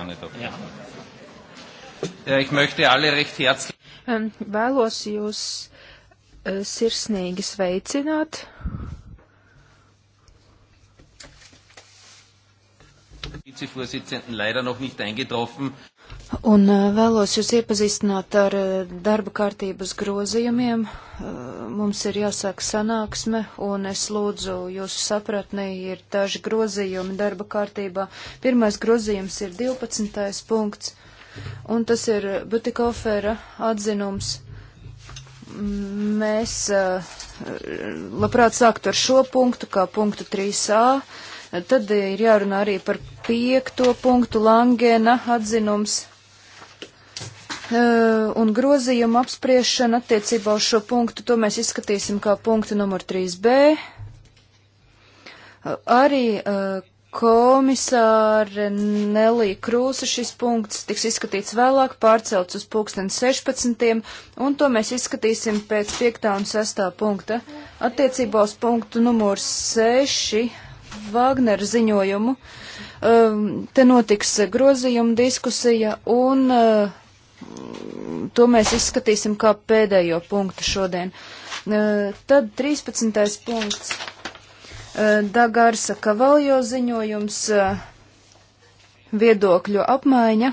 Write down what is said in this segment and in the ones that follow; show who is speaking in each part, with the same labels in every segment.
Speaker 1: war nicht auf. Ja. Ja, ich möchte alle recht herzlich. Ähm, vēlos jūs äh, sirsnīgi sveicināt. Vizevorsitzenden leider noch nicht eingetroffen. Un eh, vēlos jūs iepazīstināt ar eh, darba kārtības grozījumiem. Eh, mums ir jāsāk sanāksme, un es lūdzu jūsu sapratnī ir daži grozījumi darba kārtībā. Pirmais grozījums ir 12. punkts, un tas ir Butikofera atzinums. Mēs labprāt sāktu ar šo punktu, kā punktu 3a. Tad ir jārunā arī par piekto punktu Langēna atzinums Eh, un grozījuma apspriešana attiecībā uz šo punktu, to mēs izskatīsim kā punktu numur 3b. Eh, arī eh, komisāre Nelī Krūsa šis punkts tiks izskatīts vēlāk, pārcelts uz pulksten 16, un to mēs izskatīsim pēc 5. un 6. punkta. Attiecībā uz punktu numur 6. Vāgneru ziņojumu. Te notiks grozījuma diskusija un uh, to mēs izskatīsim kā pēdējo punktu šodien. Tad 13. punkts. Dagarsa Kavaljo ziņojums viedokļu apmaiņa.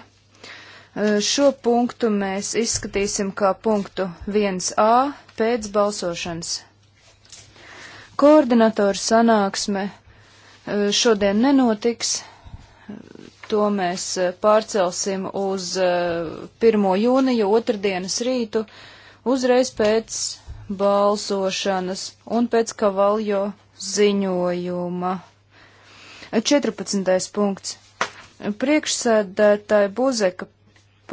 Speaker 1: Šo punktu mēs izskatīsim kā punktu 1A pēc balsošanas. Koordinatoru sanāksme šodien nenotiks. To mēs e, pārcelsim uz 1. E, jūniju otrdienas rītu, uzreiz pēc balsošanas un pēc kavaljo ziņojuma. 14. punkts. Priekšsēdētāja Buzeka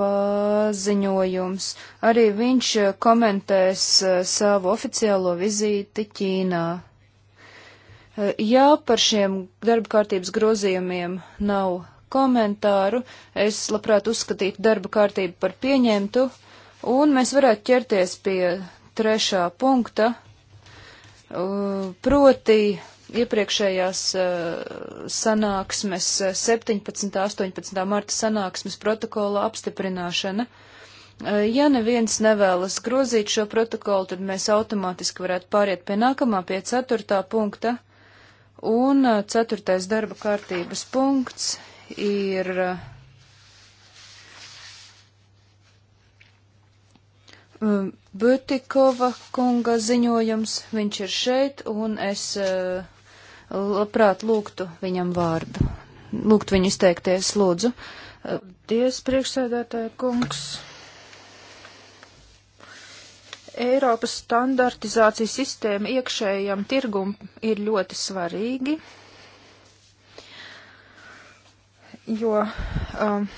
Speaker 1: paziņojums. Arī viņš e, komentēs savu oficiālo vizīti Ķīnā. Jā, par šiem darba kārtības grozījumiem nav komentāru. Es labprāt uzskatītu darba kārtību par pieņemtu, un mēs varētu ķerties pie trešā punkta, uh, proti iepriekšējās uh, sanāksmes, 17. Uh, 18. marta sanāksmes protokola apstiprināšana. Ja neviens nevēlas grozīt šo protokolu, tad mēs automātiski varētu pāriet pie nākamā, pie ceturtā punkta. Un ceturtais darba kārtības punkts ir um, Butikova kunga ziņojums. Viņš ir šeit, un es uh, labprāt lūgtu viņam vārdu. Lūgtu viņu izteikties, lūdzu. Uh, Paldies, priekšsēdētāja kungs. Eiropas standartizācijas sistēma iekšējam tirgum ir ļoti svarīgi jo um,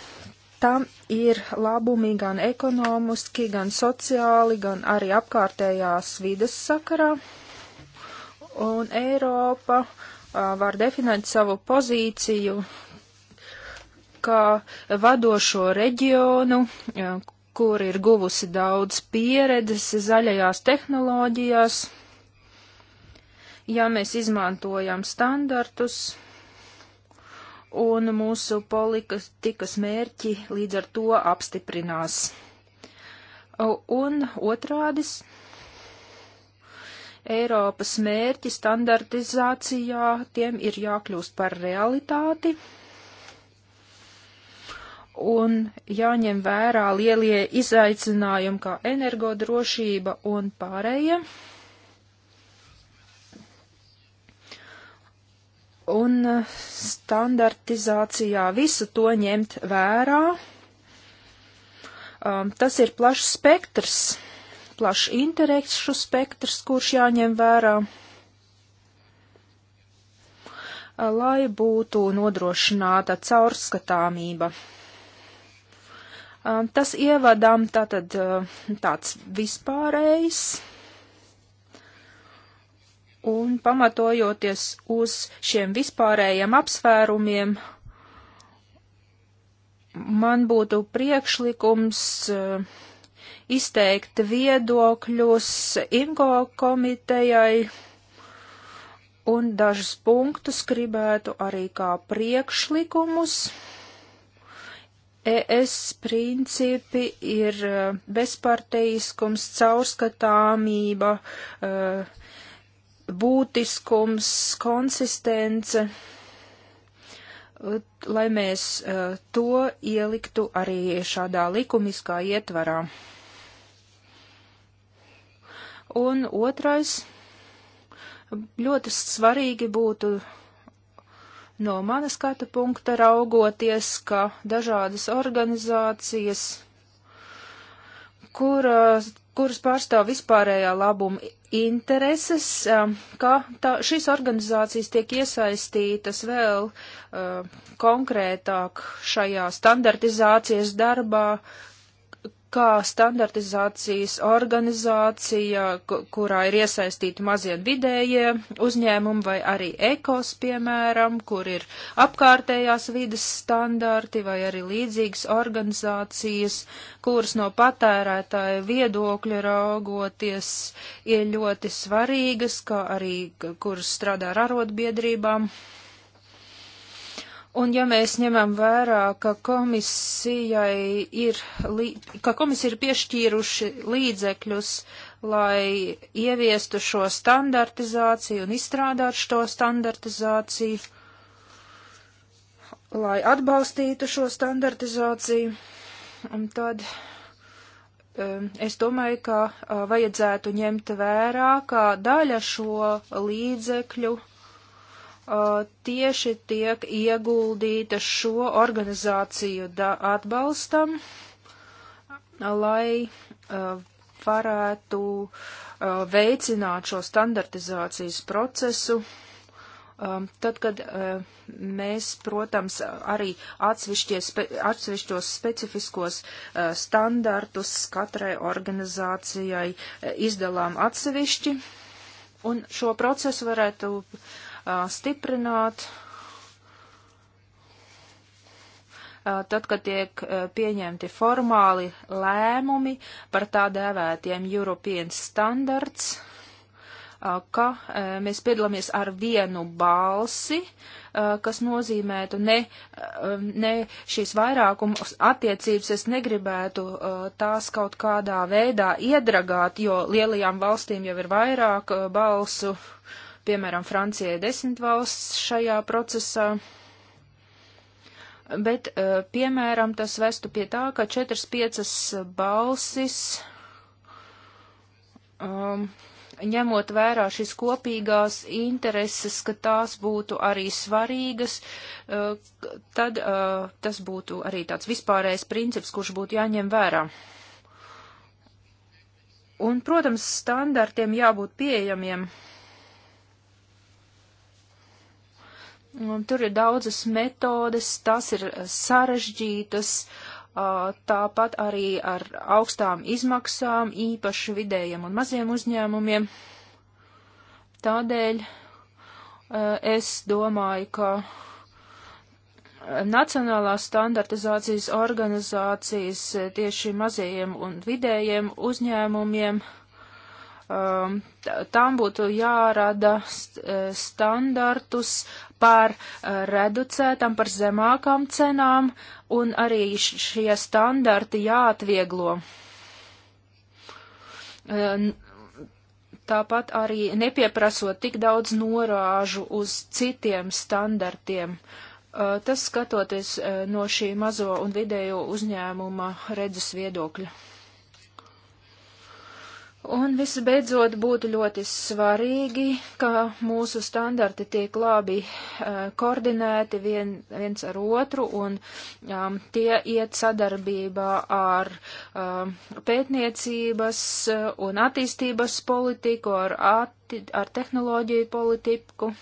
Speaker 1: tam ir labumi gan ekonomiski, gan sociāli, gan arī apkārtējās vides sakarā. Un Eiropa uh, var definēt savu pozīciju kā vadošo reģionu, uh, kur ir guvusi daudz pieredzes zaļajās tehnoloģijās. Ja mēs izmantojam standartus, un mūsu politikas mērķi līdz ar to apstiprinās. Un otrādis. Eiropas mērķi standartizācijā tiem ir jākļūst par realitāti un jāņem vērā lielie izaicinājumi kā energodrošība un pārējie. un eh, standartizācijā visu to ņemt vērā. Um, tas ir plašs spektrs, plašs interešu spektrs, kurš jāņem vērā, lai būtu nodrošināta caurskatāmība. Um, tas ievadām tātad uh, tāds vispārējs un pamatojoties uz šiem vispārējiem apsvērumiem, man būtu priekšlikums eh, izteikt viedokļus IMCO komitejai un dažus punktus gribētu arī kā priekšlikumus. ES principi ir eh, bezparteiskums, caurskatāmība, uh, būtiskums, konsistence, lai mēs eh, to ieliktu arī šādā likumiskā ietvarā. Un otrais, ļoti svarīgi būtu no mana skatu punkta raugoties, ka dažādas organizācijas, kuras kuras pārstāv vispārējā labuma intereses, um, kā tā, šīs organizācijas tiek iesaistītas vēl uh, konkrētāk šajā standartizācijas darbā, kā standartizācijas organizācija, kurā ir iesaistīti mazie un vidējie uzņēmumi, vai arī ekos, piemēram, kur ir apkārtējās vides standarti, vai arī līdzīgas organizācijas, kuras no patērētāja viedokļa raugoties ir ļoti svarīgas, kā arī kuras strādā ar arotbiedrībām. Un ja mēs ņemam vērā, ka komisijai ir, ka komisija ir piešķīruši līdzekļus, lai ieviestu šo standartizāciju un izstrādātu šo standartizāciju, lai atbalstītu šo standartizāciju, un tad um, es domāju, ka uh, vajadzētu ņemt vērā, kā daļa šo līdzekļu Uh, tieši tiek ieguldīta šo organizāciju atbalstam, lai uh, varētu uh, veicināt šo standartizācijas procesu. Um, tad, kad mēs, protams, arī atsevišķos specifiskos standartus katrai organizācijai izdalām atsevišķi, un šo procesu varētu uh, stiprināt. Tad, kad tiek pieņemti formāli lēmumi par tā dēvētiem European standards, ka mēs piedalāmies ar vienu balsi, kas nozīmētu ne, ne šīs vairākuma attiecības, es negribētu tās kaut kādā veidā iedragāt, jo lielajām valstīm jau ir vairāk balsu Piemēram, Francija ir desmit valsts šajā procesā. Bet, eh, piemēram, tas vestu pie tā, ka četras piecas balsis, um, ņemot vērā šīs kopīgās intereses, ka tās būtu arī svarīgas, uh, tad uh, tas būtu arī tāds vispārējais princips, kurš būtu jāņem vērā. Un, protams, standartiem jābūt pieejamiem. Uh, Tur ir daudzas metodes, tās ir eh, sarežģītas, tāpat arī ar augstām izmaksām, īpaši vidējiem un maziem uzņēmumiem. Tādēļ es domāju, ka Nacionālās standartizācijas organizācijas e, tieši mazajiem un vidējiem uzņēmumiem uh, tām um, būtu jārada e, standartus par e, reducētām, par zemākām cenām, un arī šie standarti jāatvieglo. E, tāpat arī nepieprasot tik daudz norāžu uz citiem standartiem. Tas skatoties no šī mazo un vidējo uzņēmuma redzes viedokļa. Un visbeidzot būtu ļoti svarīgi, ka mūsu standarti tiek labi uh, koordinēti vien, viens ar otru un um, tie iet sadarbībā ar um, pētniecības un attīstības politiku, ar, atti, ar tehnoloģiju politiku.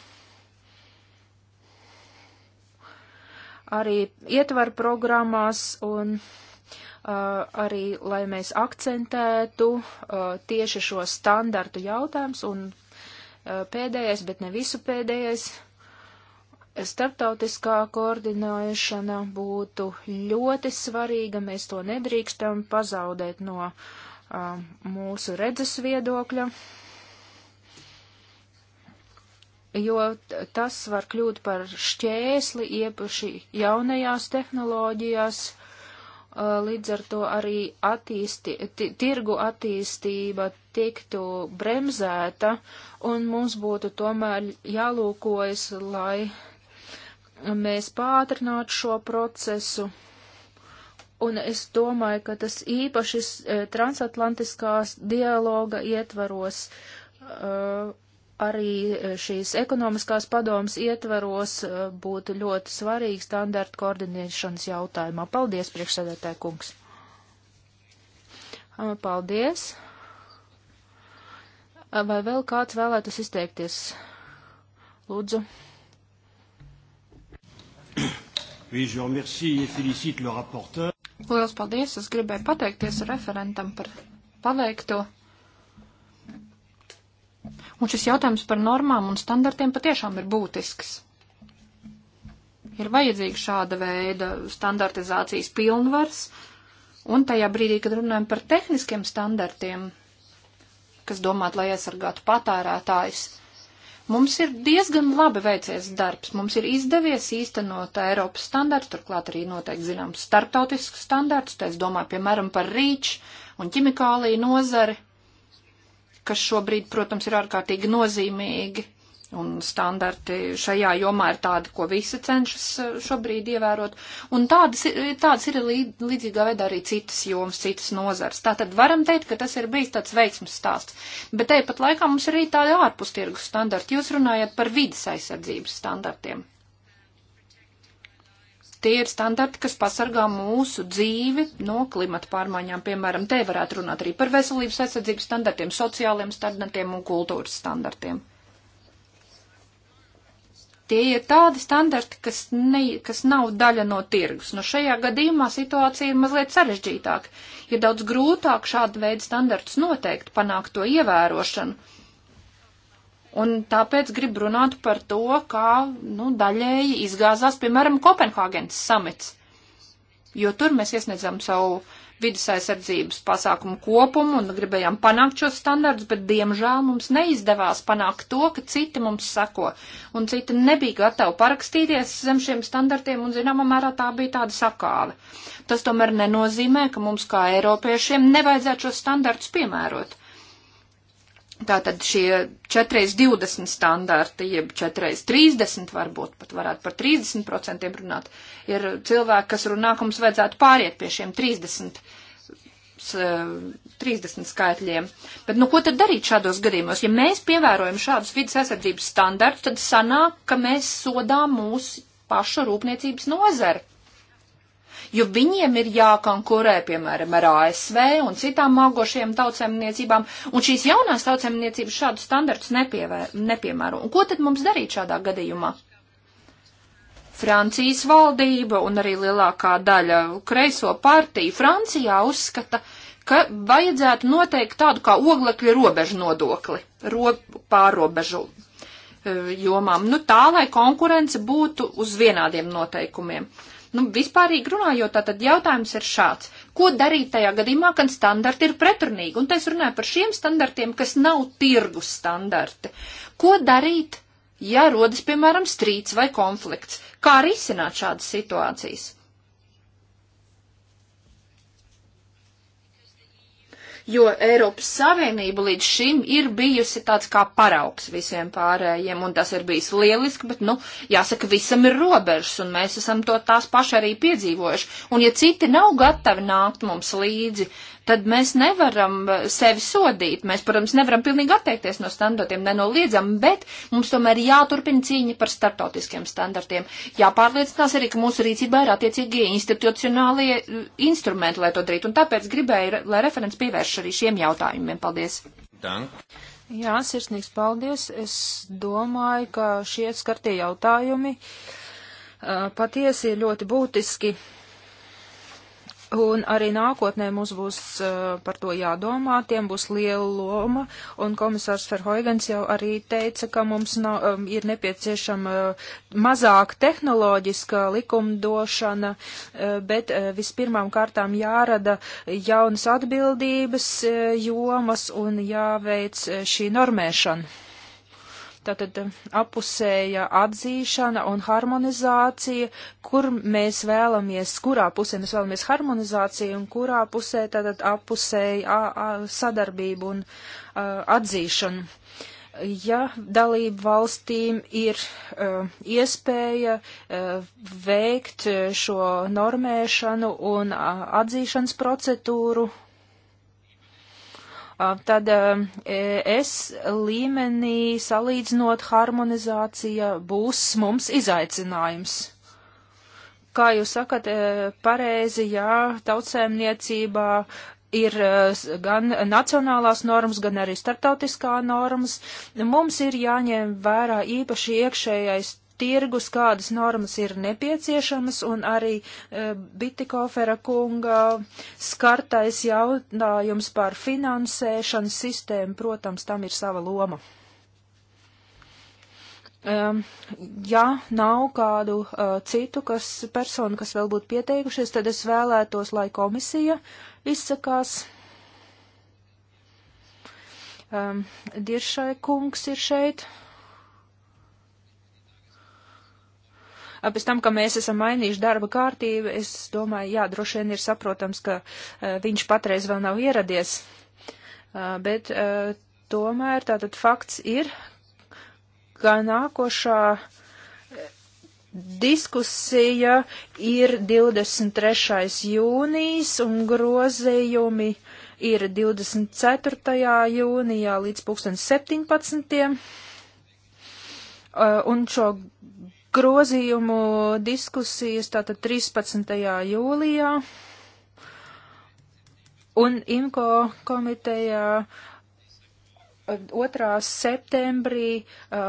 Speaker 1: Arī ietvar programmās un Uh, arī, lai mēs akcentētu uh, tieši šo standartu jautājums un uh, pēdējais, bet ne visu pēdējais, starptautiskā koordinēšana būtu ļoti svarīga. Mēs to nedrīkstam pazaudēt no uh, mūsu redzes viedokļa, jo tas var kļūt par šķēsli iepaši jaunajās tehnoloģijās. Eh, līdz ar to arī attīsti, tirgu attīstība tiktu bremzēta, un mums būtu tomēr jālūkojas, lai mēs pātrinātu šo procesu. Un es domāju, ka tas īpaši eh, transatlantiskās dialoga ietvaros uh, arī e, šīs ekonomiskās padomas ietvaros e, būtu ļoti svarīgi standarta koordinēšanas jautājumā. Paldies, priekšsēdētāji kungs! Paldies! Vai vēl kāds vēlētos izteikties? Lūdzu. Lielas paldies! Es gribēju pateikties referentam par paveikto. Un šis jautājums par normām un standartiem patiešām ir būtisks. Ir vajadzīga šāda veida standartizācijas pilnvars, un tajā brīdī, kad runājam par tehniskiem standartiem, kas domāt, lai aizsargātu patērētājs, Mums ir diezgan labi veicies darbs, mums ir izdevies īstenot Eiropas standarts, turklāt arī noteikti zināms starptautisks standarts, tā es domāju, piemēram, par rīču un ķimikāliju nozari kas šobrīd, protams, ir ārkārtīgi nozīmīgi. Un standarti šajā jomā ir tādi, ko visi cenšas eh, šobrīd ievērot. Un tādas, tādas ir līd, līdzīgā veidā arī citas jomas, citas nozars. Tātad varam teikt, ka tas ir bijis tāds veiksmes stāsts. Bet tepat laikā mums ir arī tādi ārpus tirgus standarti. Jūs runājat par vidas aizsardzības standartiem. Tie ir standarti, kas pasargā mūsu dzīvi no klimata pārmaiņām. Piemēram, te varētu runāt arī par veselības aizsardzības standartiem, sociāliem standartiem un kultūras standartiem. Tie ir tādi standarti, kas, ne, kas nav daļa no tirgus. Nu, no šajā gadījumā situācija ir mazliet sarežģītāka. Ir daudz grūtāk šādu veidu standartus noteikt, panākt to ievērošanu Un tāpēc gribu runāt par to, kā nu, daļēji izgāzās, piemēram, Kopenhāgenes samits. Jo tur mēs iesniedzām savu vidus aizsardzības pasākumu kopumu un gribējām panākt šos standartus, bet diemžēl mums neizdevās panākt to, ka citi mums sako. Un citi nebija gatavi parakstīties zem šiem standartiem un, zināmā mērā, tā bija tāda sakāve. Tas tomēr nenozīmē, ka mums kā eiropiešiem nevajadzētu šos standartus piemērot Tātad šie 4,20 standarti, jeb 4,30 varbūt pat varētu par 30% runāt, ir cilvēki, kas runā, ka mums vajadzētu pāriet pie šiem 30, 30 eh, skaitļiem. Bet nu ko tad darīt šādos gadījumos? Ja mēs pievērojam šādus vidas aizsardzības standartus, tad sanāk, ka mēs sodām mūsu pašu rūpniecības nozari jo viņiem ir jākonkurē, piemēram, ar ASV un citām augošajām tautsēmniecībām, un šīs jaunās tautsēmniecības šādu standartus nepiemēro. Un ko tad mums darīt šādā gadījumā? Francijas valdība un arī lielākā daļa kreiso partiju Francijā uzskata, ka vajadzētu noteikt tādu kā oglekļa robežu nodokli ro pārobežu e, jomām, nu tā, lai konkurence būtu uz vienādiem noteikumiem. Uh, Nu, vispārīgi runājot, tātad jautājums ir šāds. Ko darīt tajā gadījumā, kad standarti ir pretrunīgi? Un te es runāju par šiem standartiem, kas nav tirgus standarti. Ko darīt, ja rodas, piemēram, strīds vai konflikts? Kā risināt šādas situācijas? jo Eiropas Savienība līdz šim ir bijusi tāds kā paraugs visiem pārējiem, un tas ir bijis lieliski, bet, nu, jāsaka, visam ir robežas, un mēs esam to tās paši arī piedzīvojuši. Un ja citi nav gatavi nākt mums līdzi, uh, tad mēs nevaram eh, sevi sodīt. Mēs, protams, nevaram pilnīgi atteikties no standartiem, nenoliedzam, bet mums tomēr jāturpina cīņa par starptautiskiem standartiem. Jāpārliecinās arī, ka mūsu rīcībā ir attiecīgie institucionālie eh, instrumenti, lai to darītu. Un tāpēc gribēju, lai referents pievērš arī šiem jautājumiem. Paldies! Dank. Jā, sirsnīgs paldies. Es domāju, ka šie skartie jautājumi uh, patiesi ir ļoti būtiski Un arī nākotnē mums būs uh, par to jādomā, tiem būs liela loma, un komisārs Ferhoigens jau arī teica, ka mums nav, um, ir nepieciešama uh, mazāk tehnoloģiska likumdošana, uh, bet uh, vispirmām kārtām jārada jaunas atbildības uh, jomas un jāveic uh, šī normēšana. Tātad um, apusēja atzīšana un harmonizācija, kur mēs vēlamies, kurā pusē mēs vēlamies harmonizāciju un kurā pusē tātad apusēja sadarbību un a, atzīšanu. Ja dalību valstīm ir uh, iespēja uh, veikt šo normēšanu un uh, atzīšanas procedūru tad um, es līmenī salīdzinot harmonizācija būs mums izaicinājums. Kā jūs sakat, e, pareizi, jā, tautsēmniecībā ir e, gan nacionālās normas, gan arī starptautiskā normas. Mums ir jāņem vērā īpaši iekšējais tirgus, kādas normas ir nepieciešamas, un arī e, Bitikofera kunga skartais jautājums par finansēšanas sistēmu, protams, tam ir sava loma. E, ja nav kādu e, citu kas, personu, kas vēl būtu pieteikušies, tad es vēlētos, lai komisija izsakās. Um, Diršai kungs ir šeit. pēc tam, ka mēs esam mainījuši darba kārtību, es domāju, jā, droši vien ir saprotams, ka uh, viņš patreiz vēl nav ieradies, uh, bet uh, tomēr tātad fakts ir, ka nākošā diskusija ir 23. jūnijas un grozījumi ir 24. jūnijā līdz 2017. Uh, un šo grozījumu diskusijas tātad 13. jūlijā un IMKO komitejā 2. Eh, septembrī eh,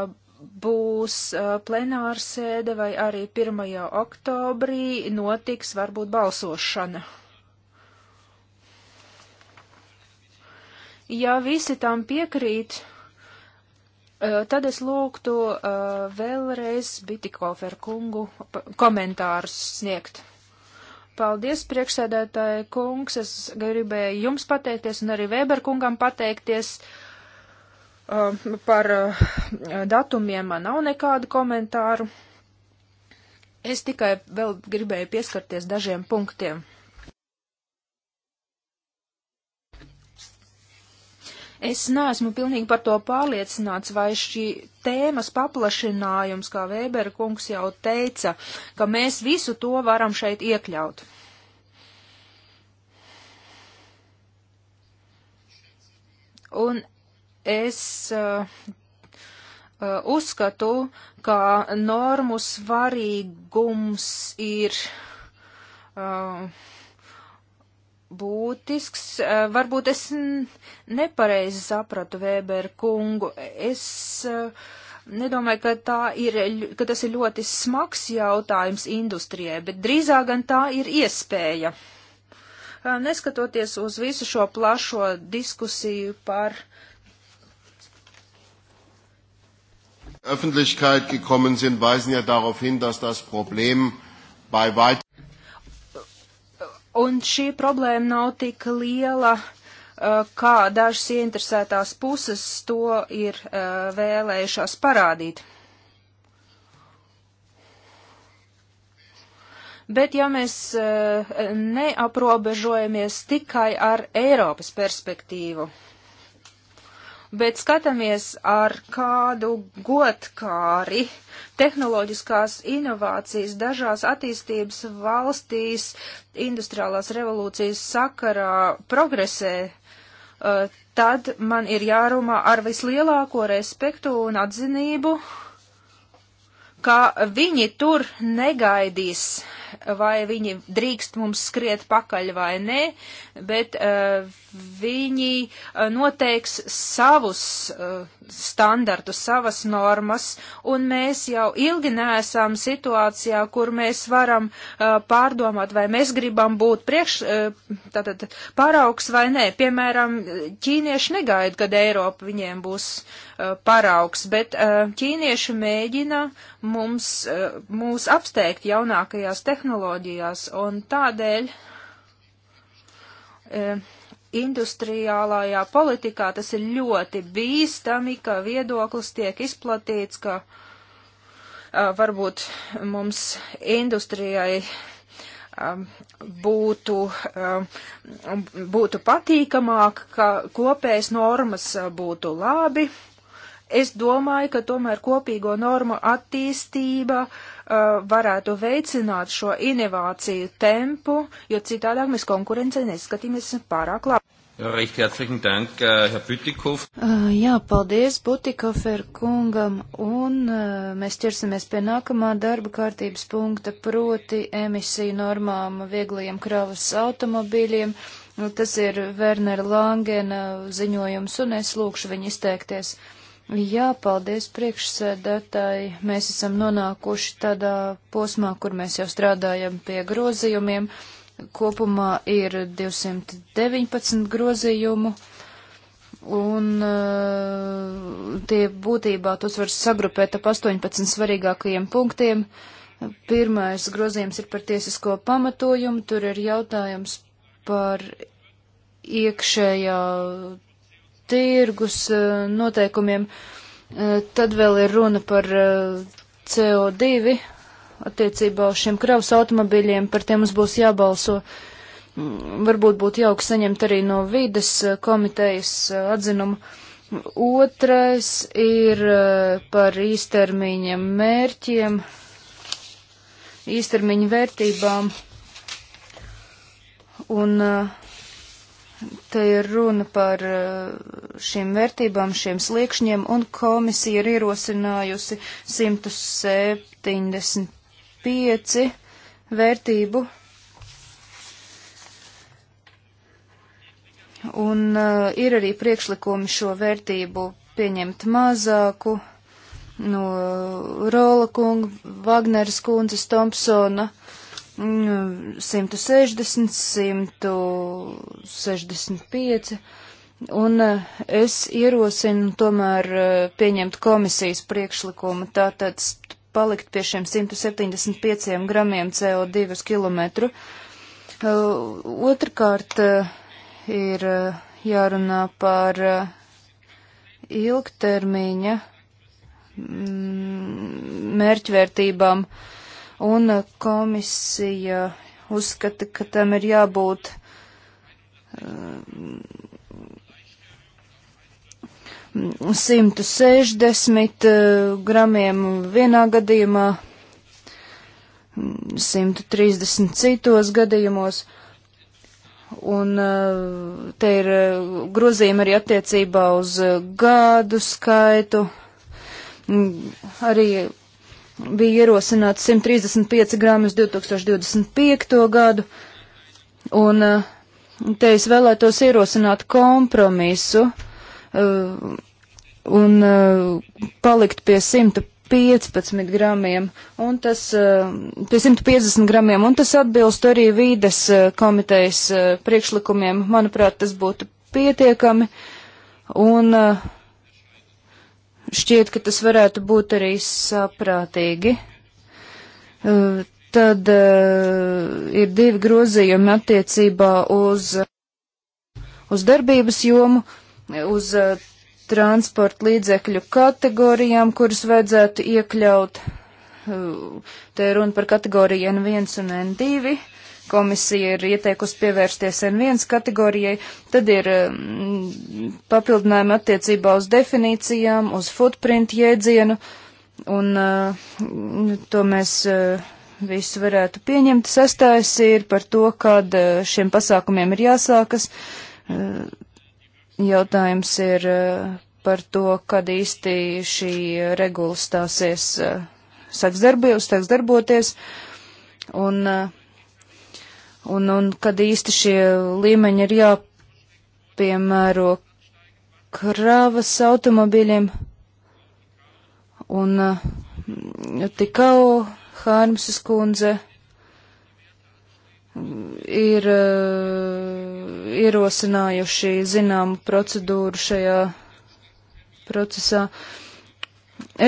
Speaker 1: būs eh, plenārsēde vai arī 1. oktobrī notiks varbūt balsošana. Ja visi tam piekrīt, Tad es lūgtu uh, vēlreiz Bitikoferu kungu komentārus sniegt. Paldies, priekšsēdētāji kungs. Es gribēju jums pateikties un arī Weber kungam pateikties. Uh, par uh, datumiem man nav nekādu komentāru. Es tikai vēl gribēju pieskarties dažiem punktiem. Es neesmu pilnīgi par to pārliecināts, vai šī tēmas paplašinājums, kā Vēbera kungs jau teica, ka mēs visu to varam šeit iekļaut. Un es uh, uzskatu, ka normu svarīgums ir. Uh, būtisks. Eh, varbūt es nepareizi sapratu Vēberu kungu. Es eh, nedomāju, ka, tā ir, ka tas ir ļoti smags jautājums industrijai, bet drīzāk gan tā ir iespēja. Eh, neskatoties uz visu šo plašo diskusiju par. Öffentlichkeit gekommen sind, weisen ja darauf hin, dass das Problem bei weit Un šī problēma nav tik liela, eh, kā dažas ieinteresētās puses to ir eh, vēlējušās parādīt. Bet ja mēs eh, neaprobežojamies tikai ar Eiropas perspektīvu, bet skatāmies ar kādu godkāri tehnoloģiskās inovācijas dažās attīstības valstīs industriālās revolūcijas sakarā progresē, uh, tad man ir jārunā ar vislielāko respektu un atzinību ka viņi tur negaidīs, vai viņi drīkst mums skriet pakaļ vai nē, bet uh, viņi eh, noteiks savus uh, standartus, savas normas, un mēs jau ilgi neesam situācijā, kur mēs varam uh, pārdomāt, vai mēs gribam būt priekš, uh, tātad paraugs vai nē. Piemēram, ķīnieši negaida, kad Eiropa viņiem būs uh, paraugs, bet uh, ķīnieši mēģina mums, eh, mūs apsteigt jaunākajās tehnoloģijās, un tādēļ eh, industriālajā politikā tas ir ļoti bīstami, ka viedoklis tiek izplatīts, ka eh, varbūt mums industrijai būtu, būtu patīkamāk, ka kopējas normas būtu labi Es domāju, ka tomēr kopīgo normu attīstība uh, varētu veicināt šo inovāciju tempu, jo citādāk mēs konkurencei neskatīmies pārāk labi. Ja, recht herzlichen Dank, uh, Herr Bütikof. Uh, äh, jā, paldies Butikofer kungam, un uh, mēs ķersimies pie nākamā darba kārtības punkta, proti emisiju normām vieglajiem kravas automobīļiem. Nu, tas ir Wernera Langena ziņojums, un es lūkšu viņu izteikties. Uh, Jā, paldies priekšsēdētāji. Mēs esam nonākuši tādā posmā, kur mēs jau strādājam pie grozījumiem. Kopumā ir 219 grozījumu, un uh, tie būtībā tos var sagrupēt ap 18 svarīgākajiem punktiem. Pirmais grozījums ir par tiesisko pamatojumu, tur ir jautājums par iekšējā tirgus eh, noteikumiem, eh, tad vēl ir runa par eh, CO2 attiecībā uz šiem kravas automobiļiem, par tiem mums būs jābalso. Mm, varbūt būtu jauki saņemt arī no vides komitejas atzinumu. Otrais ir par īstermiņa mērķiem, īstermiņa vērtībām. Un uh, Te ir runa par eh, šīm vērtībām, šiem sliekšņiem, un komisija ir ierosinājusi 175 vērtību. Un uh, ir arī priekšlikumi šo vērtību pieņemt mazāku no eh, Rola kunga, Vagneras kundzes, Thompsona. Uh, 160, 165, un eh, es ierosinu tomēr eh, pieņemt komisijas priekšlikumu, tātad palikt pie šiem 175 gramiem CO2 uz kilometru. Eh, Otrakārt ir jārunā par ilgtermiņa mm, mērķvērtībām. Uh, un uh, komisija uzskata, ka tam ir jābūt um, uh, 160 uh, gramiem vienā gadījumā, 130 citos gadījumos, un te ir grozījumi arī attiecībā uz gādu skaitu, mm, arī bija ierosināts 135 gramus 2025. gadu, un eh, te es vēlētos ierosināt kompromisu eh, un eh, palikt pie 115 gramiem, un tas, pie 150 gramiem, un tas atbilst arī vīdes komitejas priekšlikumiem. Manuprāt, tas būtu pietiekami, un uh, Šķiet, ka tas varētu būt arī saprātīgi. Tad ir divi grozījumi attiecībā uz, uz darbības jomu, uz transporta līdzekļu kategorijām, kuras vajadzētu iekļaut. Te ir runa par kategoriju N1 un N2. Komisija ir ieteikusi pievērsties N1 kategorijai. Tad ir papildinājumi attiecībā uz definīcijām, uz footprint jēdzienu, un uh, nu, to mēs uh, visu varētu pieņemt. Sastais ir par to, kad uh, šiem pasākumiem ir jāsākas. Jautājums ir par to, kad īsti šī regula stāsies, sāks darbības, sāks darboties, un, un, un kad īsti šie līmeņi ir jāpārāk piemēro kravas automobiļiem un uh, tikau Hārmsas kundze ir uh, ierosinājuši zināmu procedūru šajā procesā.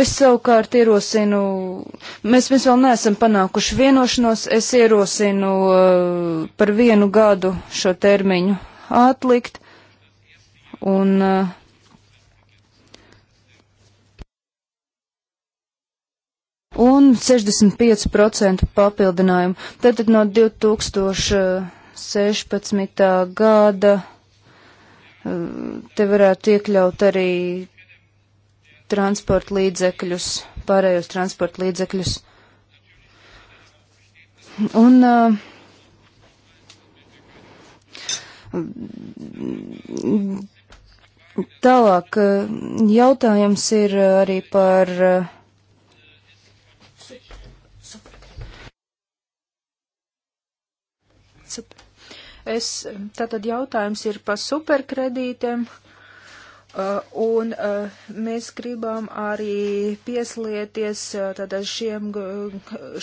Speaker 1: Es savukārt ierosinu, mēs, mēs vēl neesam panākuši vienošanos, es ierosinu uh, par vienu gadu šo termiņu atlikt Un uh, un 65% papildinājumu. Tātad no 2016. gada uh, te varētu iekļaut arī transporta līdzekļus, pārējos transporta līdzekļus. Un uh, Tālāk eh, jautājums ir eh, arī par. Eh, es, tātad jautājums ir par superkredītiem, un mēs gribam arī pieslieties tātad šiem,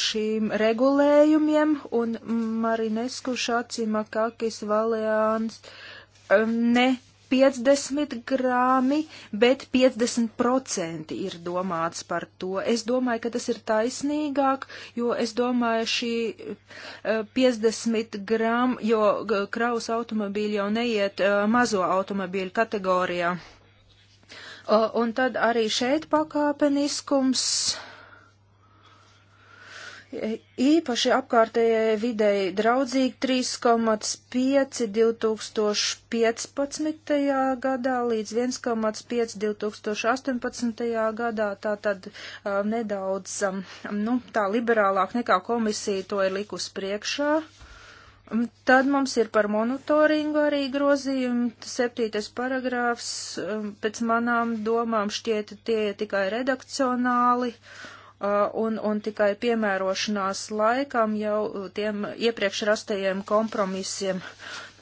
Speaker 1: šīm regulējumiem, un Marinesku Šacima Kakis Valēāns ne 50 grāmi, bet 50% ir domāts par to. Es domāju, ka tas ir taisnīgāk, jo es domāju, šī 50 eh, grāmi, jo kraus automobīļi jau neiet eh, mazo automobīļu kategorijā. Un tad arī šeit pakāpeniskums īpaši apkārtējai videi draudzīgi 3,5 2015. gadā līdz 1,5 2018. gadā, tā tad uh, nedaudz, um, nu, tā liberālāk nekā komisija to ir likus priekšā. Tad mums ir par monitoringu arī grozījumi. Septītais paragrāfs um, pēc manām domām šķiet tie tikai redakcionāli. Uh, Uh, un, un tikai piemērošanās laikam jau tiem iepriekš rastajiem kompromisiem.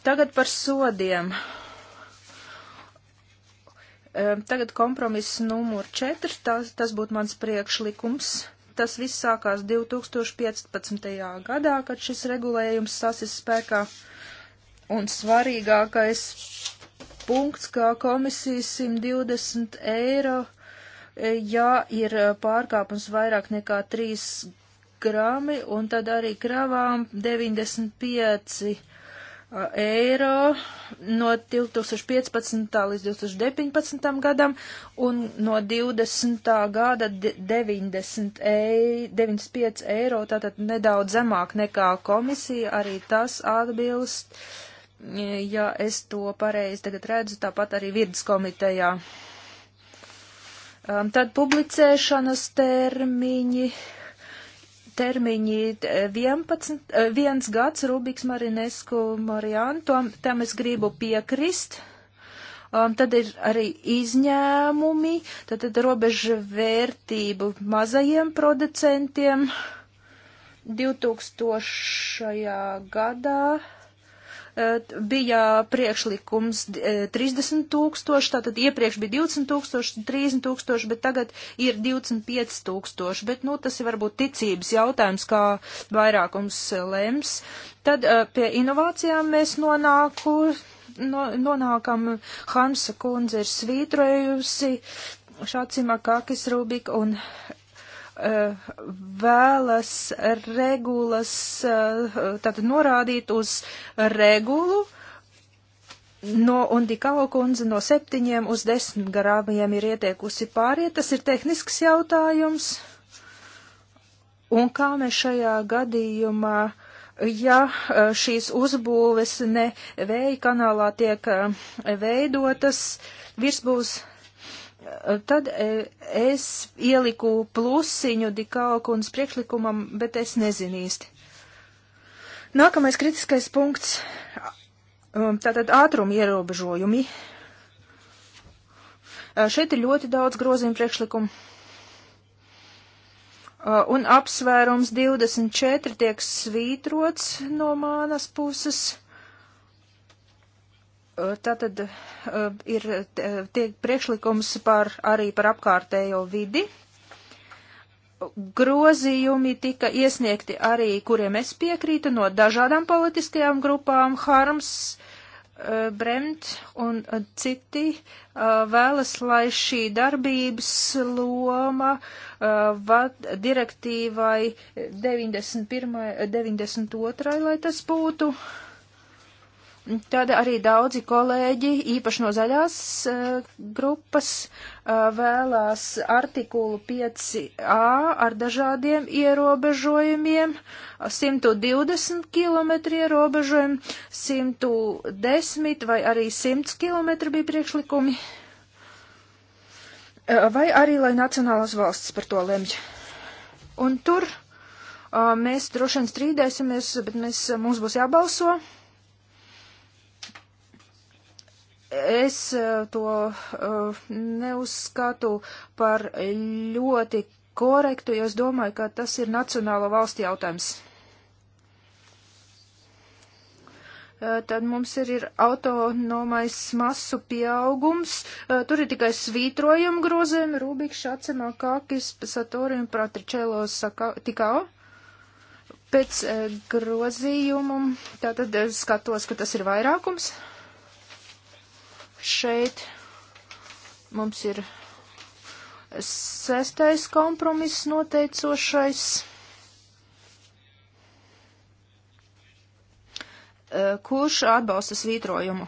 Speaker 1: Tagad par sodiem. Um, tagad kompromiss numur 4, tas, tas būtu mans priekšlikums. Tas viss sākās 2015. gadā, kad šis regulējums sasis spēkā. Un svarīgākais punkts, kā komisijas 120 eiro uh, ja ir eh, pārkāpums vairāk nekā 3 grami, un tad arī kravām 95 eh, eiro no 2015. līdz 2019. gadam un no 20. gada 90 ei, 95 eiro, tātad nedaudz zemāk nekā komisija, arī tas atbilst, eh, ja es to pareizi tagad redzu, tāpat arī vidas komitejā. Uh, Um, tad publicēšanas termiņi. Termiņi 11, eh, eh, viens gads Rubiks Marinesku Marianto, tam es gribu piekrist. Um, tad ir arī izņēmumi, tad, tad robeža vērtību mazajiem producentiem 2000. gadā bija priekšlikums 30 tūkstoši, tātad iepriekš bija 20 tūkstoši, 30 tūkstoši, bet tagad ir 25 tūkstoši, bet, nu, tas ir varbūt ticības jautājums, kā vairākums lems. Tad pie inovācijām mēs nonāku, no, nonākam, Hansa kundze ir svītrojusi, Šācima Kākis Rubik un Eh, vēlas regulas, eh, tātad norādīt uz regulu, No Undikao kundze no septiņiem uz desmit garāmajiem ir ietiekusi pāriet. Tas ir tehnisks jautājums. Un kā mēs šajā gadījumā, ja eh, šīs uzbūves ne vēja kanālā tiek veidotas, virsbūs Tad e, es ieliku plusiņu Dikaukunas priekšlikumam, bet es nezinu īsti. Nākamais kritiskais punkts um, - tātad ātruma ierobežojumi. Uh, šeit ir ļoti daudz grozījumu priekšlikumu. Uh, un apsvērums 24 tiek svītrots no manas puses. Tātad e, ir tiek priekšlikums par, arī par apkārtējo vidi. Grozījumi tika iesniegti arī, kuriem es piekrītu, no dažādām politiskajām grupām. Harms, e, Bremt un citi e, vēlas, lai šī darbības loma vad direktīvai 91, 92, lai tas būtu Tad arī daudzi kolēģi, īpaši no zaļās uh, grupas, uh, vēlās artikulu 5a ar dažādiem ierobežojumiem, 120 km ierobežojumi, 110 vai arī 100 km bija priekšlikumi, uh, vai arī lai nacionālās valstis par to lemj. Un tur mēs droši vien strīdēsimies, bet mēs, mums būs jābalso. Es eh, to eh, neuzskatu par ļoti korektu, jo es domāju, ka tas ir nacionālo valstu jautājums. Eh, tad mums ir, ir autonomais masu pieaugums. Tur ir tikai svītrojuma grozējumi - Rūbīks, Šacemā, Kākis, Satori un Pratričēlo Tikao. Pēc grozījuma tātad skatos, ka tas ir vairākums. Šeit mums ir sestais kompromiss noteicošais, e, kurš atbalsta svītrojumu.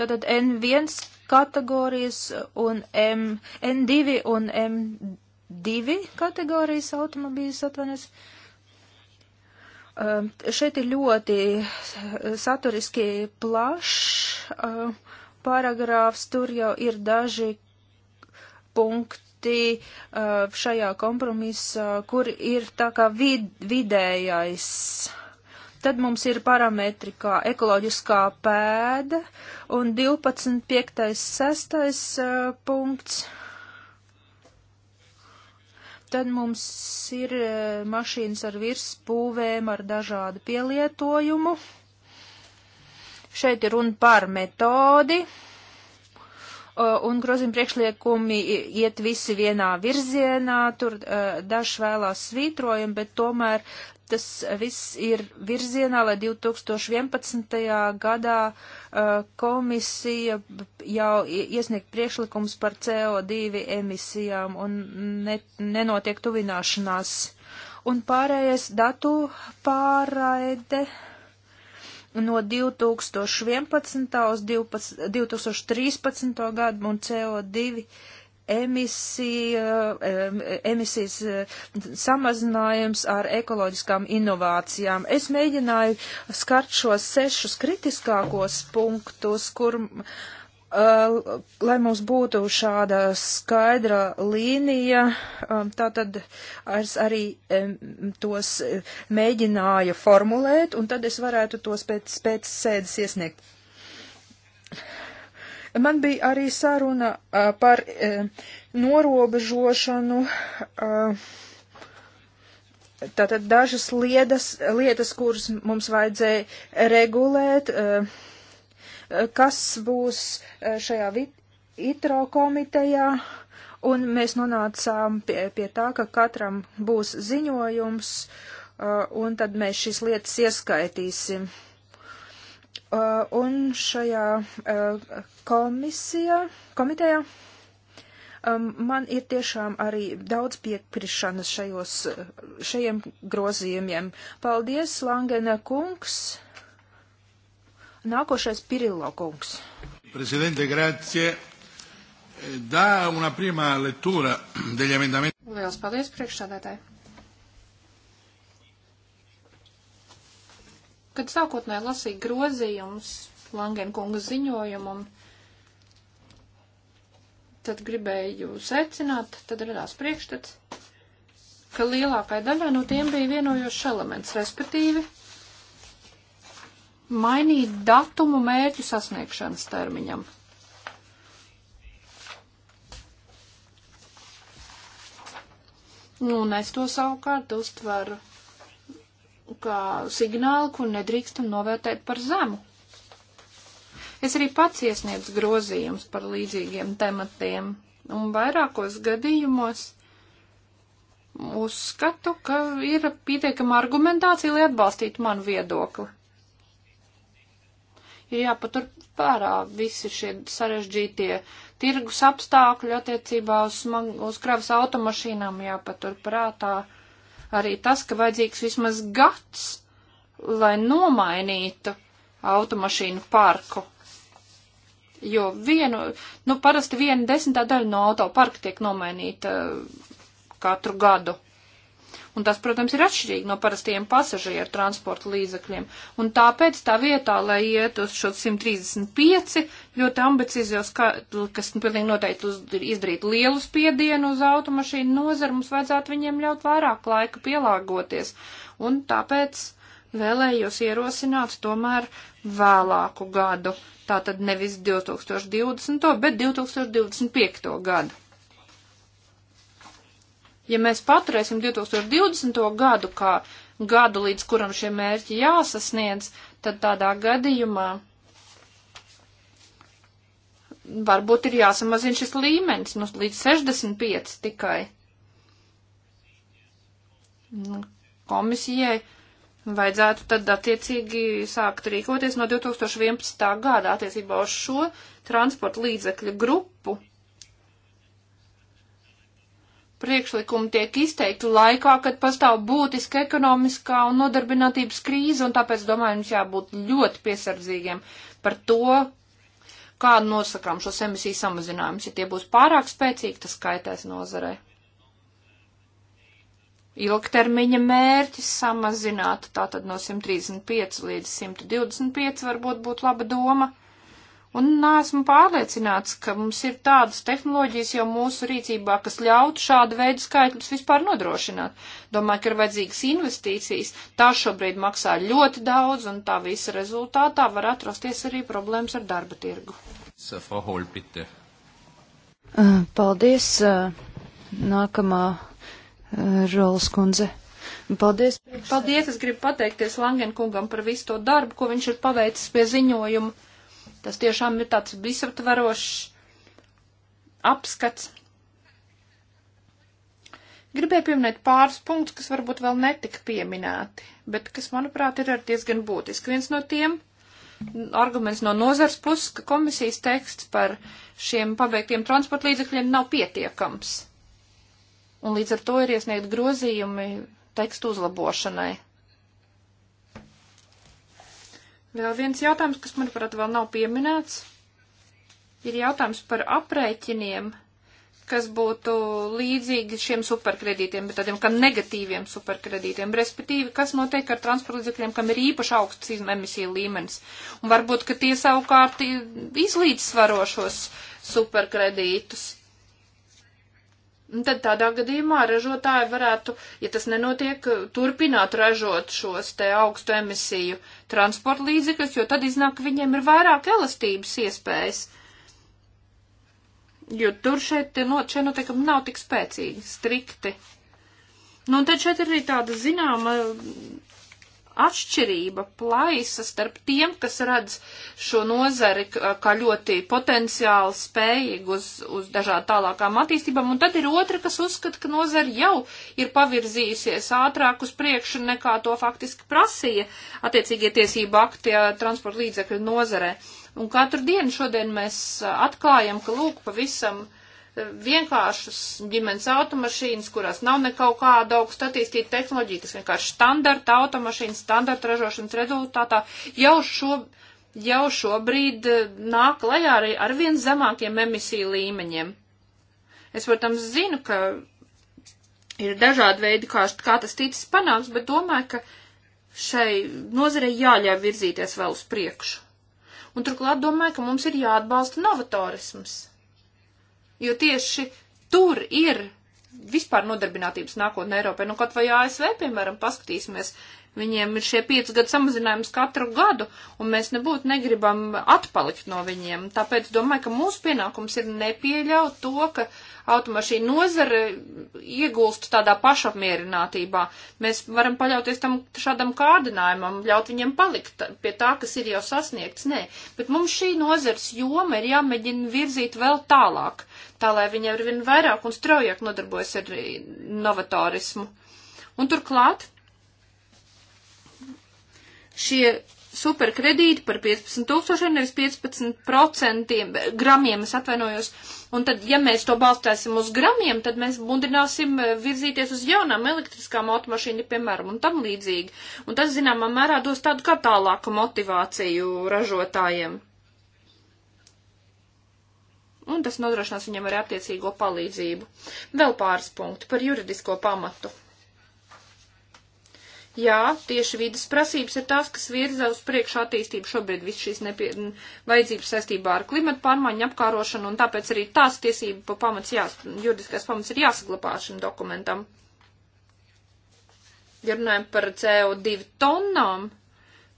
Speaker 1: Tātad N1 kategorijas un M, N2 un M2 kategorijas automobīļas atvainojas. Uh, Um, šeit ir ļoti saturiski plašs um, paragrāfs, tur jau ir daži punkti um, šajā kompromisā, kur ir tā kā vid vidējais Tad mums ir parametri kā ekoloģiskā pēda un 12.5.6. Uh, punkts. Tad mums ir e, mašīnas ar virspūvēm, ar dažādu pielietojumu. Šeit ir runa par metodi, un grozījuma priekšliekumi iet visi vienā virzienā, tur e, dažs vēlās svītrojumi, bet tomēr tas viss ir virzienā, lai 2011. gadā uh, komisija jau iesniegt priekšlikums par CO2 emisijām un ne, nenotiek tuvināšanās. Un pārējais datu pārraide no 2011. uz 2013. gadu un CO2 emisija, emisijas samazinājums ar ekoloģiskām inovācijām. Es mēģināju skart šos sešus kritiskākos punktus, kur, lai mums būtu šāda skaidra līnija, tātad es arī tos e, mēģināju formulēt, un tad es varētu tos pēc, pēc sēdes iesniegt Man bija arī saruna uh, par uh, norobežošanu. Uh, Tātad dažas lietas, lietas, kuras mums vajadzēja regulēt, kas būs šajā ITRO komitejā, un mēs nonācām pie, pie tā, ka katram būs ziņojums, un tad mēs šīs lietas ieskaitīsim. Uh, un šajā uh, komisijā, komitejā um, man ir tiešām arī daudz piekrišanas šajos, šajiem grozījumiem. Paldies, Langena kungs. Nākošais Pirillo kungs. Prezidente, grazie. Da una prima lettura degli emendamenti. Lielas paldies priekšsādētāji. Kad sākotnēji lasīju grozījumus Langēna kunga ziņojumam, tad gribēju secināt, tad radās priekšstats, ka lielākai daļai no tiem bija vienojošs elements, respektīvi mainīt datumu mērķu sasniegšanas termiņam. Nu, un es to savukārt uztveru kā signālu, ko nedrīkstam novērtēt par zemu. Es arī pats iesniedzu grozījumus par līdzīgiem tematiem, un vairākos gadījumos uzskatu, ka ir pietiekama argumentācija, lai atbalstītu manu viedokli. Ir jāpatur vērā visi šie sarežģītie tirgus apstākļi attiecībā uz, smag, uz kravas automašīnām, jāpatur prātā. Uh, arī tas, ka vajadzīgs vismaz gads, lai nomainītu automašīnu parku. Jo vienu, nu parasti viena desmitā daļa no autoparka tiek nomainīta uh, katru gadu. Un tas, protams, ir atšķirīgi no parastiem pasažieru transporta līdzakļiem. Un tāpēc tā vietā, lai iet uz šo 135 ļoti ambiciozos, kas nu, pilnīgi noteikti uz, izdarītu lielu spiedienu uz automašīnu nozaru, mums vajadzētu viņiem ļaut vairāk laika pielāgoties. Un tāpēc vēlējos ierosināt tomēr vēlāku gadu. Tātad nevis 2020, bet 2025. gadu. Ja mēs paturēsim 2020. gadu kā gadu, līdz kuram šie mērķi jāsasniedz, tad tādā gadījumā varbūt ir jāsamazina šis līmenis nu, līdz 65 tikai. Nu, komisijai vajadzētu tad attiecīgi sākt rīkoties no 2011. gada attiecībā uz šo transporta līdzekļu grupu priekšlikumi tiek izteikti laikā, kad pastāv būtiska ekonomiskā un nodarbinātības krīze, un tāpēc, domāju, mums jābūt ļoti piesardzīgiem par to, kā nosakām šos emisiju samazinājumus. Ja tie būs pārāk spēcīgi, tas kaitēs nozarei. Ilgtermiņa mērķis samazināt, tātad no 135 līdz 125 varbūt būtu laba doma. Un esmu pārliecināts, ka mums ir tādas tehnoloģijas jau mūsu rīcībā, kas ļautu šādu veidu skaitļus vispār nodrošināt. Domāju, ka ir vajadzīgas investīcijas. Tā šobrīd maksā ļoti daudz, un tā visa rezultātā var atrasties arī problēmas ar darba tirgu. Uh, paldies, uh, nākamā uh, Rolas kundze. Paldies. Paldies, es gribu pateikties Langen kungam par visu to darbu, ko viņš ir paveicis pie ziņojuma Tas tiešām ir tāds visaptvarošs apskats. Gribēju pieminēt pāris punktus, kas varbūt vēl netika pieminēti, bet kas, manuprāt, ir arī diezgan būtiski. Viens no tiem arguments no nozars puses, ka komisijas teksts par šiem pabeigtiem transporta līdzekļiem nav pietiekams. Un līdz ar to ir iesniegt grozījumi tekstu uzlabošanai. Vēl viens jautājums, kas, manuprāt, vēl nav pieminēts, ir jautājums par aprēķiniem, kas būtu līdzīgi šiem superkredītiem, bet tādiem kā negatīviem superkredītiem, respektīvi, kas notiek ar transportlīdzekļiem, kam ir īpaši augsts emisiju līmenis. Un varbūt, ka tie savukārt izlīdzsvarošos superkredītus. Un nu, tad tādā gadījumā ražotāji varētu, ja tas nenotiek, turpināt ražot šos te augstu emisiju transporta līdzekļus, jo tad iznāk, ka viņiem ir vairāk elastības iespējas. Jo tur šeit, no, šeit noteikumi nav tik spēcīgi, strikti. Nu, un tad šeit ir arī tāda zināma atšķirība, plaisa starp tiem, kas redz šo nozari kā ļoti potenciāli spējīgu uz, uz dažādu tālākām attīstībām, un tad ir otra, kas uzskata, ka nozari jau ir pavirzījusies ātrāk uz priekšu nekā to faktiski prasīja attiecīgie tiesību akti transporta līdzekļu nozarē. Un katru dienu šodien mēs atklājam, ka lūk, pavisam vienkāršas ģimenes automašīnas, kurās nav nekaut kāda augsta attīstīta tehnoloģija, kas vienkārši standarta automašīnas, standarta ražošanas rezultātā jau, šo, jau šobrīd eh, nāk lajā arī ar vien zemākiem emisiju līmeņiem. Es, protams, zinu, ka ir dažādi veidi, kā, kā tas ticis panāks, bet domāju, ka šai nozarei jāļauj virzīties vēl uz priekšu. Un turklāt domāju, ka mums ir jāatbalsta novatorisms jo tieši tur ir vispār nodarbinātības nākotne Eiropai. Nu, kaut vai ASV, piemēram, paskatīsimies, viņiem ir šie 5 gadu samazinājums katru gadu, un mēs nebūtu negribam atpalikt no viņiem. Tāpēc domāju, ka mūsu pienākums ir nepieļaut to, ka automašīna nozare iegulst tādā pašapmierinātībā. Mēs varam paļauties tam šādam kārdinājumam, ļaut viņiem palikt pie tā, kas ir jau sasniegts. Nē, bet mums šī nozars joma ir jāmēģina virzīt vēl tālāk tā lai viņi ar vien vairāk un straujāk nodarbojas ar novatorismu. Un turklāt šie superkredīti par 15 tūkstošiem, nevis 15% gramiem, es atvainojos. Un tad, ja mēs to balstāsim uz gramiem, tad mēs mudināsim eh, virzīties uz jaunām elektriskām automašīnām, piemēram, un tam līdzīgi. Un tas, zināmā mērā, dos tādu kā tālāku motivāciju ražotājiem un tas nodrošinās viņam arī attiecīgo palīdzību. Vēl pāris punkti par juridisko pamatu. Jā, tieši vidas prasības ir tās, kas virza uz priekšu attīstību šobrīd viss šīs nepie... vajadzības saistībā ar klimatu pārmaiņu apkārošanu, un tāpēc arī tās tiesību pa pamats, jā, juridiskās pamats ir jāsaglabā šim dokumentam. Ja runājam par CO2 tonnām,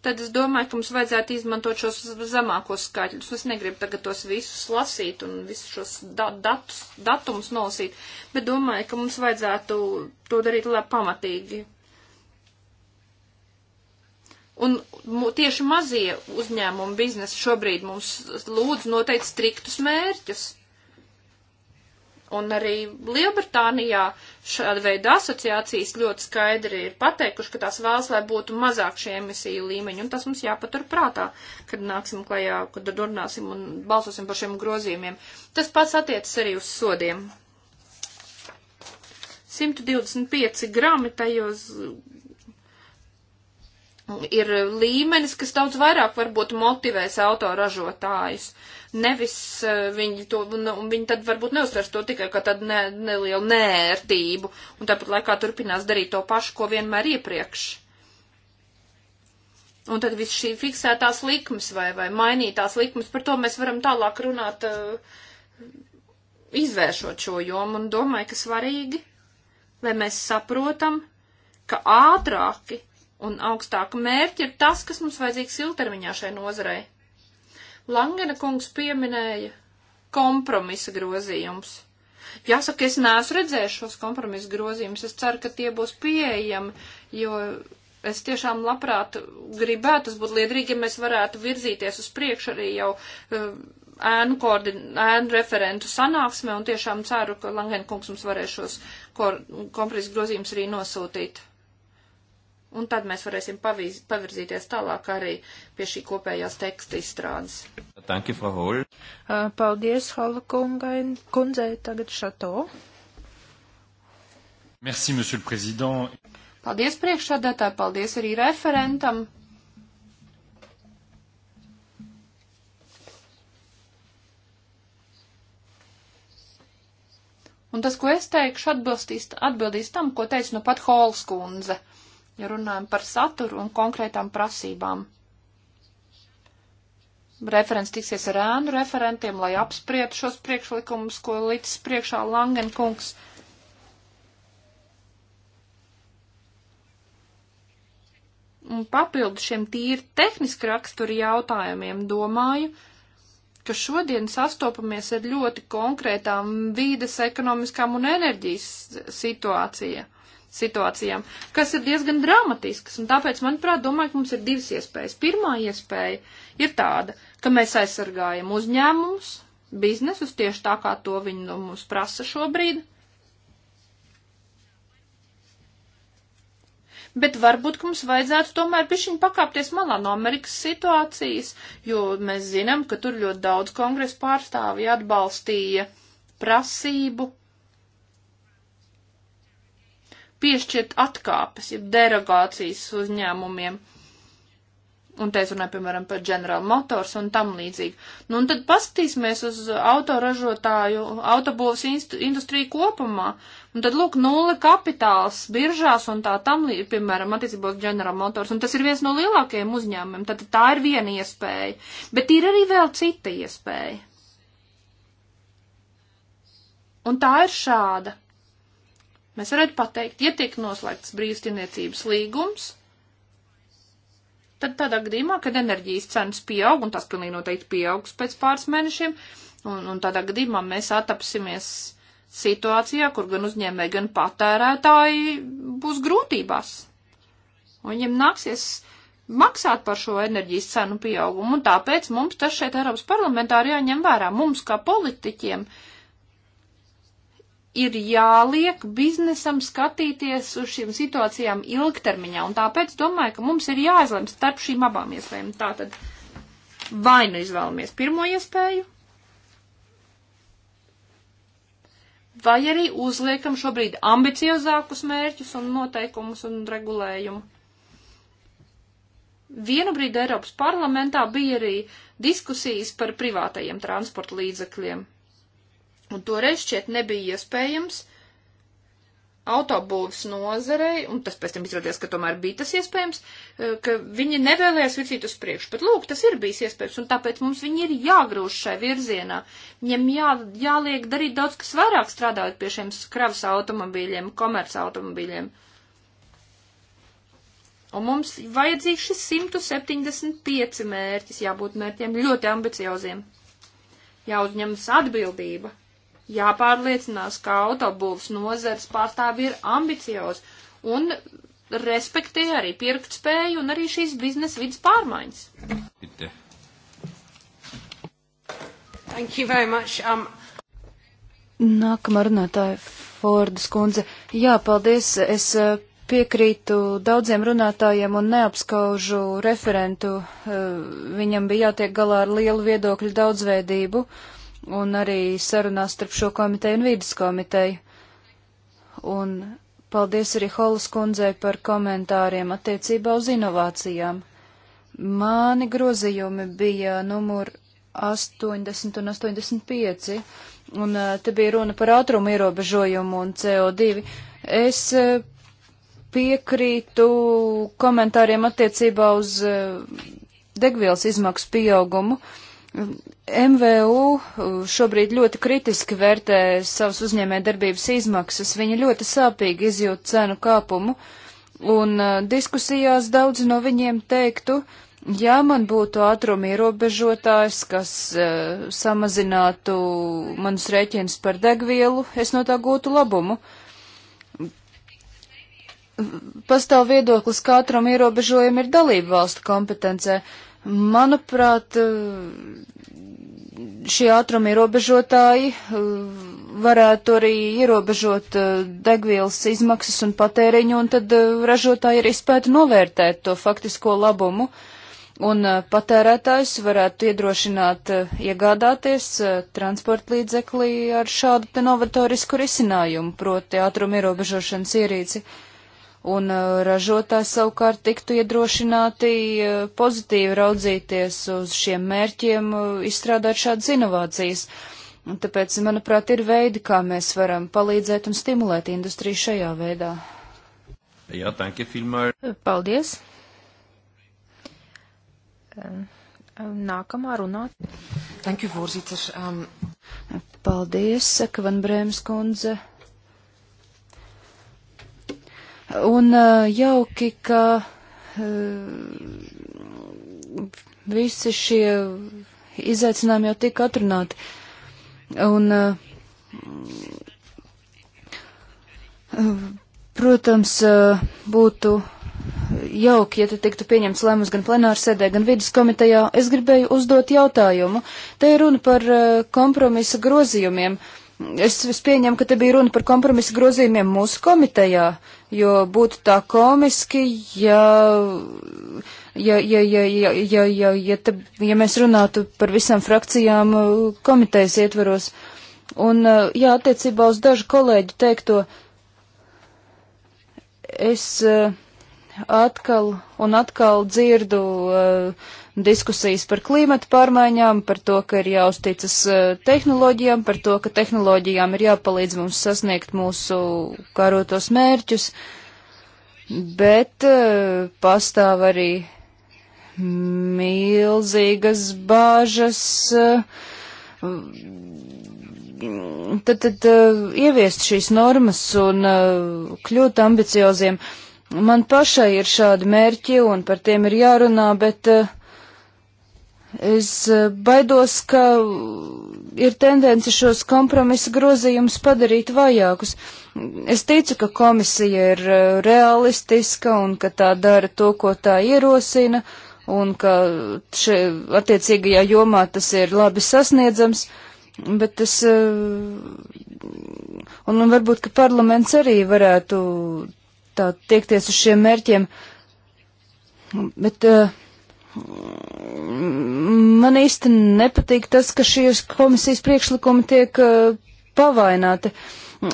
Speaker 1: tad es domāju, ka mums vajadzētu izmantot šos zemākos skaitļus. Es negribu tagad tos visus lasīt un visus šos da datus, datumus nolasīt, bet domāju, ka mums vajadzētu to darīt labi pamatīgi. Un tieši mazie uzņēmumi biznesa šobrīd mums lūdz noteikt striktus mērķus. Un arī Lielbritānijā šāda veida asociācijas ļoti skaidri ir pateikuši, ka tās vēlas, lai būtu mazāk šie emisiju līmeņi, un tas mums jāpatur prātā, kad nāksim klajā, kad runāsim un balsosim par šiem grozījumiem. Tas pats attiecas arī uz sodiem. 125 grami tajos ir līmenis, kas daudz vairāk varbūt motivēs autoražotājus. Uh, Nevis eh, viņi to, un, nu, un viņi tad varbūt neuzsvers to tikai kā tādu ne, nelielu nērtību, un tāpat laikā turpinās darīt to pašu, ko vienmēr iepriekš. Un tad viss šī fiksētās likmes vai, vai mainītās likmes, par to mēs varam tālāk runāt, eh, izvēršot šo jomu, un domāju, ka svarīgi, lai mēs saprotam, ka ātrāki un augstāka mērķi ir tas, kas mums vajadzīgs ilgtermiņā šai nozarei. Langena kungs pieminēja kompromisa grozījums. Jāsaka, es neesmu redzējis šos kompromisa grozījumus. Es ceru, ka tie būs pieejami, jo es tiešām labprāt gribētu, tas būtu liederīgi, ja mēs varētu virzīties uz priekšu arī jau uh, ēnu, koordin, ēnu referentu sanāksmē un tiešām ceru, ka Langenkungs mums varēs šos kompromisa grozījumus arī nosūtīt. Un tad mēs varēsim paviz, pavirzīties tālāk arī pie šī kopējās teksta izstrādes. Thank you, Frau Hol. Paldies, Hola kungai, kundzei, tagad šato. Merci, monsieur le président. Paldies priekšsādātāji, paldies arī referentam. Un tas, ko es teikšu, atbildīs tam, ko teica nu pat Holskundze. kundze ja runājam par saturu un konkrētām prasībām. Referents tiksies ar ēnu referentiem, lai apsprietu šos priekšlikumus, ko līdz priekšā Langenkungs. Un papildu šiem tīri tehniski raksturi jautājumiem domāju, ka šodien sastopamies ar ļoti konkrētām vīdes, ekonomiskām un enerģijas situācijām situācijām, kas ir diezgan dramatiskas, un tāpēc, manuprāt, domāju, ka mums ir divas iespējas. Pirmā iespēja ir tāda, ka mēs aizsargājam uzņēmumus, biznesus tieši tā, kā to viņi no mums prasa šobrīd. Bet varbūt, ka mums vajadzētu tomēr pišķiņ pakāpties malā no Amerikas situācijas, jo mēs zinām, ka tur ļoti daudz kongresa pārstāvji atbalstīja prasību piešķirt atkāpes, ja derogācijas uzņēmumiem. Un te es runāju, piemēram, par General Motors un tam līdzīgi. Nu, un tad paskatīsimies uz autoražotāju, autobūvas industriju kopumā. Un tad, lūk, nulle kapitāls biržās un tā tam līdzīgi, piemēram, attiecībā uz General Motors. Un tas ir viens no lielākajiem uzņēmumiem. Tad tā ir viena iespēja. Bet ir arī vēl cita iespēja. Un tā ir šāda. Mēs varētu pateikt, ja tiek noslēgts brīvstirniecības līgums, tad tādā gadījumā, kad enerģijas cenas pieaug, un tas pilnīgi noteikti pieaugs pēc pāris mēnešiem, un, un tādā gadījumā mēs atapsimies situācijā, kur gan uzņēmēji, gan patērētāji būs grūtībās. Un viņiem nāksies maksāt par šo enerģijas cenu pieaugumu, un tāpēc mums tas šeit Eiropas parlamentā ir jāņem vērā. Mums, kā politiķiem, uh, ir jāliek biznesam skatīties uz šīm situācijām ilgtermiņā, un tāpēc domāju, ka mums ir jāizlem starp šīm abām iespējām. Tātad vai nu izvēlamies pirmo iespēju, vai arī uzliekam šobrīd ambiciozākus mērķus un noteikumus un regulējumu. Vienu brīdi Eiropas parlamentā bija arī diskusijas par privātajiem transporta līdzekļiem. Un toreiz šķiet nebija iespējams autobūvas nozarei, un tas pēc tam izrādījās, ka tomēr bija tas iespējams, e, ka viņi nevēlējās virzīt uz priekšu. Bet lūk, tas ir bijis iespējams, un tāpēc mums viņi ir jāgrūž šai virzienā. Viņiem jā, jāliek darīt daudz kas vairāk strādājot pie šiem kravas automobīļiem, komerca automobīļiem. Un mums vajadzīgs šis 175 mērķis, jābūt mērķiem ļoti ambicioziem. Jāuzņemas atbildība Jāpārliecinās, ka autobūvs nozares pārstāvi ir ambiciozi un respektē arī pirkt spēju un arī šīs biznesa vidas pārmaiņas. Ite. Thank you very much. Um... Nākamā runātāja Fordas kundze. Jā, paldies. Es eh, piekrītu daudziem runātājiem un neapskaužu referentu. Eh, viņam bija jātiek galā ar lielu viedokļu daudzveidību. Uh, un arī sarunās starp šo komiteju un vīdas komiteju. Un paldies arī Holas kundzei par komentāriem attiecībā uz inovācijām. Mani grozījumi bija numur 80 un 85, un eh, te bija runa par ātrumu ierobežojumu un CO2. Es eh, piekrītu komentāriem attiecībā uz eh, degvielas izmaksu pieaugumu. Uh, MVU uh, šobrīd ļoti kritiski vērtē savas uzņēmē darbības izmaksas. Viņi ļoti sāpīgi izjūt cenu kāpumu, un uh, diskusijās daudzi no viņiem teiktu, ja man būtu ātruma ierobežotājs, kas uh, samazinātu manus rēķinus par degvielu, es no tā gūtu labumu. Pastāv viedoklis, ka ātruma ierobežojumi ir dalību valstu kompetencē. Uh, Manuprāt, šie ātruma ierobežotāji eh, varētu arī ierobežot eh, degvielas izmaksas un patēriņu, un tad eh, ražotāji arī spētu novērtēt to faktisko labumu. Un patērētājs varētu iedrošināt iegādāties transporta līdzeklī ar šādu te novatorisku risinājumu, proti ātruma ierobežošanas ierīci. Uh, un uh, ražotāji savukārt tiktu iedrošināti uh, pozitīvi raudzīties uz šiem mērķiem, uh, izstrādāt šādas inovācijas. Un tāpēc, manuprāt, ir veidi, kā mēs varam palīdzēt un stimulēt industriju šajā veidā. Jā, tanki filmā. Paldies. Um, um, nākamā runā. Thank you, voorzitter. Um... Paldies, saka Van Brēms kundze. Un uh, jauki, ka uh, visi šie izaicinājumi jau tika atrunāti. Un, uh, protams, būtu jauki, ja te tiktu pieņemts lēmums gan plenāra sēdē, gan vidas komitejā. Es gribēju uzdot jautājumu. Te ir runa par kompromisa grozījumiem. Uh, Es, es pieņemu, ka te bija runa par kompromisu grozījumiem mūsu komitejā, jo būtu tā komiski, ja, ja, ja, ja, ja, ja, ja, ja, te, ja mēs runātu par visām frakcijām uh, komitejas ietveros. Un, uh, jā, attiecībā uz dažu kolēģu teikto, es uh, atkal un atkal dzirdu uh, diskusijas par klimatu pārmaiņām, par to, ka ir jāuzticas eh, tehnoloģijām, par to, ka tehnoloģijām ir jāpalīdz mums sasniegt mūsu karotos mērķus, bet eh, pastāv arī milzīgas bāžas. Eh, tad, tad ieviest šīs normas un kļūt ambicioziem. Man pašai ir šādi mērķi un par tiem ir jārunā, bet uh, Es eh, baidos, ka ir tendence šos kompromisa grozījumus padarīt vajākus. Es ticu, ka komisija ir eh, realistiska un ka tā dara to, ko tā ierosina, un ka še, attiecīgajā jomā tas ir labi sasniedzams, bet es. Eh, un, un varbūt, ka parlaments arī varētu tā tiekties uz šiem mērķiem, bet. Uh, man īsti nepatīk tas, ka šīs komisijas priekšlikumi tiek uh, pavaināti.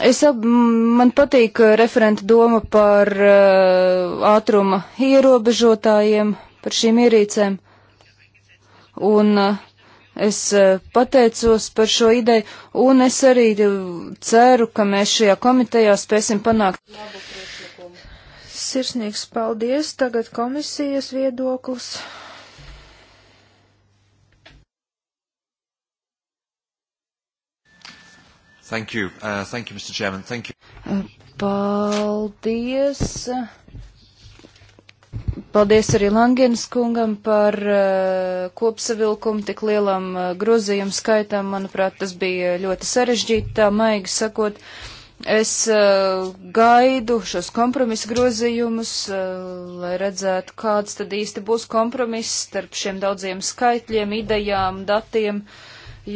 Speaker 1: Es, ab, man patīk uh, referenta doma par uh, ātruma ierobežotājiem, par šīm ierīcēm. Un uh, es uh, pateicos par šo ideju, un es arī uh, ceru, ka mēs šajā komitejā spēsim panākt. Labu priekšlikumu. Sirsnīgs paldies. Tagad komisijas viedoklis. Thank you. Uh, thank you, Mr. Chairman. Thank you. Paldies. Paldies arī Langenes kungam par uh, kopsavilkumu tik lielam uh, grozījumu skaitam. Manuprāt, tas bija ļoti sarežģīti, tā maigi sakot. Es uh, gaidu šos kompromisu grozījumus, uh, lai redzētu, kāds tad īsti būs kompromiss starp šiem daudziem skaitļiem, idejām, datiem,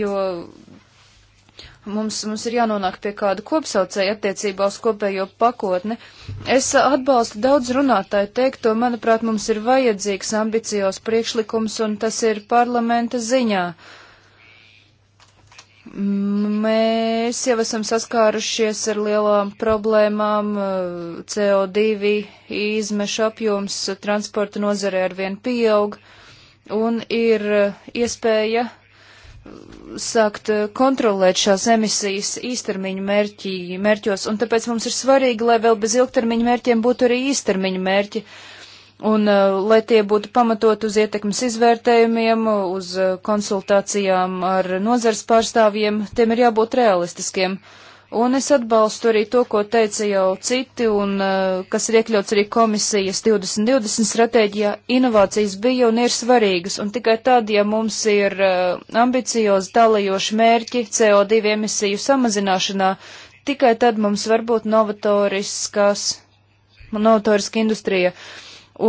Speaker 1: jo mums, mums ir jānonāk pie kāda kopsaucēja attiecībā uz kopējo pakotni. Es atbalstu daudz runātāju teikto, manuprāt, mums ir vajadzīgs ambiciozs priekšlikums, un tas ir parlamenta ziņā. Mēs jau esam saskārušies ar lielām problēmām, CO2 izmešu apjoms transporta nozarē arvien pieaug, un ir iespēja sākt eh, kontrolēt šās emisijas īstermiņu mērķi, mērķos, un tāpēc mums ir svarīgi, lai vēl bez ilgtermiņu mērķiem būtu arī īstermiņu mērķi, un eh, lai tie būtu pamatot uz ietekmes izvērtējumiem, uz eh, konsultācijām ar nozars pārstāvjiem, tiem ir jābūt realistiskiem. Uh, Un es atbalstu arī to, ko teica jau citi, un uh, kas ir iekļauts arī komisijas 2020 stratēģijā. Inovācijas bija un ir svarīgas, un tikai tad, ja mums ir uh, ambiciozi dalījoši mērķi CO2 emisiju samazināšanā, tikai tad mums var būt novatoriskas, novatoriska industrija.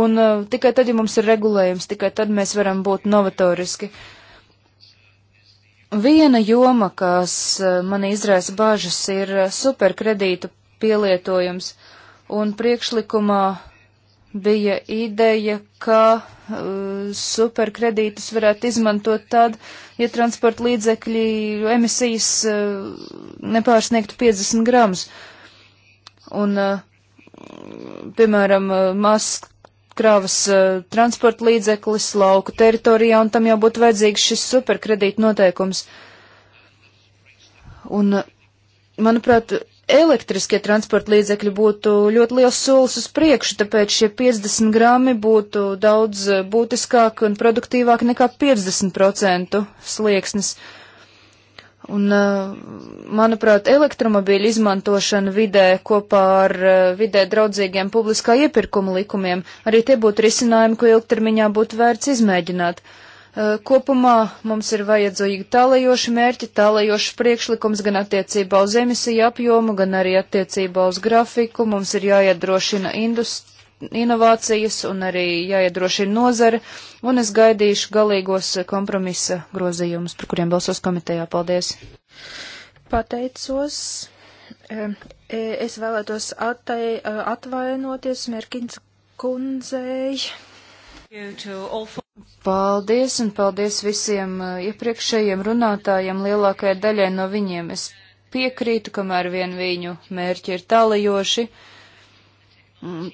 Speaker 1: Un uh, tikai tad, ja mums ir regulējums, tikai tad mēs varam būt novatoriski. Uh, Viena joma, kas e, man izraisa bažas, ir e, superkredītu pielietojums, un priekšlikumā bija ideja, ka uh, superkredītus varētu izmantot tad, ja transporta līdzekļi emisijas uh, nepārsniegtu 50 gramus. Un, uh, piemēram, mazs kravas uh, transporta līdzeklis lauku teritorijā, un tam jau būtu vajadzīgs šis superkredīt noteikums. Un, manuprāt, elektriskie transporta līdzekļi būtu ļoti liels solis uz priekšu, tāpēc šie 50 grami būtu daudz būtiskāk un produktīvāk nekā 50% slieksnis. Uh, Un, uh, manuprāt, elektromobīļu izmantošana vidē kopā ar uh, vidē draudzīgiem publiskā iepirkuma likumiem arī tie būtu risinājumi, ko ilgtermiņā būtu vērts izmēģināt. Uh, kopumā mums ir vajadzīgi tālajoši mērķi, tālajoši priekšlikums gan attiecībā uz emisiju apjomu, gan arī attiecībā uz grafiku. Mums ir jāiedrošina industri inovācijas un arī jāiedrošina nozare, un es gaidīšu galīgos kompromisa grozījumus, par kuriem balsos komitejā. Paldies! Pateicos. E, es vēlētos atai, atvainoties Merkins kundzei. Paldies un paldies visiem iepriekšējiem runātājiem. Lielākajai daļai no viņiem es piekrītu, kamēr vien viņu mērķi ir tālajoši. Mm,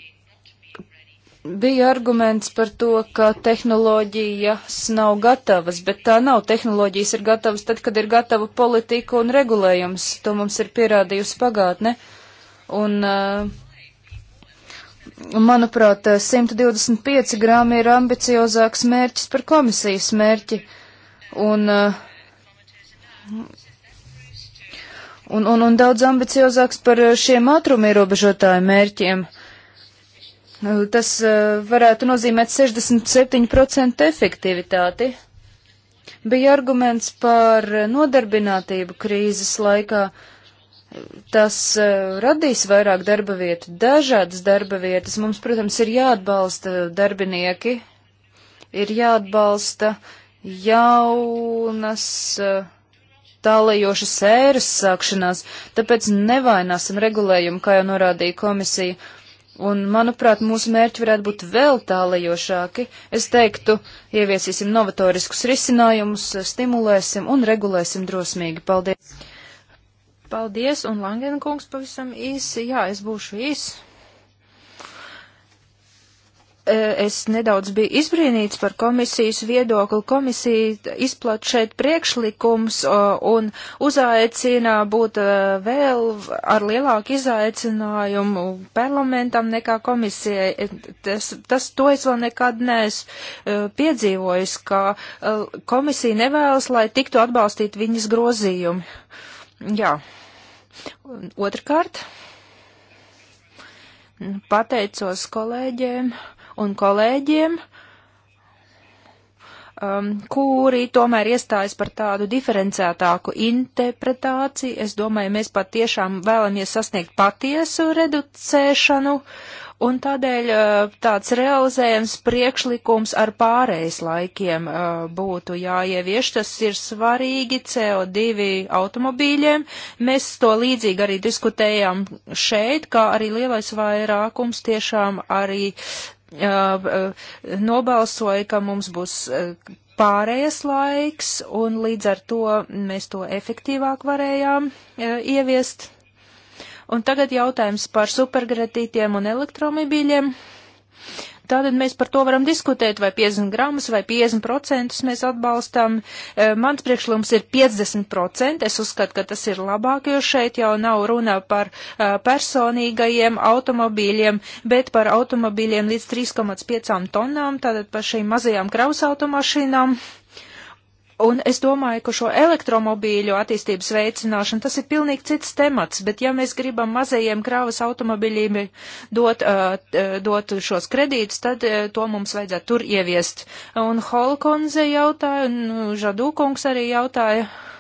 Speaker 1: bija arguments par to, ka tehnoloģijas nav gatavas, bet tā nav. Tehnoloģijas ir gatavas tad, kad ir gatava politika un regulējums. To mums ir pierādījusi pagātne. Un, uh, manuprāt, 125 uh, grāmi ir ambiciozāks mērķis par komisijas mērķi. Un, uh, un, un, un daudz ambiciozāks par šiem ātrumierobežotāju mērķiem. Tas eh, varētu nozīmēt 67% efektivitāti. Bija arguments par nodarbinātību krīzes laikā. Tas eh, radīs vairāk darba vietu, dažādas darba vietas. Mums, protams, ir jāatbalsta darbinieki, ir jāatbalsta jaunas eh, tālajošas ēras sākšanās, tāpēc nevaināsim regulējumu, kā jau norādīja komisija Un, manuprāt, mūsu mērķi varētu būt vēl tālajošāki. Es teiktu, ieviesīsim novatoriskus risinājumus, stimulēsim un regulēsim drosmīgi. Paldies! Paldies, un Langenkungs pavisam īsi. Jā, es būšu īsi. Eh, es nedaudz biju izbrīnīts par komisijas viedokli. Komisija izplat šeit priekšlikums eh, un uzaicina būt eh, vēl ar lielāku izaicinājumu parlamentam nekā komisijai. Tas, tas to es vēl nekad neesmu piedzīvojis, ka komisija nevēlas, lai tiktu atbalstīt viņas grozījumi. Jā. Otrkārt pateicos kolēģiem un kolēģiem, um, kuri tomēr iestājas par tādu diferencētāku interpretāciju. Es domāju, mēs patiešām vēlamies sasniegt patiesu reducēšanu, un tādēļ uh, tāds realizējams priekšlikums ar pārējais laikiem uh, būtu jāievieš. Tas ir svarīgi CO2 automobīļiem. Mēs to līdzīgi arī diskutējām šeit, kā arī lielais vairākums tiešām arī Uh, nobalsoja, ka mums būs uh, pārējais laiks, un līdz ar to mēs to efektīvāk varējām uh, ieviest. Un tagad jautājums par supergratītiem un elektromobīļiem. Tātad mēs par to varam diskutēt, vai 50 gramus vai 50% mēs atbalstam. E, mans priekšlikums ir 50%. Es uzskatu, ka tas ir labāk, jo šeit jau nav runa par e, personīgajiem automobīļiem, bet par automobīļiem līdz 3,5 tonnām, tātad par šīm mazajām krausautomašīnām. automašīnām Un es domāju, ka šo elektromobīļu attīstības veicināšana tas ir pilnīgi cits temats, bet ja mēs gribam mazajiem krāvas automobiļiem dot, uh, uh dot šos kredītus, tad uh, to mums vajadzētu tur ieviest. Un Holkonze jautāja, un Žadūkungs arī jautāja. Uh,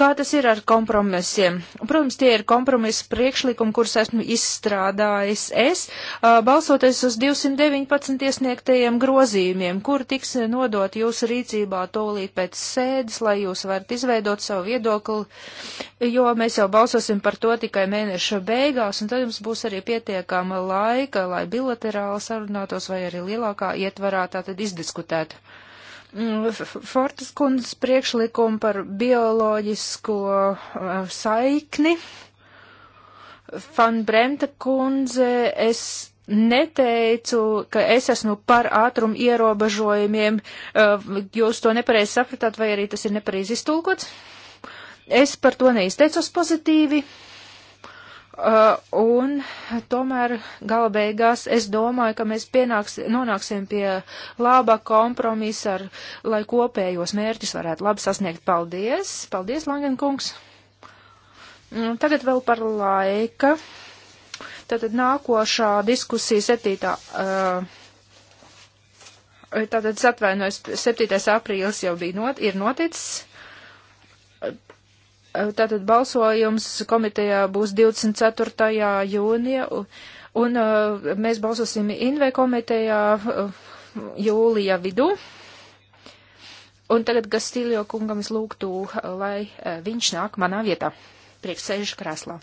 Speaker 1: Kā tas ir ar kompromisiem? Protams, tie ir kompromisa priekšlikumi, kurus esmu izstrādājis es, balsoties uz 219 iesniegtajiem grozījumiem, kur tiks nodot jūsu rīcībā tūlīt pēc sēdes, lai jūs varat izveidot savu viedokli, jo mēs jau balsosim par to tikai mēneša beigās, un tad jums būs arī pietiekama laika, lai bilaterāli sarunātos vai arī lielākā ietvarā tātad izdiskutētu. Mm, Fortas kundas priekšlikumu par bioloģisko uh, saikni. Fan Bremta kundze, es neteicu, ka es esmu par ātrumu ierobežojumiem. Uh, jūs to nepareizi sapratāt, vai arī tas ir nepareizi iztulkots? Es par to neizteicos pozitīvi. Uh, Uh, un tomēr gala beigās es domāju, ka mēs pienāks, nonāksim pie laba kompromisa, ar, lai kopējos mērķus varētu labi sasniegt. Paldies! Paldies, Langenkungs! Un nu, tagad vēl par laika. Tātad nākošā diskusija 7. Uh, tātad atvainojas 7. aprīlis jau bija not, ir noticis. Tātad balsojums komitejā būs 24. jūnija, un uh, mēs balsosim Inve komitejā uh, jūlija vidū. Un tagad Gastīlio kungam es lūgtu, lai uh, viņš nāk manā vietā, priekš sēžu krēslā.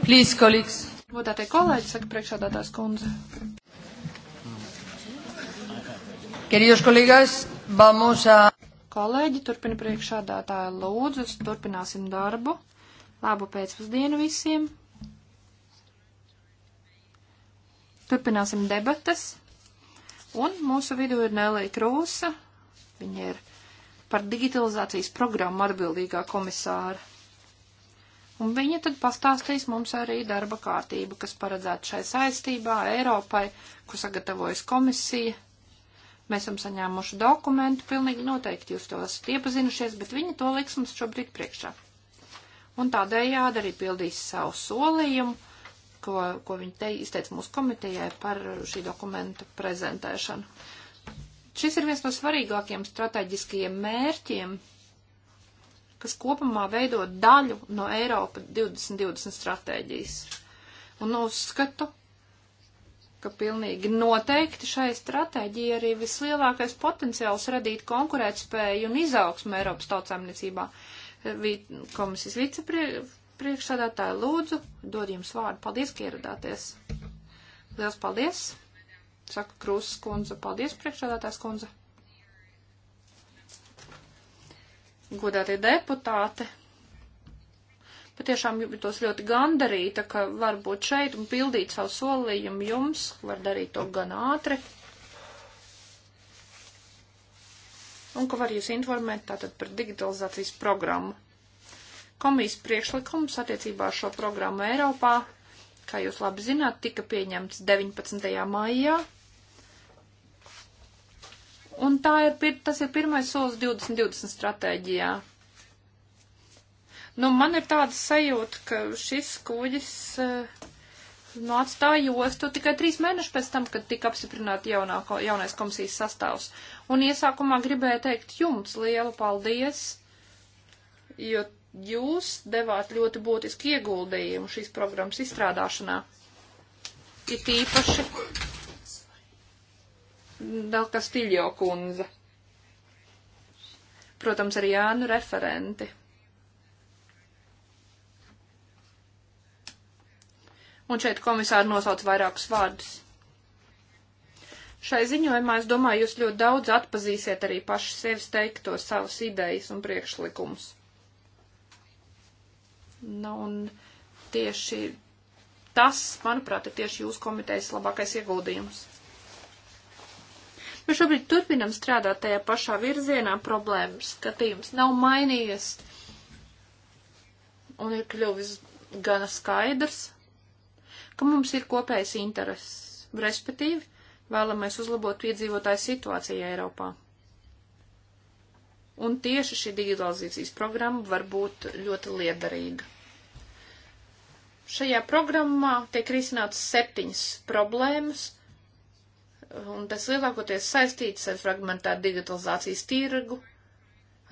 Speaker 1: Please, colleagues. Godātie kolēģi, saka priekšādātās kundze. Queridos kolēģis, vamos a... Kolēģi, turpina priekšādātāja lūdzu, turpināsim darbu. Labu pēcpusdienu visiem. Turpināsim debatas. Un mūsu vidū ir Nelija Krūsa. Viņa ir par digitalizācijas programmu atbildīgā komisāra. Un viņa tad pastāstīs mums arī darba kārtību, kas paredzēta šai saistībā Eiropai, ko sagatavojas komisija. Mēs esam saņēmuši dokumentu, pilnīgi noteikti jūs to esat iepazinušies, bet viņa to liks mums šobrīd priekšā. Un tādējādi arī pildīs savu solījumu, ko, ko viņa te izteica mūsu komitejai par šī dokumentu prezentēšanu. Šis ir viens no svarīgākiem strateģiskajiem mērķiem kas kopumā veido daļu no Eiropa 2020 stratēģijas. Un uzskatu, ka pilnīgi noteikti šai stratēģijai arī vislielākais potenciāls radīt konkurētspēju un izaugsmu Eiropas tautsēmniecībā. Komisijas vicepriekšsādātāja lūdzu, dod jums vārdu. Paldies, ka ieradāties. Liels paldies. Saka Krūsas kundze. Paldies, priekšsādātājs kundze. godātie deputāti. Patiešām jūtos ļoti gandarīta, ka var būt šeit un pildīt savu solījumu jums, var darīt to gan ātri. Un ka var jūs informēt tātad par digitalizācijas programmu. Komijas priekšlikums attiecībā ar šo programmu Eiropā, kā jūs labi zināt, tika pieņemts 19. maijā Un tā ir, tas ir pirmais solis 2020 stratēģijā. Nu, man ir tāda sajūta, ka šis kuģis eh, nu, atstāja ostu tikai trīs mēnešus pēc tam, kad tika apstiprināta jaunā, jaunais komisijas sastāvs. Un iesākumā gribēju teikt jums lielu paldies, jo jūs devāt ļoti būtisku ieguldījumu šīs programmas izstrādāšanā. Ir tīpaši Dalka Stīļo kundze. Protams, arī Jānu referenti. Un šeit komisāri nosauc vairākus vārdus. Šai ziņojumā, es domāju, jūs ļoti daudz atpazīsiet arī paši sevis teikto savas idejas un priekšlikumus. Nu, un tieši tas, manuprāt, ir tieši jūsu komitejas labākais ieguldījums. Mēs šobrīd turpinam strādāt tajā pašā virzienā, problēmas skatījums nav mainījies un ir kļuvis gana skaidrs, ka mums ir kopējs intereses, respektīvi vēlamies uzlabot iedzīvotāju situāciju Eiropā. Un tieši šī digitalizācijas programma var būt ļoti liederīga. Šajā programmā tiek risināts septiņas problēmas un tas lielākoties saistīts ar fragmentāru digitalizācijas tirgu,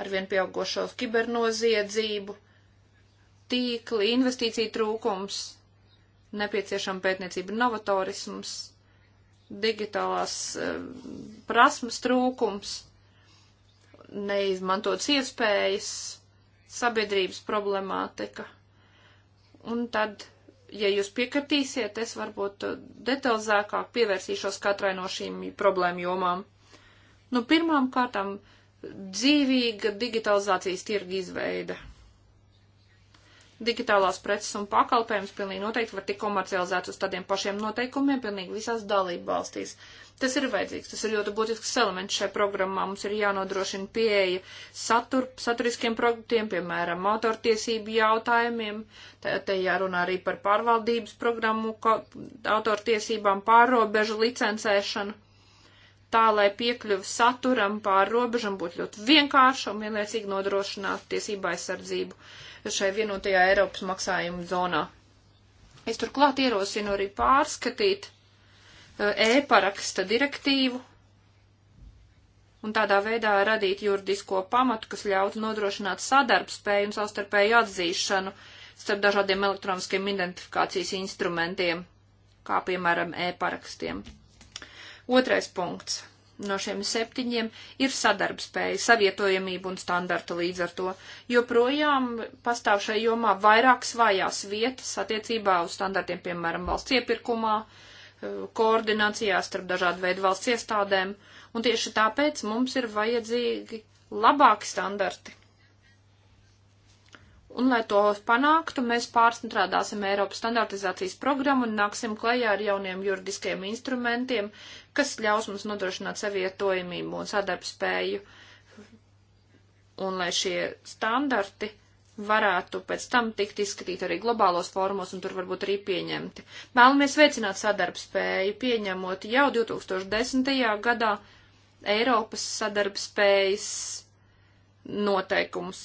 Speaker 1: ar vien pieaugošo kibernoziedzību, tīkli, investīciju trūkums, nepieciešama pētniecība novatorisms, digitālās eh, prasmes trūkums, neizmantots iespējas, sabiedrības problemātika. Un tad ja jūs piekritīsiet, es varbūt detalizētāk pievērsīšos katrai no šīm problēmu jomām. Nu, pirmām kārtām dzīvīga digitalizācijas tirga izveida. Digitālās preces un pakalpojums pilnīgi noteikti var tik komercializēt uz tādiem pašiem noteikumiem pilnīgi visās dalību valstīs. Tas ir vajadzīgs, tas ir ļoti būtisks elements šai programmā. Mums ir jānodrošina pieeja satur, saturiskiem produktiem, piemēram, autortiesību jautājumiem. Te, te jārunā arī par pārvaldības programmu, autortiesībām, pārrobežu licencēšanu. Tā, lai piekļuvi saturam pār robežam būtu ļoti vienkārša un vienlaicīgi nodrošinātu tiesību aizsardzību šai vienotajā Eiropas maksājuma zonā. Es turklāt ierosinu arī pārskatīt Eh, e-paraksta direktīvu un tādā veidā radīt juridisko pamatu, kas ļautu nodrošināt sadarbspēju un savstarpēju atzīšanu starp dažādiem elektroniskiem identifikācijas instrumentiem, kā piemēram e-parakstiem. Otrais punkts no šiem septiņiem ir sadarbspēja, savietojamība un standarta līdz ar to. Joprojām pastāv šai jomā vairākas vājās vietas attiecībā uz standartiem, piemēram, valsts iepirkumā, uh, koordinācijā starp dažādu veidu valsts iestādēm, un tieši tāpēc mums ir vajadzīgi labāki standarti. Un, lai to panāktu, mēs pārstrādāsim Eiropas standartizācijas programmu un nāksim klajā ar jauniem juridiskiem instrumentiem, kas ļaus mums nodrošināt savietojamību un sadarbspēju. Un, lai šie standarti varētu pēc tam tikt izskatīt arī globālos formos un tur varbūt arī pieņemti. Mēlamies veicināt sadarbspēju, pieņemot jau 2010. gadā Eiropas sadarbspējas noteikums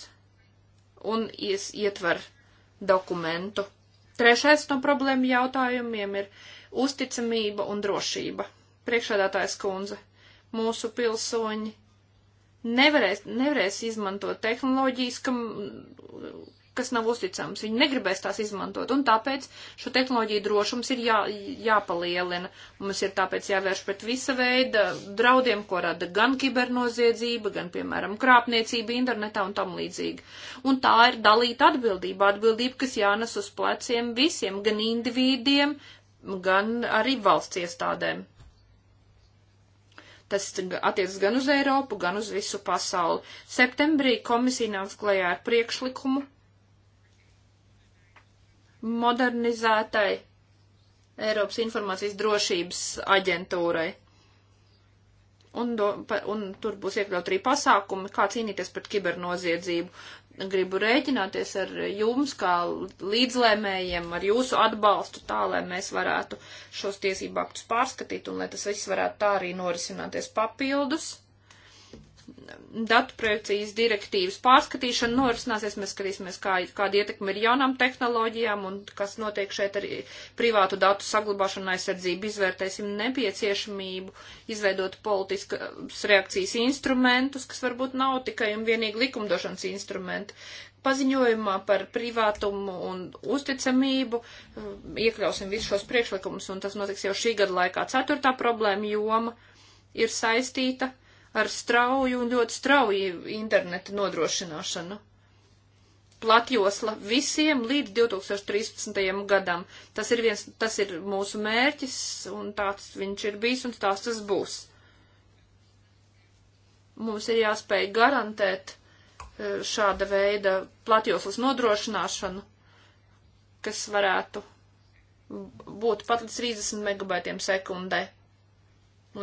Speaker 1: un ietver dokumentu. Trešais no problēmu jautājumiem ir uzticamība un drošība. Priekšādātājs kundze, mūsu pilsoņi nevarēs, nevarēs izmantot tehnoloģijas, kam, kas nav uzticams. Viņi negribēs tās izmantot. Un tāpēc šo tehnoloģiju drošums ir jā, jāpalielina. Mums ir tāpēc jāvērš pret visa veida draudiem, ko rada gan kibernoziedzība, gan, piemēram, krāpniecība internetā un tam līdzīgi. Un tā ir dalīta atbildība. Atbildība, kas jānes uz pleciem visiem, gan individiem, gan arī valsts iestādēm. Tas attiecas gan uz Eiropu, gan uz visu pasauli. Septembrī komisija nāks klajā ar priekšlikumu modernizētai Eiropas informācijas drošības aģentūrai. Un, do, pa, un tur būs iekļaut arī pasākumi, kā cīnīties pret kibernoziedzību. Gribu rēķināties ar jums, kā līdzlēmējiem, ar jūsu atbalstu, tā, lai mēs varētu šos tiesību aktus pārskatīt un lai tas viss varētu tā arī norisināties papildus datu projekcijas direktīvas pārskatīšana norisināsies, mēs skatīsimies, kā, kāda ietekme ir jaunām tehnoloģijām un kas notiek šeit arī privātu datu saglabāšana aizsardzību. Izvērtēsim nepieciešamību izveidot politiskas reakcijas instrumentus, kas varbūt nav tikai un vienīgi likumdošanas instrumenti. Paziņojumā par privātumu un uzticamību eh, iekļausim visus šos priekšlikumus, un tas notiks jau šī gada laikā. Ceturtā problēma joma ir saistīta ar ar strauju un ļoti strauju interneta nodrošināšanu. Platjosla visiem līdz 2013. gadam. Tas ir, viens, tas ir mūsu mērķis, un tāds viņš ir bijis, un tās tas būs. Mums ir jāspēj garantēt e, šāda veida platjoslas nodrošināšanu, kas varētu būt pat līdz 30 megabaitiem sekundē.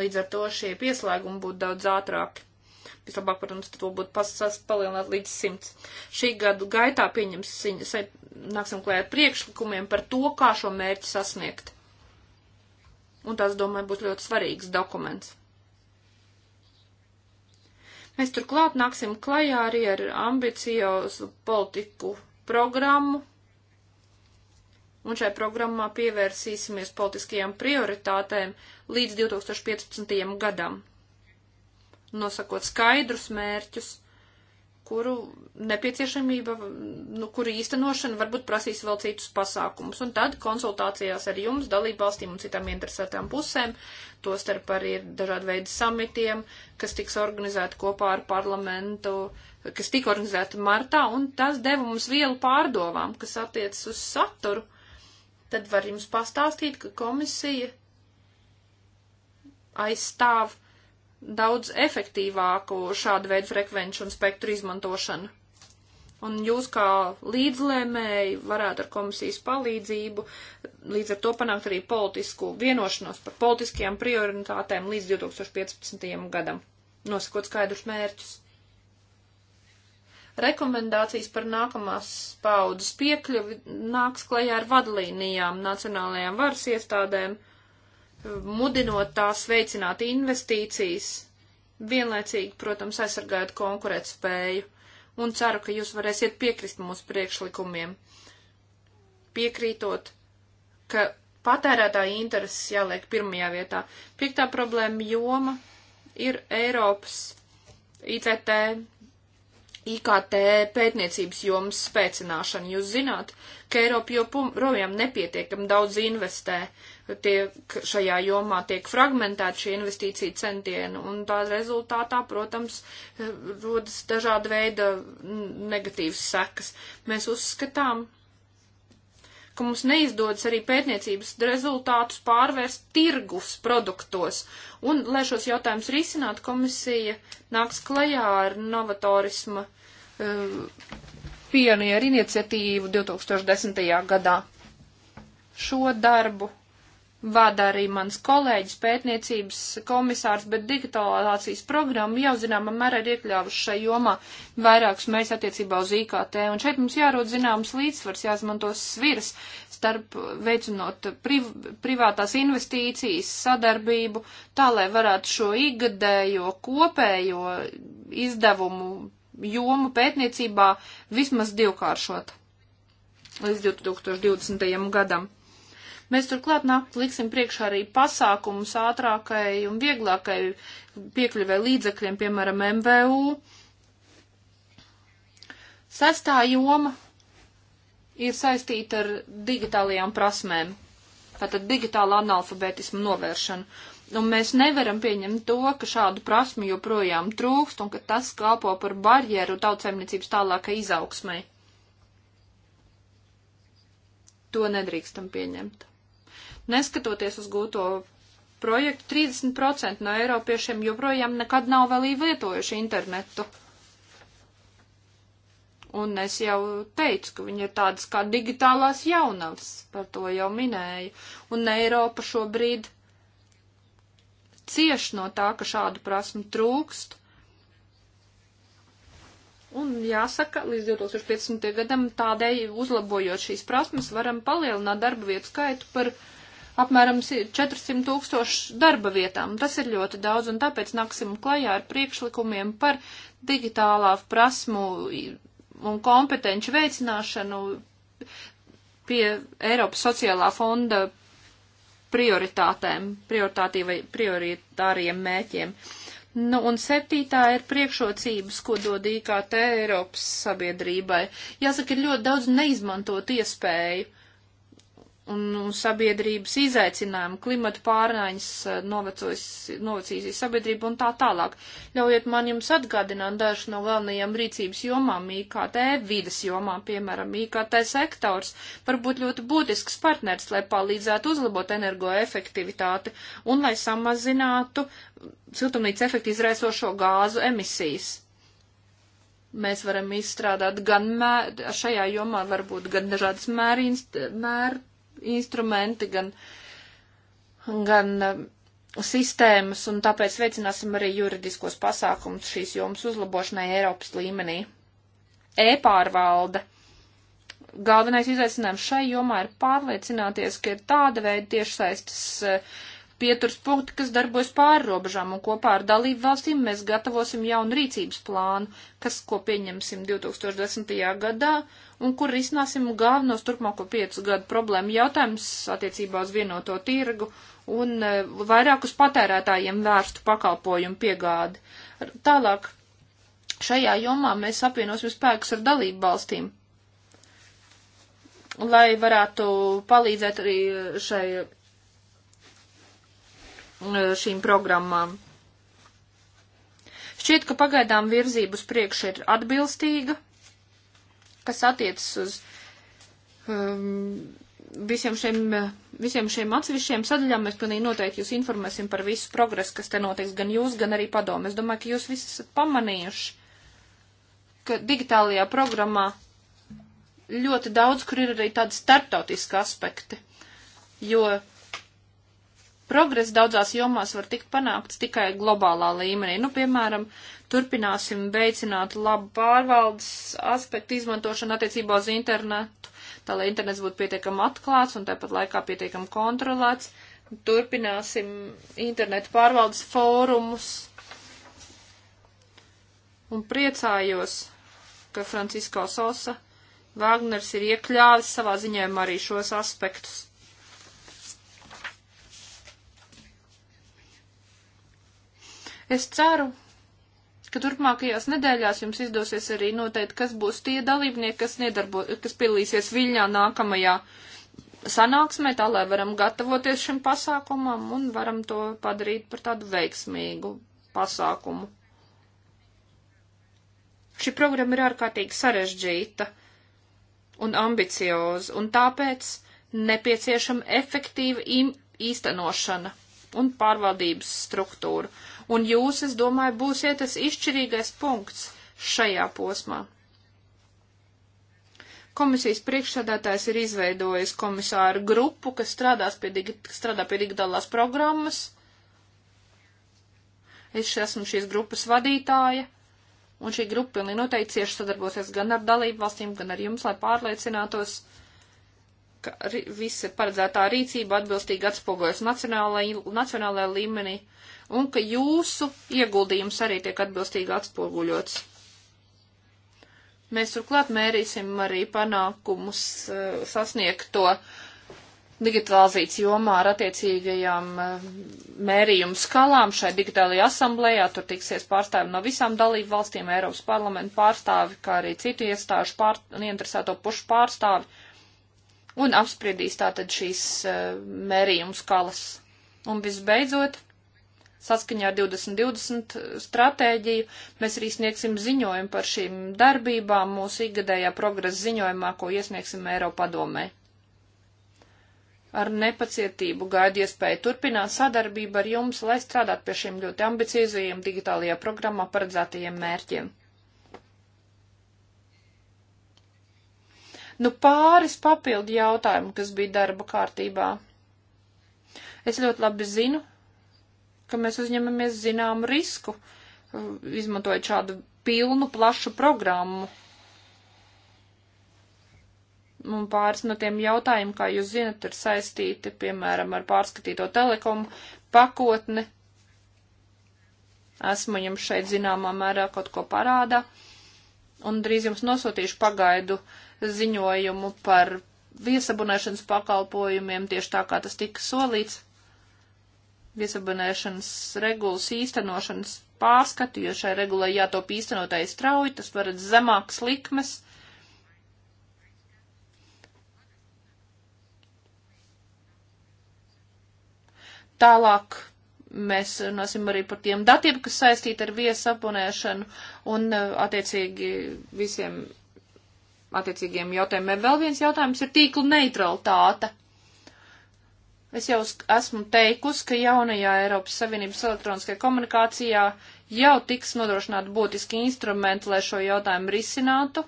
Speaker 1: Līdz ar to šie pieslēgumi būtu daudz ātrāki. Vislabāk, protams, to būtu pasas palielināt līdz simts. Šī gadu gaitā pieņems, nāksim klēt priekšlikumiem par to, kā šo mērķi sasniegt. Un tas, domāju, būs ļoti svarīgs dokuments. Mēs turklāt nāksim klajā arī ar ambiciozu politiku programmu un šai programmā pievērsīsimies politiskajām prioritātēm līdz 2015. gadam, nosakot skaidrus mērķus, kuru nepieciešamība, nu, kuru īstenošana varbūt prasīs vēl citus pasākumus. Un tad konsultācijās ar jums, dalībvalstīm un citām interesētām pusēm, to starp arī ir dažādi veidi samitiem, kas tiks organizēti kopā ar parlamentu, kas tika organizēti martā, un tas deva mums vielu pārdomām, kas attiecas uz saturu tad var jums pastāstīt, ka komisija aizstāv daudz efektīvāku šādu veidu frekvenču un spektru izmantošanu. Un jūs kā līdzlēmēji varētu ar komisijas palīdzību līdz ar to panākt arī politisku vienošanos par politiskajām prioritātēm līdz 2015. gadam, nosakot skaidrus mērķus rekomendācijas par nākamās paudzes piekļuvi nāks klajā ar vadlīnijām nacionālajām varas iestādēm, mudinot tās veicināt investīcijas, vienlaicīgi, protams, aizsargājot konkurētspēju, un ceru, ka jūs varēsiet piekrist mūsu priekšlikumiem, piekrītot, ka patērētāja intereses jāliek pirmajā vietā. Piektā problēma joma ir Eiropas ICT IKT pētniecības jomas spēcināšanu. Jūs zināt, ka Eiropa joprojām nepietiekam daudz investē tiek, šajā jomā, tiek fragmentēti šie investīcija centieni, un tā rezultātā, protams, eh, rodas dažāda veida negatīvas sekas. Mēs uzskatām, ka mums neizdodas arī pētniecības rezultātus pārvērst tirgus produktos. Un, lai šos jautājumus risinātu, komisija nāks klajā ar novatorisma uh, eh, pionieru iniciatīvu 2010. gadā. Šo darbu vada arī mans kolēģis, pētniecības komisārs, bet digitalizācijas programma jau zināmā mērā ir iekļāvuši šai jomā vairākus mēs attiecībā uz IKT. Un šeit mums jārod zināms līdzsvars, jāizmanto sviras starp veicinot priv privātās investīcijas, sadarbību, tā lai varētu šo igadējo kopējo izdevumu jomu pētniecībā vismaz divkāršot līdz 2020. gadam. Mēs turklāt nakt liksim priekšā arī pasākumus ātrākai un vieglākai piekļuvē līdzekļiem, piemēram, MVU. Sestā joma ir saistīta ar digitālajām prasmēm, tātad digitāla analfabētismu novēršanu. Un mēs nevaram pieņemt to, ka šādu prasmu joprojām trūkst un ka tas kalpo par barjeru tautsēmniecības tālākai izaugsmai. To nedrīkstam pieņemt. Neskatoties uz gūto projektu, 30% no eiropiešiem joprojām nekad nav vēl ievietojuši internetu. Un es jau teicu, ka viņi ir tādas kā digitālās jaunavas, par to jau minēju. Un Eiropa šobrīd cieš no tā, ka šādu prasmu trūkst. Un jāsaka, līdz 2015. gadam tādēļ uzlabojot šīs prasmes, varam palielināt darba vietu skaitu par 20% apmēram 400 tūkstošu darba vietām. Tas ir ļoti daudz, un tāpēc nāksim klajā ar priekšlikumiem par digitālā prasmu un kompetenci veicināšanu pie Eiropas sociālā fonda prioritātēm, prioritāriem mēķiem. Nu, un septītā ir priekšrocības, ko dod IKT Eiropas sabiedrībai. Jāsaka, ir ļoti daudz neizmantot iespēju un sabiedrības izaicinājumu, klimatu pārmaiņas, eh, novecījusi sabiedrība un tā tālāk. Ļaujiet man jums atgādināt dažu no galvenajām rīcības jomām IKT, vidas jomā, piemēram, IKT sektors var būt ļoti būtisks partners, lai palīdzētu uzlabot energoefektivitāti un lai samazinātu siltumnīca efektu izraisošo gāzu emisijas mēs varam izstrādāt gan mēr, šajā jomā varbūt gan dažādas mērīns, mēr instrumenti, gan, gan eh, sistēmas, un tāpēc veicināsim arī juridiskos pasākumus šīs jomas uzlabošanai Eiropas līmenī. E-pārvalde. Galvenais izaicinājums šai jomā ir pārliecināties, ka ir tāda veida tiešsaistes eh, pieturs punkti, kas darbojas pāri robežām, un kopā ar dalību valstīm mēs gatavosim jaunu rīcības plānu, kas, ko pieņemsim 2010. gadā, un kur risināsim galvenos turpmāko piecu gadu problēmu jautājums attiecībā uz vienoto tirgu un e, vairāk uz patērētājiem vērstu pakalpojumu piegādi. Tālāk šajā jomā mēs apvienosim spēkus ar dalību valstīm, lai varētu palīdzēt arī šai šīm programmām. Šķiet, ka pagaidām virzība uz priekšu ir atbilstīga, kas attiecas uz um, visiem šiem, visiem šiem atsevišķiem sadaļām mēs pilnīgi noteikti jūs informēsim par visu progresu, kas te notiks, gan jūs, gan arī padomu. Es domāju, ka jūs visi esat pamanījuši, ka digitālajā programmā ļoti daudz, kur ir arī tādi startautiski aspekti, jo Progress daudzās jomās var tikt panākts tikai globālā līmenī. Nu, piemēram, turpināsim veicināt labu pārvaldes aspektu izmantošanu attiecībā uz internetu, tā lai internets būtu pietiekami atklāts un tāpat laikā pietiekami kontrolēts. Turpināsim internetu pārvaldes fórumus. Un priecājos, ka Francisko Sosa Vāgners ir iekļāvis savā ziņojumā arī šos aspektus. Es ceru, ka turpmākajās nedēļās jums izdosies arī noteikt, kas būs tie dalībnieki, kas, nedarbo, kas piedalīsies Viļņā nākamajā sanāksmē, tā lai varam gatavoties šim pasākumam un varam to padarīt par tādu veiksmīgu pasākumu. Šī programma ir ārkārtīgi sarežģīta un ambicioza, un tāpēc nepieciešama efektīva īstenošana un pārvaldības struktūra un jūs, es domāju, būsiet tas izšķirīgais punkts šajā posmā. Komisijas priekšsādātājs ir izveidojis komisāru grupu, kas, pie digi, kas strādā pie digitālās programmas. Es esmu šīs grupas vadītāja, un šī grupa pilnīgi noteikti cieši sadarbosies gan ar dalību valstīm, gan ar jums, lai pārliecinātos, uh, ka visa paredzētā rīcība atbilstīgi atspoguļas nacionālajā līmenī un ka jūsu ieguldījums arī tiek atbilstīgi atspoguļots. Mēs turklāt mērīsim arī panākumus eh, sasniegto digitalizācijas jomā ar attiecīgajām eh, mērījumu skalām. Šai digitālajā asamblējā tur tiksies pārstāvi no visām dalību valstīm, Eiropas parlamenta pārstāvi, kā arī citu iestāžu pār, un interesēto pušu pārstāvi un apspriedīs tātad šīs eh, mērījuma skalas. Un visbeidzot, saskaņā ar 2020 eh, stratēģiju, mēs arī sniegsim ziņojumu par šīm darbībām mūsu ikgadējā progresa ziņojumā, ko iesniegsim Eiropadomē. Ar nepacietību gaidu iespēju turpināt sadarbību ar jums, lai strādātu pie šiem ļoti ambiciozajiem digitālajā programmā paredzētajiem mērķiem. Nu, pāris papildu jautājumu, kas bija darba kārtībā. Es ļoti labi zinu, ka mēs uzņemamies zināmu risku, uh, izmantojot šādu pilnu, plašu programmu. Un pāris no tiem jautājumiem, kā jūs zinat, ir saistīti, piemēram, ar pārskatīto telekomu pakotni. Esmu jums šeit zināmā mērā kaut ko parādā. Uh, un drīz jums nosūtīšu pagaidu ziņojumu par viesabunēšanas pakalpojumiem, tieši tā kā tas tika solīts. Viesabunēšanas regulas īstenošanas pārskatu, jo šai regulai jātop īstenotāji strauji, tas var zemāks likmes. Tālāk Mēs runāsim arī par tiem datiem, kas saistīti ar viesu abonēšanu un eh, attiecīgi visiem attiecīgiem jautājumiem. Vēl viens jautājums ir tīkla neutralitāte. Es jau esmu teikusi, ka jaunajā Eiropas Savienības elektroniskajā komunikācijā jau tiks nodrošināti būtiski instrumenti, lai šo jautājumu risinātu,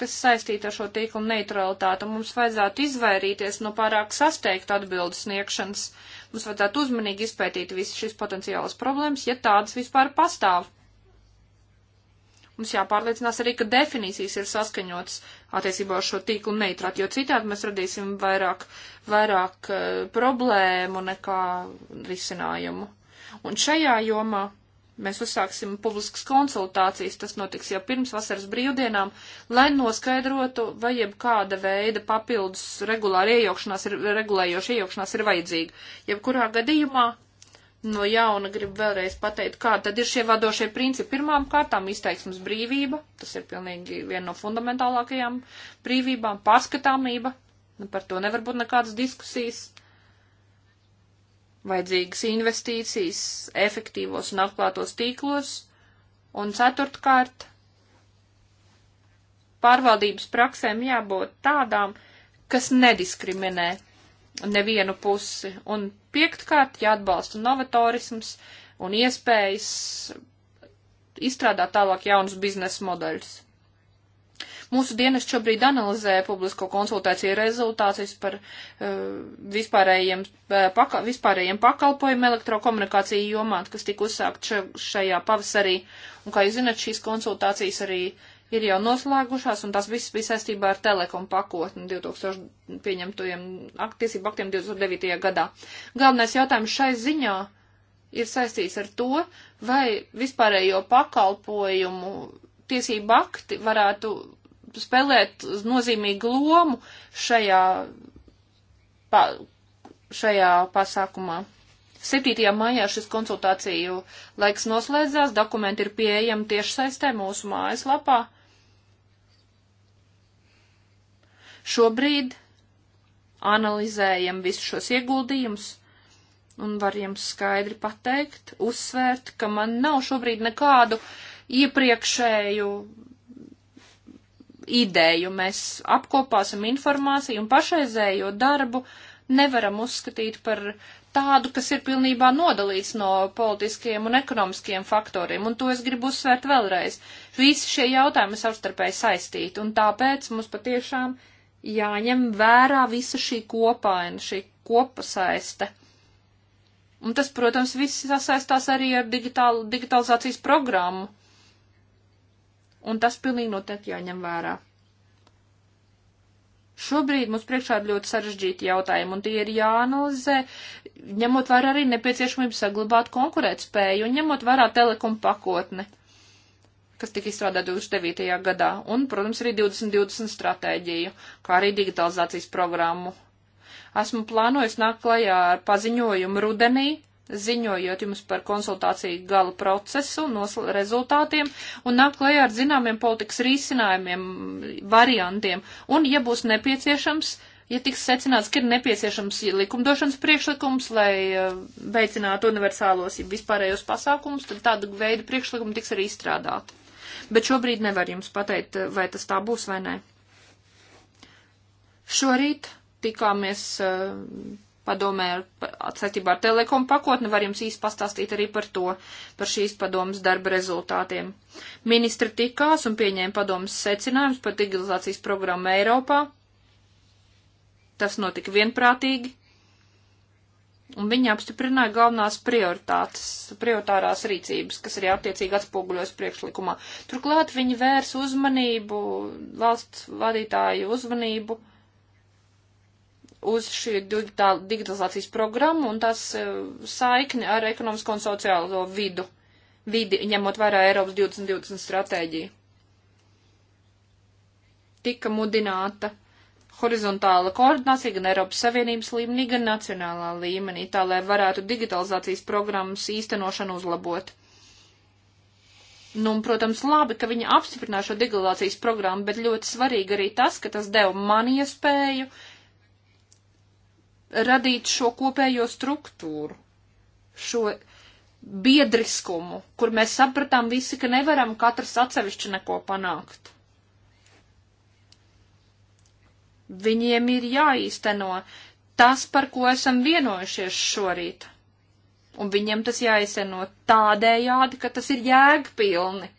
Speaker 1: kas saistīta ar šo tīklu neutralitāti. Mums vajadzētu izvairīties no pārāk sasteigta atbildes sniegšanas Mums vajadzētu uzmanīgi izpētīt visas šīs potenciālas problēmas, ja tādas vispār pastāv. Mums jāpārliecinās arī, ka definīcijas ir saskaņotas attiecībā uz šo tīklu neitrāt, jo citādi mēs radīsim vairāk, vairāk uh, problēmu nekā risinājumu. Un šajā jomā Mēs uzsāksim publiskas konsultācijas, tas notiks jau pirms vasaras brīvdienām, lai noskaidrotu, vai jebkāda veida papildus regulāri iejaukšanās, ir, regulējoši iejaukšanās ir vajadzīga. Jebkurā gadījumā no jauna gribu vēlreiz pateikt, kā tad ir šie vadošie principi. Pirmām kārtām izteiksmes brīvība, tas ir pilnīgi viena no fundamentālākajām brīvībām, pārskatāmība, nu, par to nevar būt nekādas diskusijas vajadzīgas investīcijas efektīvos un atklātos tīklos, un ceturtkārt, pārvaldības praksēm jābūt tādām, kas nediskriminē nevienu pusi, un piektkārt jāatbalsta novatorisms un iespējas izstrādāt tālāk jaunus biznesa modeļus. Mūsu dienas šobrīd analizē publisko konsultāciju rezultātus par uh, vispārējiem, uh, paka, vispārējiem pakalpojumu elektrokomunikāciju jomā, kas tika uzsākt še, šajā pavasarī. Un, kā jūs zinat, šīs konsultācijas arī ir jau noslēgušās, un tas viss bija saistībā ar telekomu pakotni 2000 pieņemtajiem tiesību aktiem 2009. gadā. Galvenais jautājums šai ziņā ir saistīts ar to, vai vispārējo pakalpojumu tiesību akti varētu spēlēt nozīmīgu lomu šajā, pa, šajā pasākumā. 7. maijā šis konsultāciju laiks noslēdzās, dokumenti ir pieejami tieši saistē mūsu mājaslapā. Šobrīd analizējam visus šos ieguldījumus un var jums skaidri pateikt, uzsvērt, ka man nav šobrīd nekādu uh, iepriekšēju ideju. Mēs apkopāsim informāciju un pašreizējo darbu nevaram uzskatīt par tādu, kas ir pilnībā nodalīts no politiskiem un ekonomiskiem faktoriem, un to es gribu uzsvērt vēlreiz. Visi šie jautājumi savstarpēji saistīti, un tāpēc mums patiešām jāņem vērā visa šī kopaina, šī kopasaiste. Un tas, protams, viss sasaistās arī ar digitālu, digitalizācijas programmu. Un tas pilnīgi noteikti jāņem vērā. Šobrīd mums priekšā ir ļoti sarežģīti jautājumi, un tie ir jāanalizē, ņemot vērā arī nepieciešamību saglabāt konkurētspēju un ņemot vērā telekom pakotni, kas tika izstrādāta 2009. gadā, un, protams, arī 2020 stratēģiju, kā arī digitalizācijas programmu. Esmu plānojis nākt klajā ar paziņojumu rudenī ziņojot jums par konsultāciju gala procesu, rezultātiem un nāk klajā ar zināmiem politikas risinājumiem, variantiem. Un, ja būs nepieciešams, ja tiks secināts, ka ir nepieciešams likumdošanas priekšlikums, lai eh, veicinātu universālos ja vispārējos pasākumus, tad tādu veidu priekšlikumu tiks arī izstrādāt. Bet šobrīd nevar jums pateikt, eh, vai tas tā būs vai nē. Šorīt tikāmies uh, padomē atsaistībā ar telekomu pakotni, var jums īsti pastāstīt arī par to, par šīs padomas darba rezultātiem. Ministri tikās un pieņēma padomas secinājumus par digitalizācijas programmu Eiropā. Tas notika vienprātīgi. Un viņi apstiprināja galvenās prioritātes, prioritārās rīcības, kas arī attiecīgi atspoguļojas priekšlikumā. Turklāt viņi vērs uzmanību, valsts vadītāju uzmanību uz šī digitalizācijas programmu un tās e, saikni ar ekonomisko un sociālo vidu, vidi, ņemot vērā Eiropas 2020 stratēģiju. Tika mudināta horizontāla koordinācija gan Eiropas Savienības līmenī, gan nacionālā līmenī, tā lai varētu digitalizācijas programmas īstenošanu uzlabot. Nu, un, protams, labi, ka viņi apstiprināja šo digitalizācijas programmu, bet ļoti svarīgi arī tas, ka tas deva man iespēju ja radīt šo kopējo struktūru, šo biedriskumu, kur mēs sapratām visi, ka nevaram katrs atsevišķi neko panākt. Viņiem ir jāīsteno tas, par ko esam vienojušies šorīt. Un viņiem tas jāizseno tādējādi, ka tas ir jēgpilni.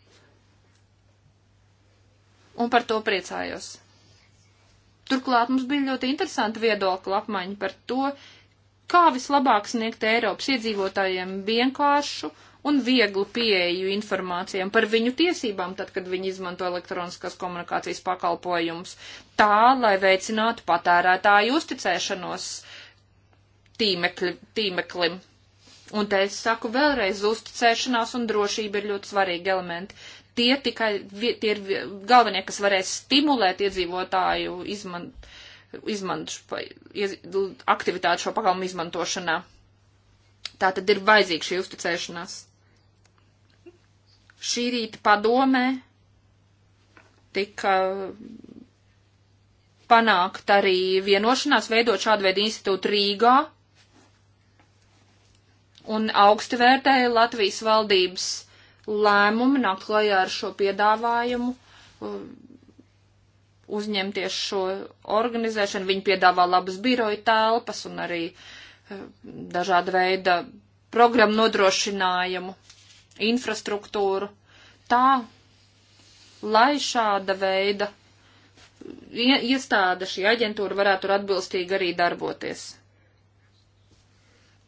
Speaker 1: Un par to priecājos. Turklāt mums bija ļoti interesanti viedokļu apmaiņa par to, kā vislabāk sniegt Eiropas iedzīvotājiem vienkāršu un vieglu pieeju informācijām par viņu tiesībām, tad, kad viņi izmanto elektroniskās komunikācijas pakalpojumus, tā, lai veicinātu patērētāju uzticēšanos tīmekļi, tīmeklim. Un te es saku vēlreiz, uzticēšanās un drošība ir ļoti svarīgi elementi tie tikai tie ir galvenie, kas varēs stimulēt iedzīvotāju izman, izmantu, iz, aktivitāti šo pakalnu izmantošanā. Tā tad ir vajadzīga šī uzticēšanās. Šī rīta padomē tika panākt arī vienošanās veidot šādu veidu institūtu Rīgā un augsti vērtēja Latvijas valdības lēmumi nākt klajā ar šo piedāvājumu, uh, uzņemties šo organizēšanu. Viņi piedāvā labas biroja telpas un arī uh, dažāda veida programmu nodrošinājumu, infrastruktūru. Tā, lai šāda veida uh, iestāde, šī aģentūra varētu atbilstīgi arī darboties.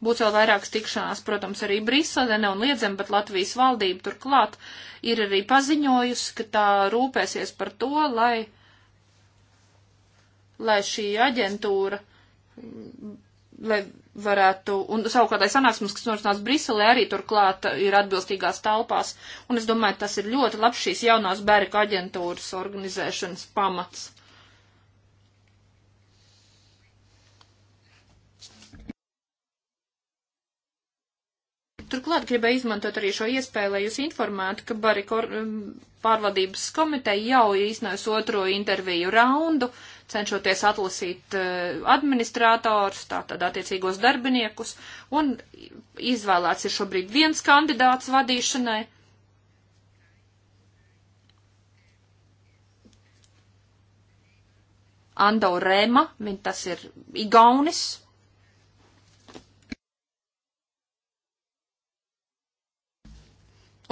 Speaker 1: Būs vēl vairākas tikšanās, protams, arī Briselē, ne un liedzam, bet Latvijas valdība turklāt ir arī paziņojusi, ka tā rūpēsies par to, lai, lai šī aģentūra, lai varētu, un savukārt tai sanāksmes, kas norisinās Briselē, arī turklāt ir atbilstīgās telpās, un es domāju, tas ir ļoti labs šīs jaunās bērka aģentūras organizēšanas pamats. Turklāt gribēju izmantot arī šo iespēju, lai jūs informētu, ka Barikor um, pārvaldības komiteja jau īstenojas otro interviju raundu, cenšoties atlasīt uh, administrātors, tātad attiecīgos darbiniekus, un izvēlēts ir šobrīd viens kandidāts vadīšanai. Ando Rēma, viņš tas ir Igaunis,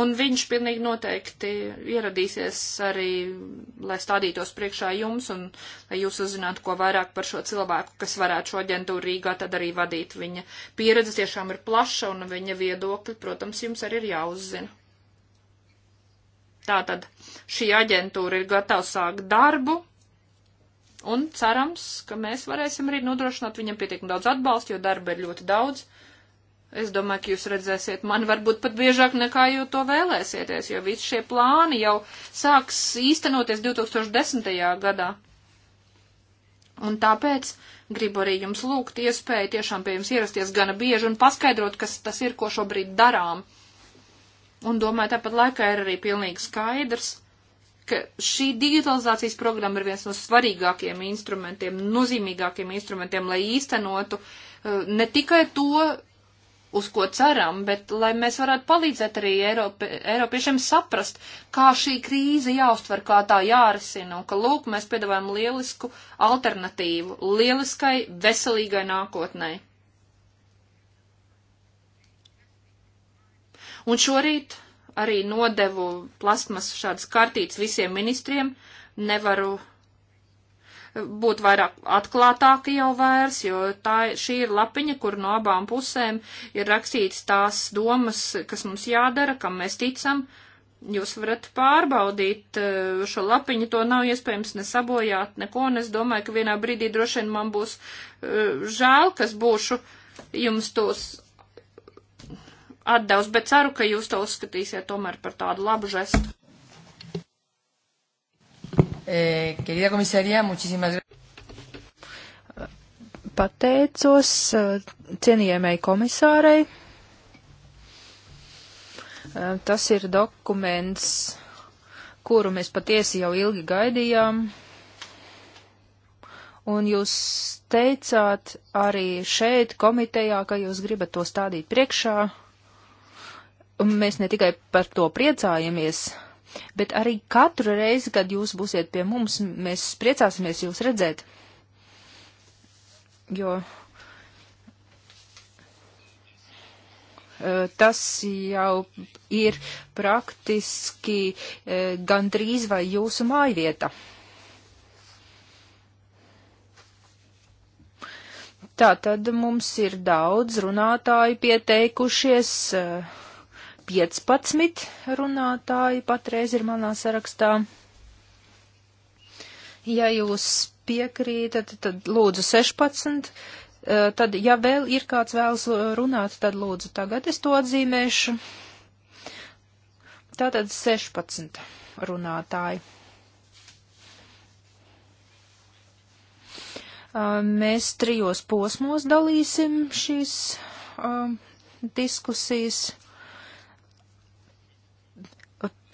Speaker 1: Un viņš pilnīgi noteikti ieradīsies arī, lai stādītos priekšā jums un lai jūs uzzinātu, ko vairāk par šo cilvēku, kas varētu šo aģentūru Rīgā tad arī vadīt. Viņa pieredze tiešām ir plaša un viņa viedokļi, protams, jums arī ir jāuzzina. Tātad šī aģentūra ir gatava sākt darbu un cerams, ka mēs varēsim arī nodrošināt viņam pietiekami daudz atbalstu, jo darba ir ļoti daudz Es domāju, ka jūs redzēsiet mani varbūt pat biežāk nekā jūs to vēlēsieties, jo visi šie plāni jau sāks īstenoties 2010. gadā. Un tāpēc gribu arī jums lūgt iespēju tiešām pie jums ierasties gana bieži un paskaidrot, kas tas ir, ko šobrīd darām. Un domāju, tāpat laikā ir arī pilnīgi skaidrs, ka šī digitalizācijas programma ir viens no svarīgākiem instrumentiem, nozīmīgākiem instrumentiem, lai īstenotu eh, ne tikai to, uz ko ceram, bet lai mēs varētu palīdzēt arī Eiropi, Eiropiešiem saprast, kā šī krīze jāuztver, kā tā jārisina, un ka, lūk, mēs piedāvājam lielisku alternatīvu, lieliskai, veselīgai nākotnei. Un šorīt arī nodevu plasmas šādas kartītes visiem ministriem. Nevaru būt vairāk atklātāki jau vairs, jo tā, šī ir lapiņa, kur no abām pusēm ir rakstīts tās domas, kas mums jādara, kam mēs ticam. Jūs varat pārbaudīt eh, šo lapiņu, to nav iespējams ne sabojāt, neko, un es domāju, ka vienā brīdī droši vien man būs eh, žēl, kas būšu jums tos atdevs, bet ceru, ka jūs to uzskatīsiet tomēr par tādu labu žestu. Eh, querida komisārija, muchísimas gracias. Pateicos eh, cienījamai komisārai. Eh, tas ir dokuments, kuru mēs patiesi jau ilgi gaidījām. Un jūs teicāt arī šeit komitejā, ka jūs gribat to stādīt priekšā. Un mēs ne tikai par to priecājamies, bet arī katru reizi, kad jūs būsiet pie mums, mēs priecāsimies jūs redzēt. Jo eh, tas jau ir praktiski eh, gandrīz vai jūsu mājvieta. Tā tad mums ir daudz runātāju pieteikušies. Uh, 15 runātāji patreiz ir manā sarakstā. Ja jūs piekrītat, tad lūdzu 16. Eh, tad, ja vēl ir kāds vēls runāt, tad lūdzu tagad es to atzīmēšu. Tātad 16 runātāji. Eh, mēs trijos posmos dalīsim šīs um, diskusijas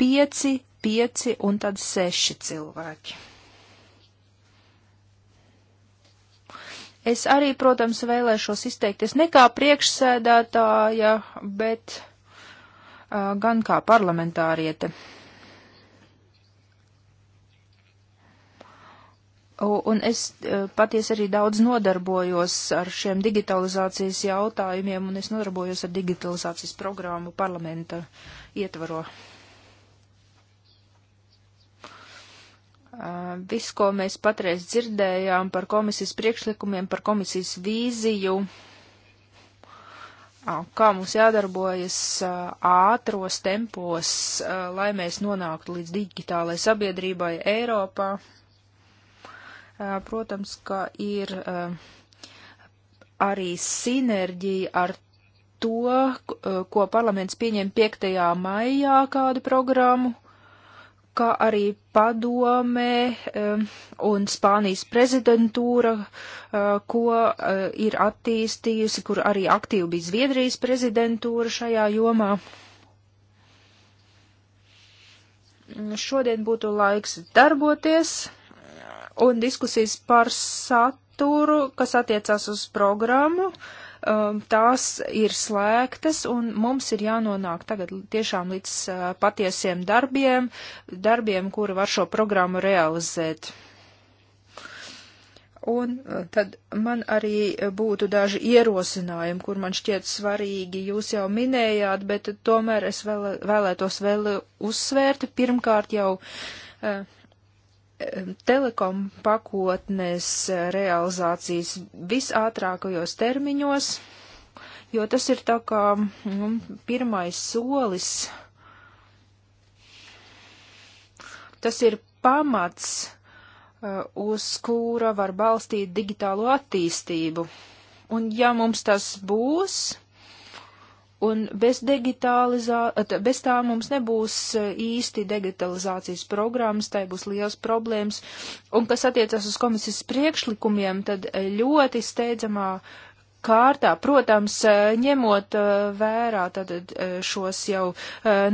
Speaker 1: pieci, pieci un tad seši cilvēki. Es arī, protams, vēlēšos izteikties ne kā priekšsēdētāja, bet uh, gan kā parlamentāriete. Un es patiesi arī daudz nodarbojos ar šiem digitalizācijas jautājumiem, un es nodarbojos ar digitalizācijas programmu parlamenta ietvaro. Uh, viss, ko mēs patreiz dzirdējām par komisijas priekšlikumiem, par komisijas vīziju, kā mums jādarbojas ātros tempos, lai mēs nonāktu līdz digitālai sabiedrībai Eiropā. Protams, ka ir arī sinerģija ar to, ko parlaments pieņem 5. maijā kādu programmu, kā arī padomē um, un Spānijas prezidentūra, uh, ko uh, ir attīstījusi, kur arī aktīvi bija Zviedrijas prezidentūra šajā jomā. Šodien būtu laiks darboties un diskusijas par saturu, kas attiecās uz programmu. Uh, um, tās ir slēgtas un mums ir jānonāk tagad tiešām līdz uh, patiesiem darbiem, darbiem, kuri var šo programmu realizēt. Un uh, tad man arī būtu daži ierosinājumi, kur man šķiet svarīgi, jūs jau minējāt, bet tomēr es vēl, vēlētos vēl uzsvērt pirmkārt jau. Uh, telekom pakotnes eh, realizācijas visātrākajos termiņos, jo tas ir tā kā nu, pirmais solis. Tas ir pamats, eh, uz kura var balstīt digitālo attīstību. Un ja mums tas būs, Un bez, bez tā mums nebūs e, īsti digitalizācijas programmas, tai būs liels problēmas. Un kas attiecas uz komisijas priekšlikumiem, tad e, ļoti steidzamā kārtā, protams, e, ņemot vērā tātad šos jau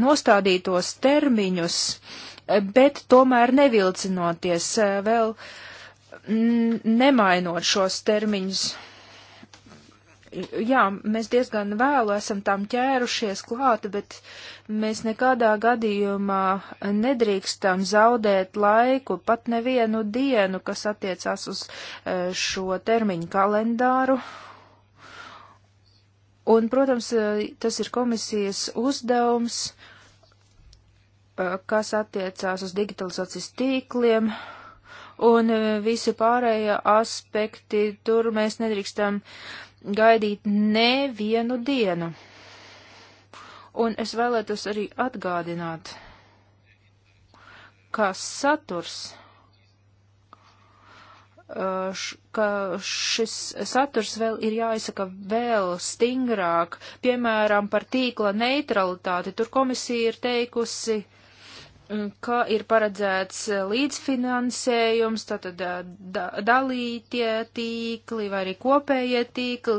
Speaker 1: nostādītos termiņus, bet tomēr nevilcinoties vēl nemainot šos termiņus jā, mēs diezgan vēlu esam tām ķērušies klāt, bet mēs nekādā gadījumā nedrīkstam zaudēt laiku, pat nevienu dienu, kas attiecās uz e, šo termiņu kalendāru. Un, protams, e, tas ir komisijas uzdevums, e, kas attiecās uz digitalizācijas tīkliem un visi pārējie aspekti. Tur mēs nedrīkstam uh, gaidīt nevienu dienu. Un es vēlētos arī atgādināt, kā saturs, uh, ka šis saturs vēl ir jāizsaka vēl stingrāk, piemēram, par tīkla neutralitāti. Tur komisija ir teikusi, uh, Mm, ka ir paredzēts eh, līdzfinansējums, tātad eh, da, dalītie tīkli vai arī kopējie tīkli.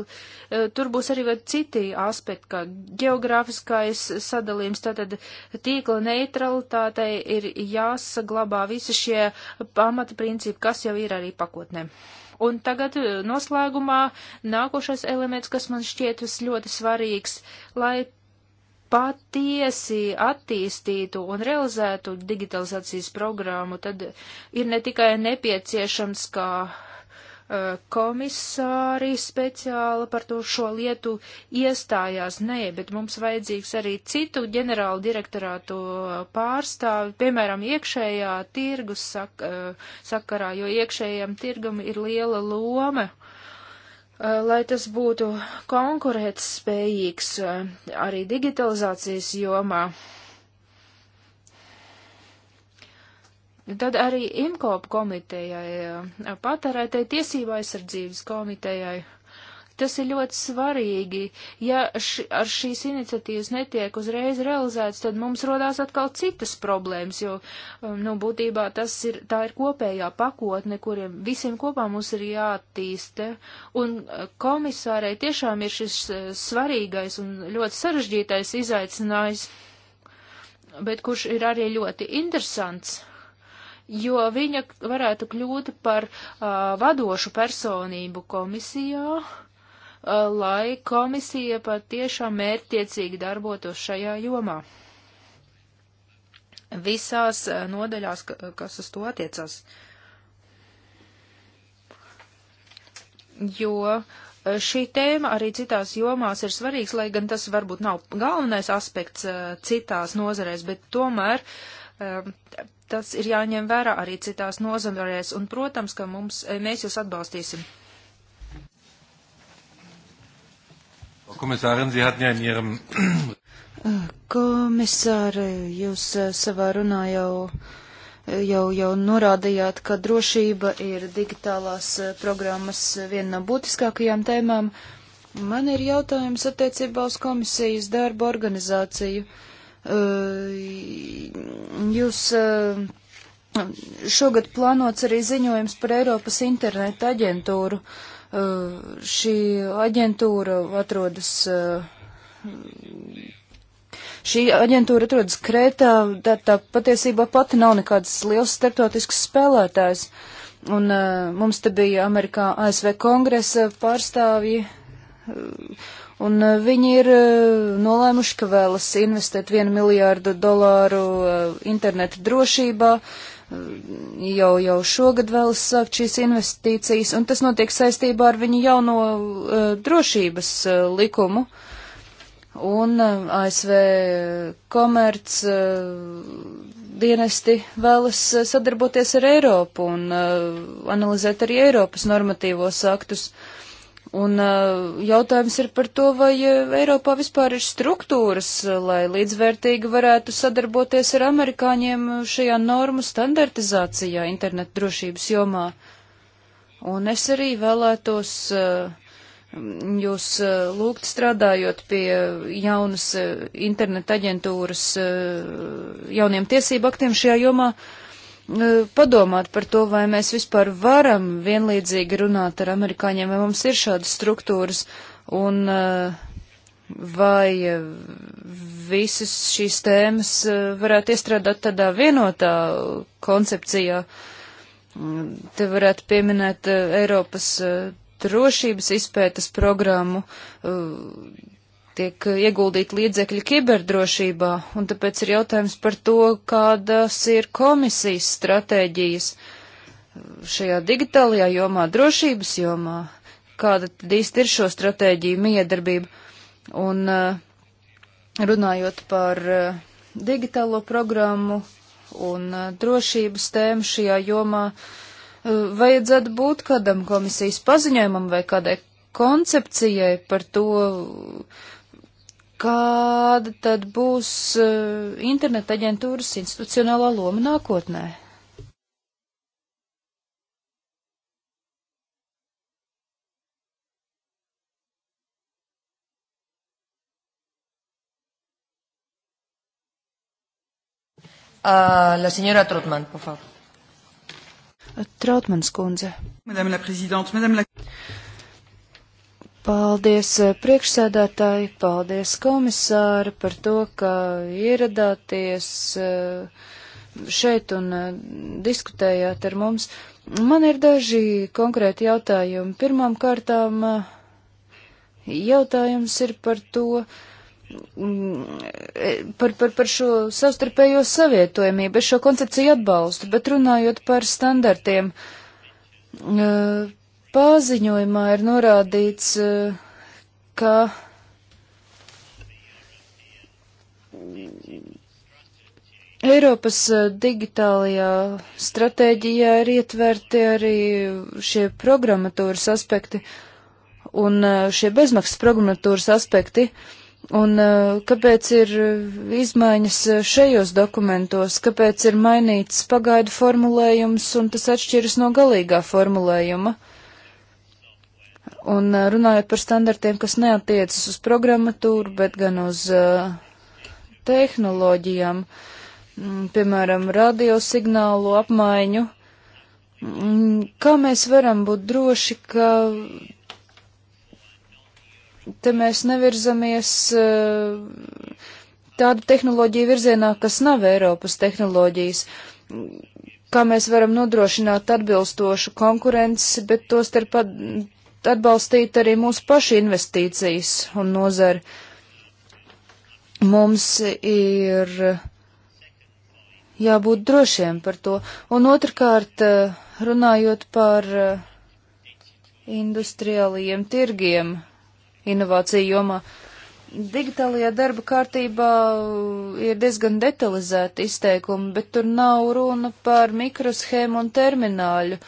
Speaker 1: Eh, tur būs arī vēl citi aspekti, kā geogrāfiskais sadalījums, tātad tīkla neutralitātei ir jāsaglabā visi šie pamata principi, kas jau ir arī pakotnē. Un tagad noslēgumā nākošais elements, kas man šķiet ļoti svarīgs, lai patiesi attīstītu un realizētu digitalizācijas programmu, tad ir ne tikai nepieciešams kā eh, komisāri speciāli par to šo lietu iestājās. Nē, bet mums vajadzīgs arī citu ģenerālu direktorātu pārstāvi, piemēram, iekšējā tirgus sak eh, sakarā, jo iekšējiem tirgum ir liela loma Eh, lai tas būtu konkurētspējīgs eh, arī digitalizācijas jomā. Tad arī IMKOP komitejai, eh, patērētai tiesību aizsardzības komitejai Tas ir ļoti svarīgi. Ja š, ar šīs iniciatīvas netiek uzreiz realizēts, tad mums rodās atkal citas problēmas, jo, um, nu, būtībā tas ir, tā ir kopējā pakotne, kuriem visiem kopā mums ir jātīsta. Un uh, komisārai tiešām ir šis uh, svarīgais un ļoti sarežģītais izaicinājums, bet kurš ir arī ļoti interesants jo viņa varētu kļūt par uh, vadošu personību komisijā, Uh, lai komisija patiešām mērķtiecīgi darbotos šajā jomā. Visās uh, nodaļās, kas uz to attiecas. Jo uh, šī tēma arī citās jomās ir svarīgs, lai gan tas varbūt nav galvenais aspekts citās nozarēs, bet tomēr um, tas ir jāņem vērā arī citās nozarēs. Un, protams, ka mums, eh, mēs jūs atbalstīsim. Komisārin, Sie hatten ja in Ihrem. Komisāri, jūs eh, savā runā jau, eh, jau, jau norādījāt, ka drošība ir digitālās eh, programmas viena no būtiskākajām tēmām. Man ir jautājums attiecībā uz komisijas darba organizāciju. Jūs šogad plānots arī ziņojums par Eiropas internetu aģentūru. Uh, Eh, šī aģentūra atrodas. Eh, šī aģentūra atrodas Krētā, tā, tā patiesībā pati nav nekāds liels starptautisks spēlētājs. Un uh, mums te bija Amerikā ASV kongresa pārstāvji, un uh, viņi ir uh, nolēmuši, ka vēlas investēt vienu miljārdu dolāru uh, internetu drošībā. Uh, jau, jau šogad vēl sākt šīs investīcijas, un tas notiek saistībā ar viņu jauno uh, drošības uh, likumu. Un uh, ASV uh, komerc uh, dienesti vēlas uh, sadarboties ar Eiropu un analizēt arī Eiropas normatīvos aktus. Un eh, jautājums ir par to, vai eh, Eiropā vispār ir struktūras, eh, lai līdzvērtīgi varētu sadarboties ar amerikāņiem šajā normu standartizācijā internetu drošības jomā. Un es arī vēlētos jūs lūgt strādājot pie jaunas interneta aģentūras jauniem tiesību aktiem šajā jomā E, padomāt par to, vai mēs vispār varam vienlīdzīgi runāt ar amerikāņiem, vai mums ir šādas struktūras, un e, vai e, visas šīs tēmas varētu iestrādāt tādā vienotā koncepcijā. Mm, te varētu pieminēt Eiropas drošības izpētes programmu, tiek ieguldīti līdzekļi kiberdrošībā, un tāpēc ir jautājums par to, kādas ir komisijas stratēģijas šajā digitālajā jomā, drošības jomā, kāda tad īsti ir šo stratēģiju miedarbība. Un eh, runājot par eh, digitālo programmu un eh, drošības tēmu šajā jomā, vajadzētu būt kādam komisijas paziņojumam vai kādai koncepcijai par to, kāda tad būs uh, interneta aģentūras institucionālā loma nākotnē? Uh, la señora Trotman, por favor. Trautmans kundze. Madame la présidente, madame la... Paldies eh, priekšsēdētāji, paldies komisāri par to, ka ieradāties eh, šeit un eh, diskutējāt ar mums. Man ir daži konkrēti jautājumi. Pirmām kārtām jautājums ir par to, mm, par, par, par šo savstarpējo savietojamību, es šo koncepciju atbalstu, bet runājot par standartiem. Uh, Paziņojumā ir norādīts, eh, ka Eiropas eh, digitālajā stratēģijā ir ietverti arī šie programmatūras aspekti un eh, šie bezmaksas programmatūras aspekti. Un kāpēc ir izmaiņas šajos dokumentos, kāpēc ir mainīts pagaidu formulējums un tas atšķiras no galīgā formulējuma? Uh, Un runājot par standartiem, kas neatiecas uz programmatūru, bet gan uz uh, tehnoloģijām, mm, piemēram, radiosignālu apmaiņu, mm, kā mēs varam būt droši, ka te mēs nevirzamies uh, tādu tehnoloģiju virzienā, kas nav Eiropas tehnoloģijas kā mēs varam nodrošināt atbilstošu konkurenci, bet to starp atbalstīt arī mūsu pašu investīcijas un nozari. Mums ir jābūt drošiem par to. Un otrkārt, runājot par industriālajiem tirgiem inovāciju jomā, digitālajā darba kārtībā ir diezgan detalizēti izteikumi, bet tur nav runa par mikroshēmu un termināļu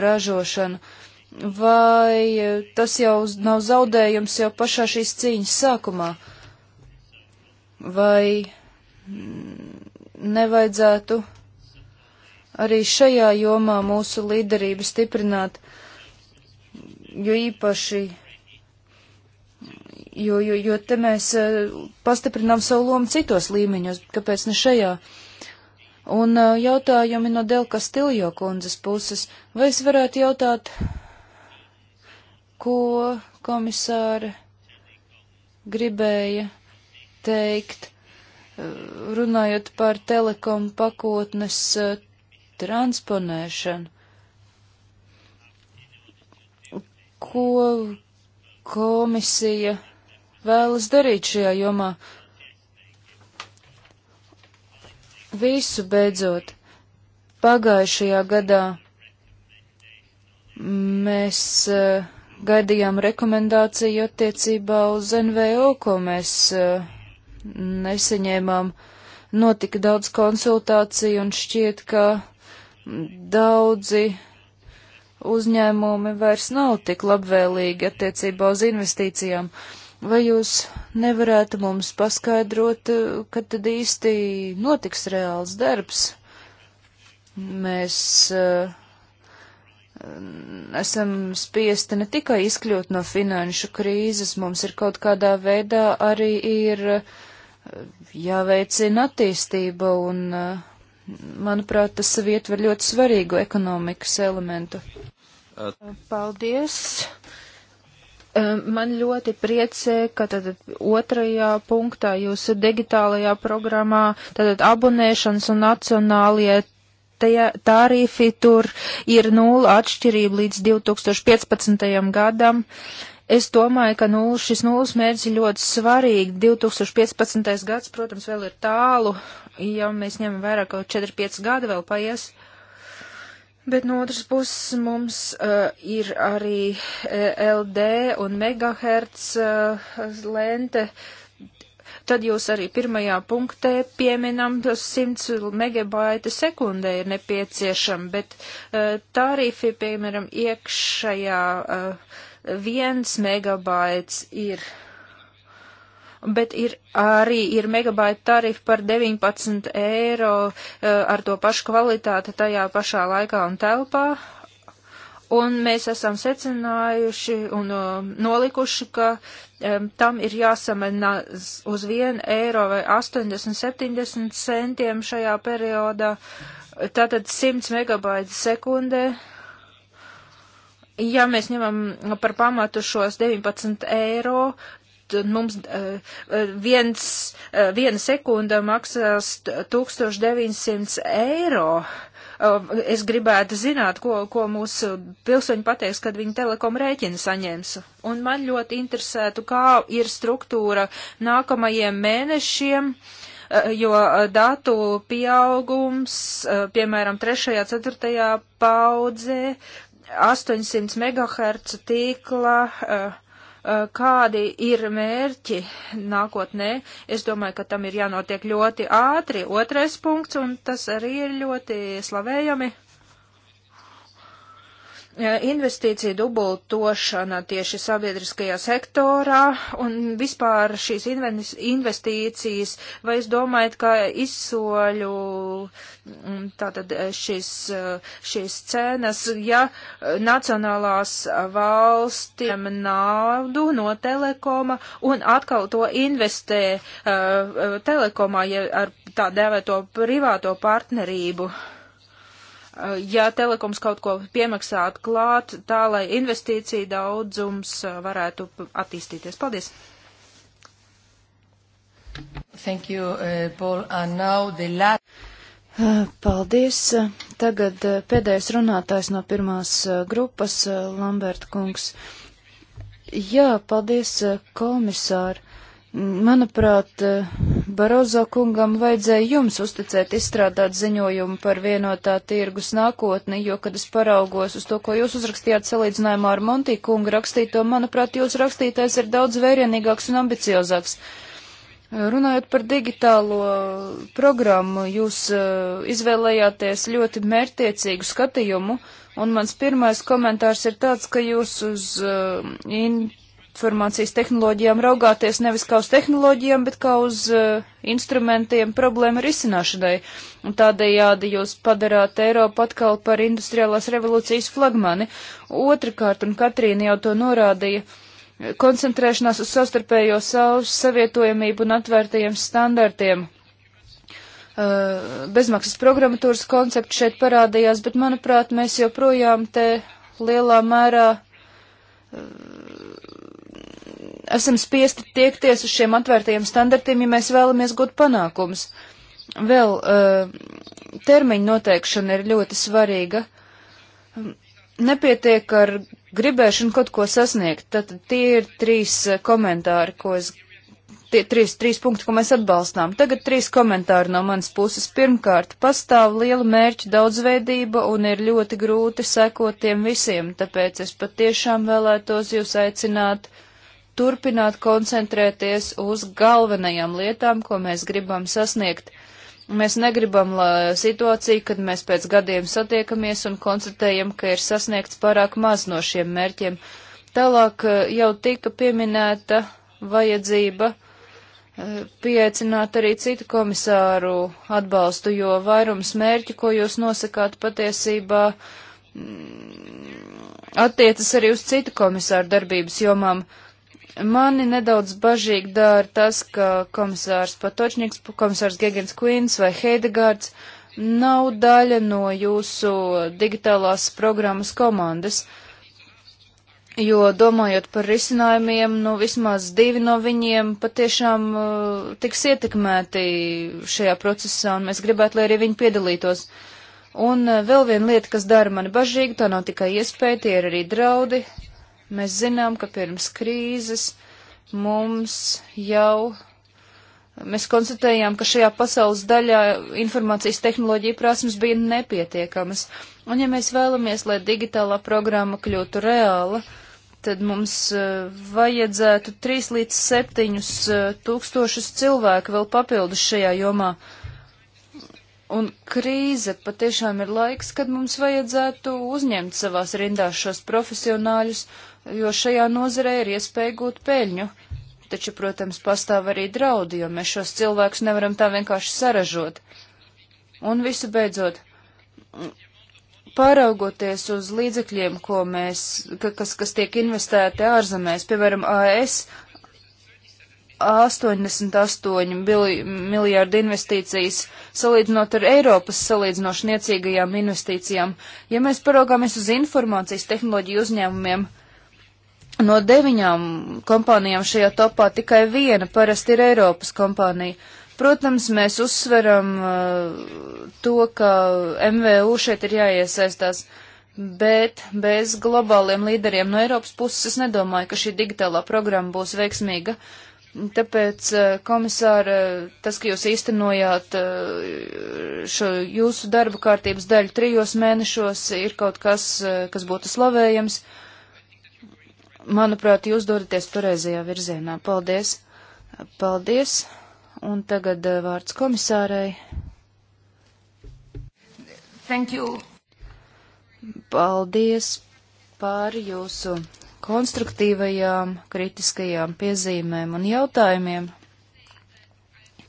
Speaker 1: ražošanu. Uh, vai e, tas jau nav zaudējums jau pašā šīs cīņas sākumā? Vai nevajadzētu arī šajā jomā mūsu līderību stiprināt, jo īpaši, jo, jo, jo te mēs e, pastiprinām savu lomu citos līmeņos, kāpēc ne šajā? Un e, jautājumi no Delka Stiljo kundzes puses, vai es varētu jautāt ko komisāri gribēja teikt, eh, runājot par telekom pakotnes eh, transponēšanu. Ko komisija vēlas darīt šajā jomā? Visu beidzot, pagājušajā gadā mēs uh, gaidījām rekomendāciju attiecībā uz NVO, ko mēs uh, nesaņēmām. Notika daudz konsultāciju un šķiet, ka daudzi uzņēmumi vairs nav tik labvēlīgi attiecībā uz investīcijām. Vai jūs nevarētu mums paskaidrot, eh, kad tad īsti notiks reāls darbs? Mēs uh, esam spiesti ne tikai izkļūt no finanšu krīzes, mums ir kaut kādā veidā arī ir eh, jāveicina attīstība un, eh, manuprāt, tas sev ietver ļoti svarīgu ekonomikas elementu. Paldies! Eh, man ļoti priecē, ka tad otrajā punktā jūsu digitālajā programmā tātad abonēšanas un nacionālie tajā, tarifi tur ir nula atšķirība līdz 2015. gadam. Es domāju, ka nul, šis nulles mērķis ir ļoti svarīgi. 2015. gads, protams, vēl ir tālu, ja mēs ņemam vairāk, ka 4-5 gadi vēl paies. Bet no otras puses mums uh, ir arī uh, LD un megahertz uh, lente. Uh, tad jūs arī pirmajā punktē pieminam, tas 100 megabaiti sekundē ir nepieciešama, bet uh, tarifi, piemēram, iekšējā uh, viens megabaits ir. Bet ir arī ir megabaita tarifa par 19 eiro uh, ar to pašu kvalitāti tajā pašā laikā un telpā, Un mēs esam secinājuši un um, nolikuši, ka um, tam ir jāsamazinās uz 1 eiro vai 80-70 centiem šajā periodā, tātad 100 megabaiti sekundē. Ja mēs ņemam par pamatu šos 19 eiro, mums uh, uh, viens, viena sekunda maksās 1900 eiro Um, es gribētu zināt, ko, ko mūsu pilsoņi pateiks, kad viņi telekom rēķinu saņems. Un man ļoti interesētu, kā ir struktūra nākamajiem mēnešiem uh, jo uh, datu pieaugums, uh, piemēram, 3. un 4. paudzē 800 MHz tīkla uh, Eh, kādi ir mērķi nākotnē. Es domāju, ka tam ir jānotiek ļoti ātri. Otrais punkts, un tas arī ir ļoti slavējami, investīcija dubultošana tieši sabiedriskajā sektorā un vispār šīs investīcijas, vai es domāju, ka izsoļu mm, tātad eh, šis, eh, šīs cenas, ja eh, nacionālās valstiem naudu no telekoma un atkal to investē uh, telekomā, ja ar tā dēvēto privāto partnerību. Uh, ja telekoms kaut ko piemaksātu klāt, tā lai investīcija daudzums uh, varētu attīstīties. Paldies! Thank you, uh, Paul. And now the last... Uh, paldies. Tagad uh, pēdējais runātājs no pirmās grupas, Lamberta kungs. Jā, paldies, komisāri. Manuprāt, uh, Barozo kungam vajadzēja jums uzticēt izstrādāt ziņojumu par vienotā tirgus nākotni, jo, kad es paraugos uz to, ko jūs uzrakstījāt salīdzinājumā ar Monti kungu rakstīto, manuprāt, jūs rakstītais ir daudz vērienīgāks un ambiciozāks. Runājot par digitālo programmu, jūs uh, izvēlējāties ļoti mērtiecīgu skatījumu, un mans pirmais komentārs ir tāds, ka jūs uz uh, in informācijas tehnoloģijām raugāties nevis kā uz tehnoloģijām, bet kā uz uh, instrumentiem problēma risināšanai. Un tādējādi jūs padarāt Eiropu atkal par industriālās revolūcijas flagmani. Otrakārt, un Katrīna jau to norādīja, koncentrēšanās uz savstarpējo savietojamību un atvērtajiem standartiem uh, bezmaksas programmatūras koncepts šeit parādījās, bet, manuprāt, mēs joprojām te lielā mērā uh, esam spiesti tiekties uz šiem atvērtajiem standartiem, ja mēs vēlamies gūt panākumus. Vēl eh, termiņu noteikšana ir ļoti svarīga. Nepietiek ar gribēšanu kaut ko sasniegt. Tad tie ir trīs eh, komentāri, ko es, tie trīs, trīs punkti, ko mēs atbalstām. Tagad trīs komentāri no manas puses. Pirmkārt, pastāv liela mērķa daudzveidība un ir ļoti grūti sekot tiem visiem, tāpēc es patiešām vēlētos jūs aicināt uh, turpināt koncentrēties uz galvenajām lietām, ko mēs gribam sasniegt. Mēs negribam la, situāciju, kad mēs pēc gadiem satiekamies un konstatējam, ka ir sasniegts pārāk maz no šiem mērķiem. Tālāk eh, jau tika pieminēta vajadzība eh, pieaicināt arī citu komisāru atbalstu, jo vairums mērķi, ko jūs nosakāt, patiesībā mm, attiecas arī uz citu komisāru darbības jomām. Uh, Mani nedaudz bažīgi dara tas, ka komisārs Patočņiks, komisārs Gegens Kvins vai Heidegārds nav daļa no jūsu digitālās programmas komandas, jo domājot par risinājumiem, nu vismaz divi no viņiem patiešām uh, tiks ietekmēti šajā procesā, un mēs gribētu, lai arī viņi piedalītos. Un uh, vēl viena lieta, kas dara mani bažīgi, tā nav tikai iespēja, tie ir arī draudi, Mēs zinām, ka pirms krīzes mums jau mēs konstatējām, ka šajā pasaules daļā informācijas tehnoloģija prasmes bija nepietiekamas. Un ja mēs vēlamies, lai digitālā programma kļūtu reāla, tad mums eh, vajadzētu 3 līdz 7 eh, tūkstošus cilvēku vēl papildus šajā jomā. Un krīze patiešām ir laiks, kad mums vajadzētu uzņemt savās rindās šos profesionāļus jo šajā nozarē ir iespēja gūt peļņu. Taču, protams, pastāv arī draudi, jo mēs šos cilvēkus nevaram tā vienkārši saražot. Un visu beidzot, pāraugoties uz līdzekļiem, ko mēs, kas, kas tiek investēti ārzemēs, piemēram, AS 88 miljārdu investīcijas, salīdzinot ar Eiropas salīdzinoši niecīgajām investīcijām. Ja mēs paraugāmies uz informācijas tehnoloģiju uzņēmumiem, uh, no deviņām kompānijām šajā topā tikai viena parasti ir Eiropas kompānija. Protams, mēs uzsveram uh, to, ka MVU šeit ir jāiesaistās, bet bez globāliem līderiem no Eiropas puses es nedomāju, ka šī digitālā programma būs veiksmīga. Tāpēc, uh, komisāra, tas, ka jūs īstenojāt uh, šo jūsu darba kārtības daļu trijos mēnešos, ir kaut kas, uh, kas būtu slavējams. Uh, manuprāt, jūs dodaties pareizajā virzienā. Paldies! Paldies! Un tagad eh, vārds komisārai. Thank you. Paldies par jūsu konstruktīvajām, kritiskajām piezīmēm un jautājumiem.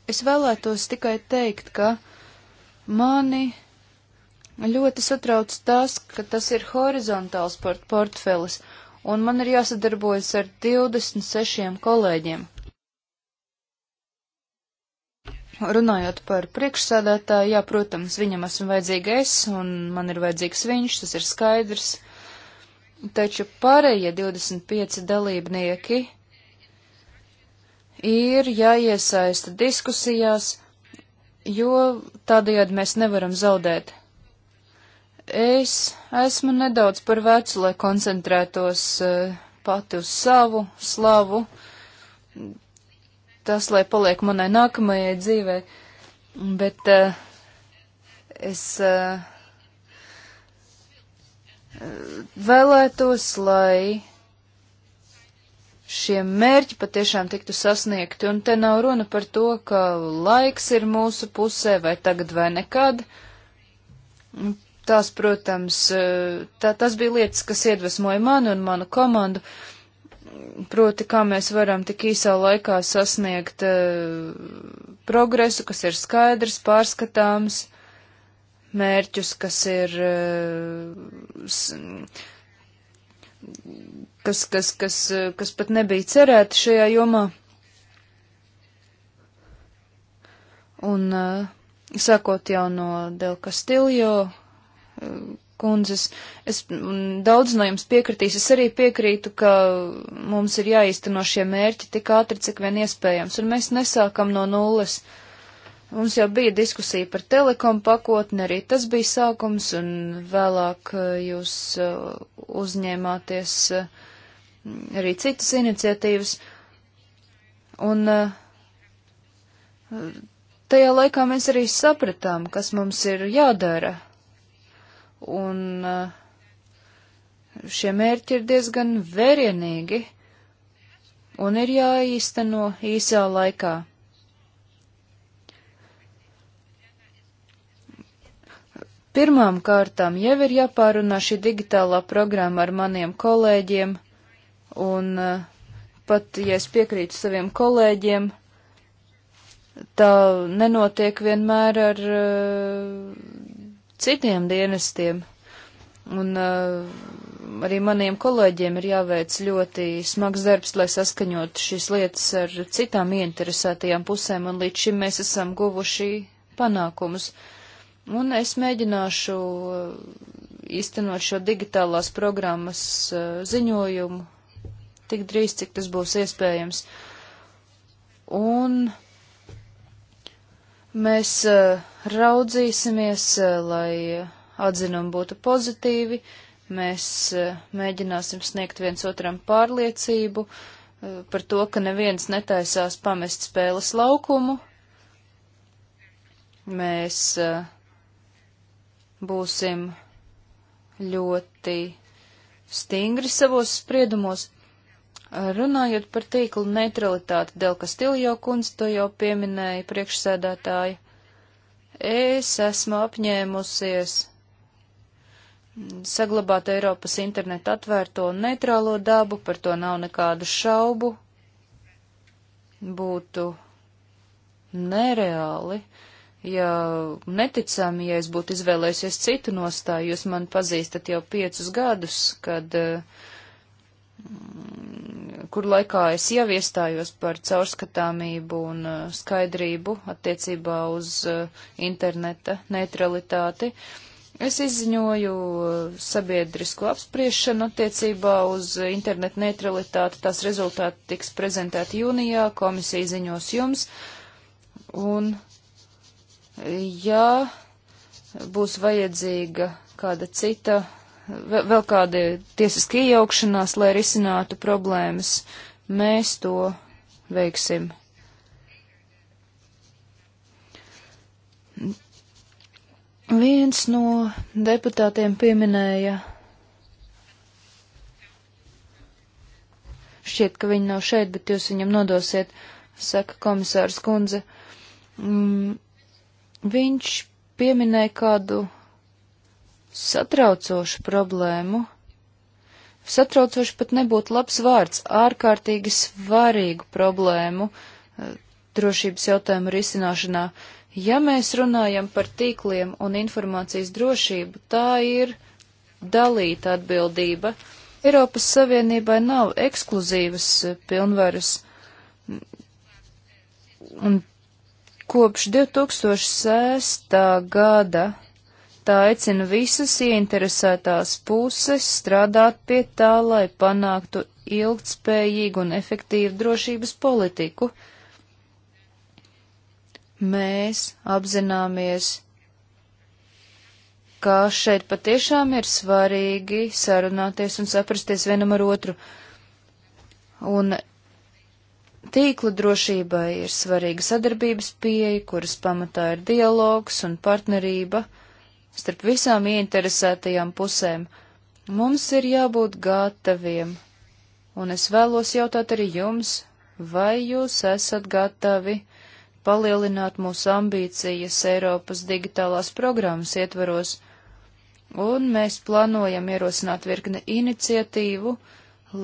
Speaker 1: Es vēlētos tikai teikt, ka mani ļoti satrauc tas, ka tas ir horizontāls port portfelis. Uh, un man ir jāsadarbojas ar 26 kolēģiem. Runājot par priekšsādātāju, jā, protams, viņam esmu vajadzīga es, un man ir vajadzīgs viņš, tas ir skaidrs. Taču pārējie 25 dalībnieki ir jāiesaista diskusijās, jo tādējādi mēs nevaram zaudēt Es esmu nedaudz par vecu, lai koncentrētos uh, pati uz savu slavu. Tas, lai paliek manai nākamajai dzīvē. Bet uh, es uh, vēlētos, lai šie mērķi patiešām tiktu sasniegti, un te nav runa par to, ka laiks ir mūsu pusē vai tagad vai nekad tās, protams, eh, tā, tas bija lietas, kas iedvesmoja mani un manu komandu, proti, kā mēs varam tik īsā laikā sasniegt uh, progresu, kas ir skaidrs, pārskatāms, mērķus, kas ir, uh, kas, kas, kas, kas pat nebija cerēti šajā jomā. Un uh, sākot jau no Del Castillo kundzes. Es daudz no jums piekritīs. Es arī piekrītu, ka mums ir jāīsteno šie mērķi tik ātri, cik vien iespējams, un mēs nesākam no nulles. Mums jau bija diskusija par telekom pakotni, arī tas bija sākums, un vēlāk eh, jūs eh, uzņēmāties eh, arī citas iniciatīvas. Un tajā laikā mēs arī sapratām, kas mums ir jādara un eh, šie mērķi ir diezgan vērienīgi un ir jāīsteno īsā laikā. Pirmām kārtām jau ir jāpārunā šī digitālā programma ar maniem kolēģiem, un eh, pat, ja es piekrītu saviem kolēģiem, tā nenotiek vienmēr ar uh, citiem dienestiem. Un uh, arī maniem kolēģiem ir jāveic ļoti smags darbs, lai saskaņot šīs lietas ar citām ieinteresētajām pusēm, un līdz šim mēs esam guvuši panākumus. Un es mēģināšu uh, īstenot šo digitālās programmas uh, ziņojumu tik drīz, cik tas būs iespējams. Un mēs uh, raudzīsimies, eh, lai atzinumi būtu pozitīvi, mēs eh, mēģināsim sniegt viens otram pārliecību eh, par to, ka neviens netaisās pamest spēles laukumu. Mēs būsim ļoti stingri savos spriedumos. Runājot par tīklu neutralitāti, Delka Stiljo kundze to jau pieminēja priekšsēdētāji es esmu apņēmusies saglabāt Eiropas internetu atvērto un neitrālo dabu, par to nav nekādu šaubu. Būtu nereāli, ja neticami, ja es būtu izvēlējusies citu nostāju, jūs man pazīstat jau piecus gadus, kad uh, kur laikā es jau iestājos par caurskatāmību un uh, skaidrību attiecībā uz uh, interneta neutralitāti. Es izziņoju uh, sabiedrisko apspriešanu attiecībā uz internetu neutralitāti. Tās rezultāti tiks prezentēti jūnijā, komisija ziņos jums. Un, ja būs vajadzīga kāda cita vēl kādi tiesiski iejaukšanās, lai risinātu problēmas, mēs to veiksim. Viens no deputātiem pieminēja, šķiet, ka viņi nav šeit, bet jūs viņam nodosiet, saka komisārs kundze. Mm, viņš pieminēja kādu satraucošu problēmu. Satraucoši pat nebūtu labs vārds - ārkārtīgi svarīgu problēmu eh, drošības jautājumu risināšanā. Ja mēs runājam par tīkliem un informācijas drošību, tā ir dalīta atbildība. Eiropas Savienībai nav ekskluzīvas eh, pilnvaras. Un kopš 2006. gada Tā aicina visas ieinteresētās puses strādāt pie tā, lai panāktu ilgtspējīgu un efektīvu drošības politiku. Mēs apzināmies, ka šeit patiešām ir svarīgi sarunāties un saprasties vienam ar otru. Un tīkla drošībai ir svarīga sadarbības pieeja, kuras pamatā ir dialogs un partnerība starp visām ieinteresētajām pusēm. Mums ir jābūt gataviem, un es vēlos jautāt arī jums, vai jūs esat gatavi palielināt mūsu ambīcijas Eiropas digitālās programmas ietvaros, un mēs plānojam ierosināt virkni iniciatīvu,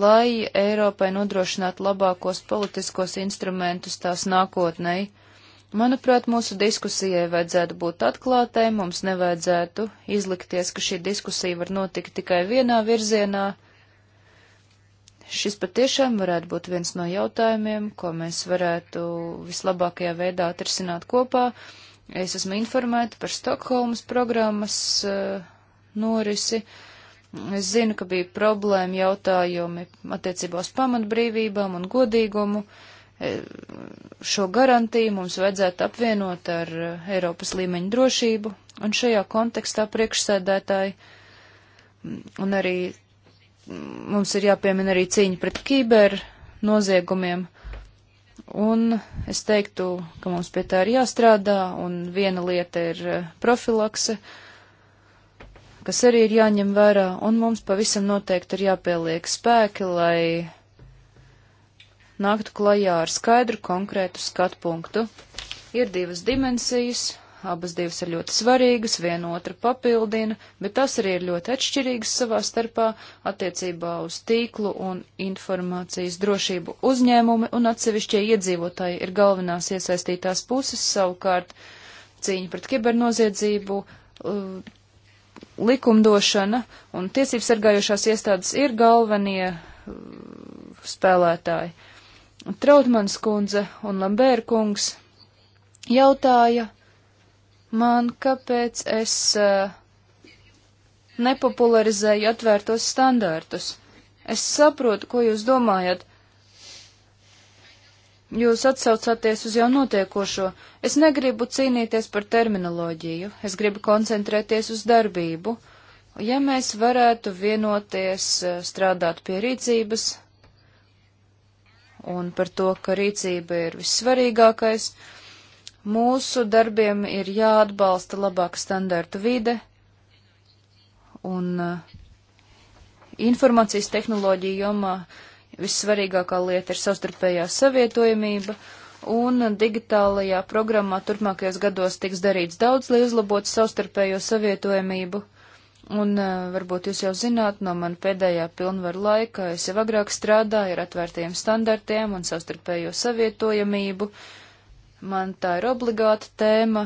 Speaker 1: lai Eiropai nodrošinātu labākos politiskos instrumentus tās nākotnēji. Manuprāt, mūsu diskusijai vajadzētu būt atklātai, mums nevajadzētu izlikties, ka šī diskusija var notikt tikai vienā virzienā. Šis patiešām varētu būt viens no jautājumiem, ko mēs varētu vislabākajā veidā atrisināt kopā. Es esmu informēta par Stokholmas programmas uh, norisi. Es zinu, ka bija problēma jautājumi attiecībā uz pamatbrīvībām un godīgumu. Uh, šo garantiju mums vajadzētu apvienot ar eh, Eiropas līmeņa drošību, un šajā kontekstā priekšsēdētāji mm, un arī mm, mums ir jāpiemina arī cīņa pret kiber noziegumiem, un es teiktu, ka mums pie tā ir jāstrādā, un viena lieta ir eh, profilakse, kas arī ir jāņem vērā, un mums pavisam noteikti ir jāpieliek spēki, lai nāktu klajā ar skaidru konkrētu skatu punktu. Ir divas dimensijas, abas divas ir ļoti svarīgas, viena otru papildina, bet tās arī ir ļoti atšķirīgas savā starpā attiecībā uz tīklu un informācijas drošību uzņēmumi un atsevišķie iedzīvotāji ir galvenās iesaistītās puses, savukārt cīņa pret kibernoziedzību, uh, likumdošana un tiesības sargājošās iestādes ir galvenie uh, spēlētāji. Trautmans kundze un Lambēra kungs jautāja man, kāpēc es uh, nepopularizēju atvērtos standārtus. Es saprotu, ko jūs domājat. Jūs atsaucāties uz jau notiekošo. Es negribu cīnīties par terminoloģiju, es gribu koncentrēties uz darbību. Ja mēs varētu vienoties, eh, strādāt pie rīcības, un par to, ka rīcība ir vissvarīgākais. Mūsu darbiem ir jāatbalsta labāka standartu vide un uh, informācijas tehnoloģija jomā vissvarīgākā lieta ir savstarpējā savietojamība un digitālajā programmā turpmākajos gados tiks darīts daudz, lai uzlabotu savstarpējo savietojamību. Un varbūt jūs jau zināt, no man pēdējā pilnvaru laika es jau agrāk strādāju ar atvērtiem standartiem un savstarpējo savietojamību. Man tā ir obligāta tēma.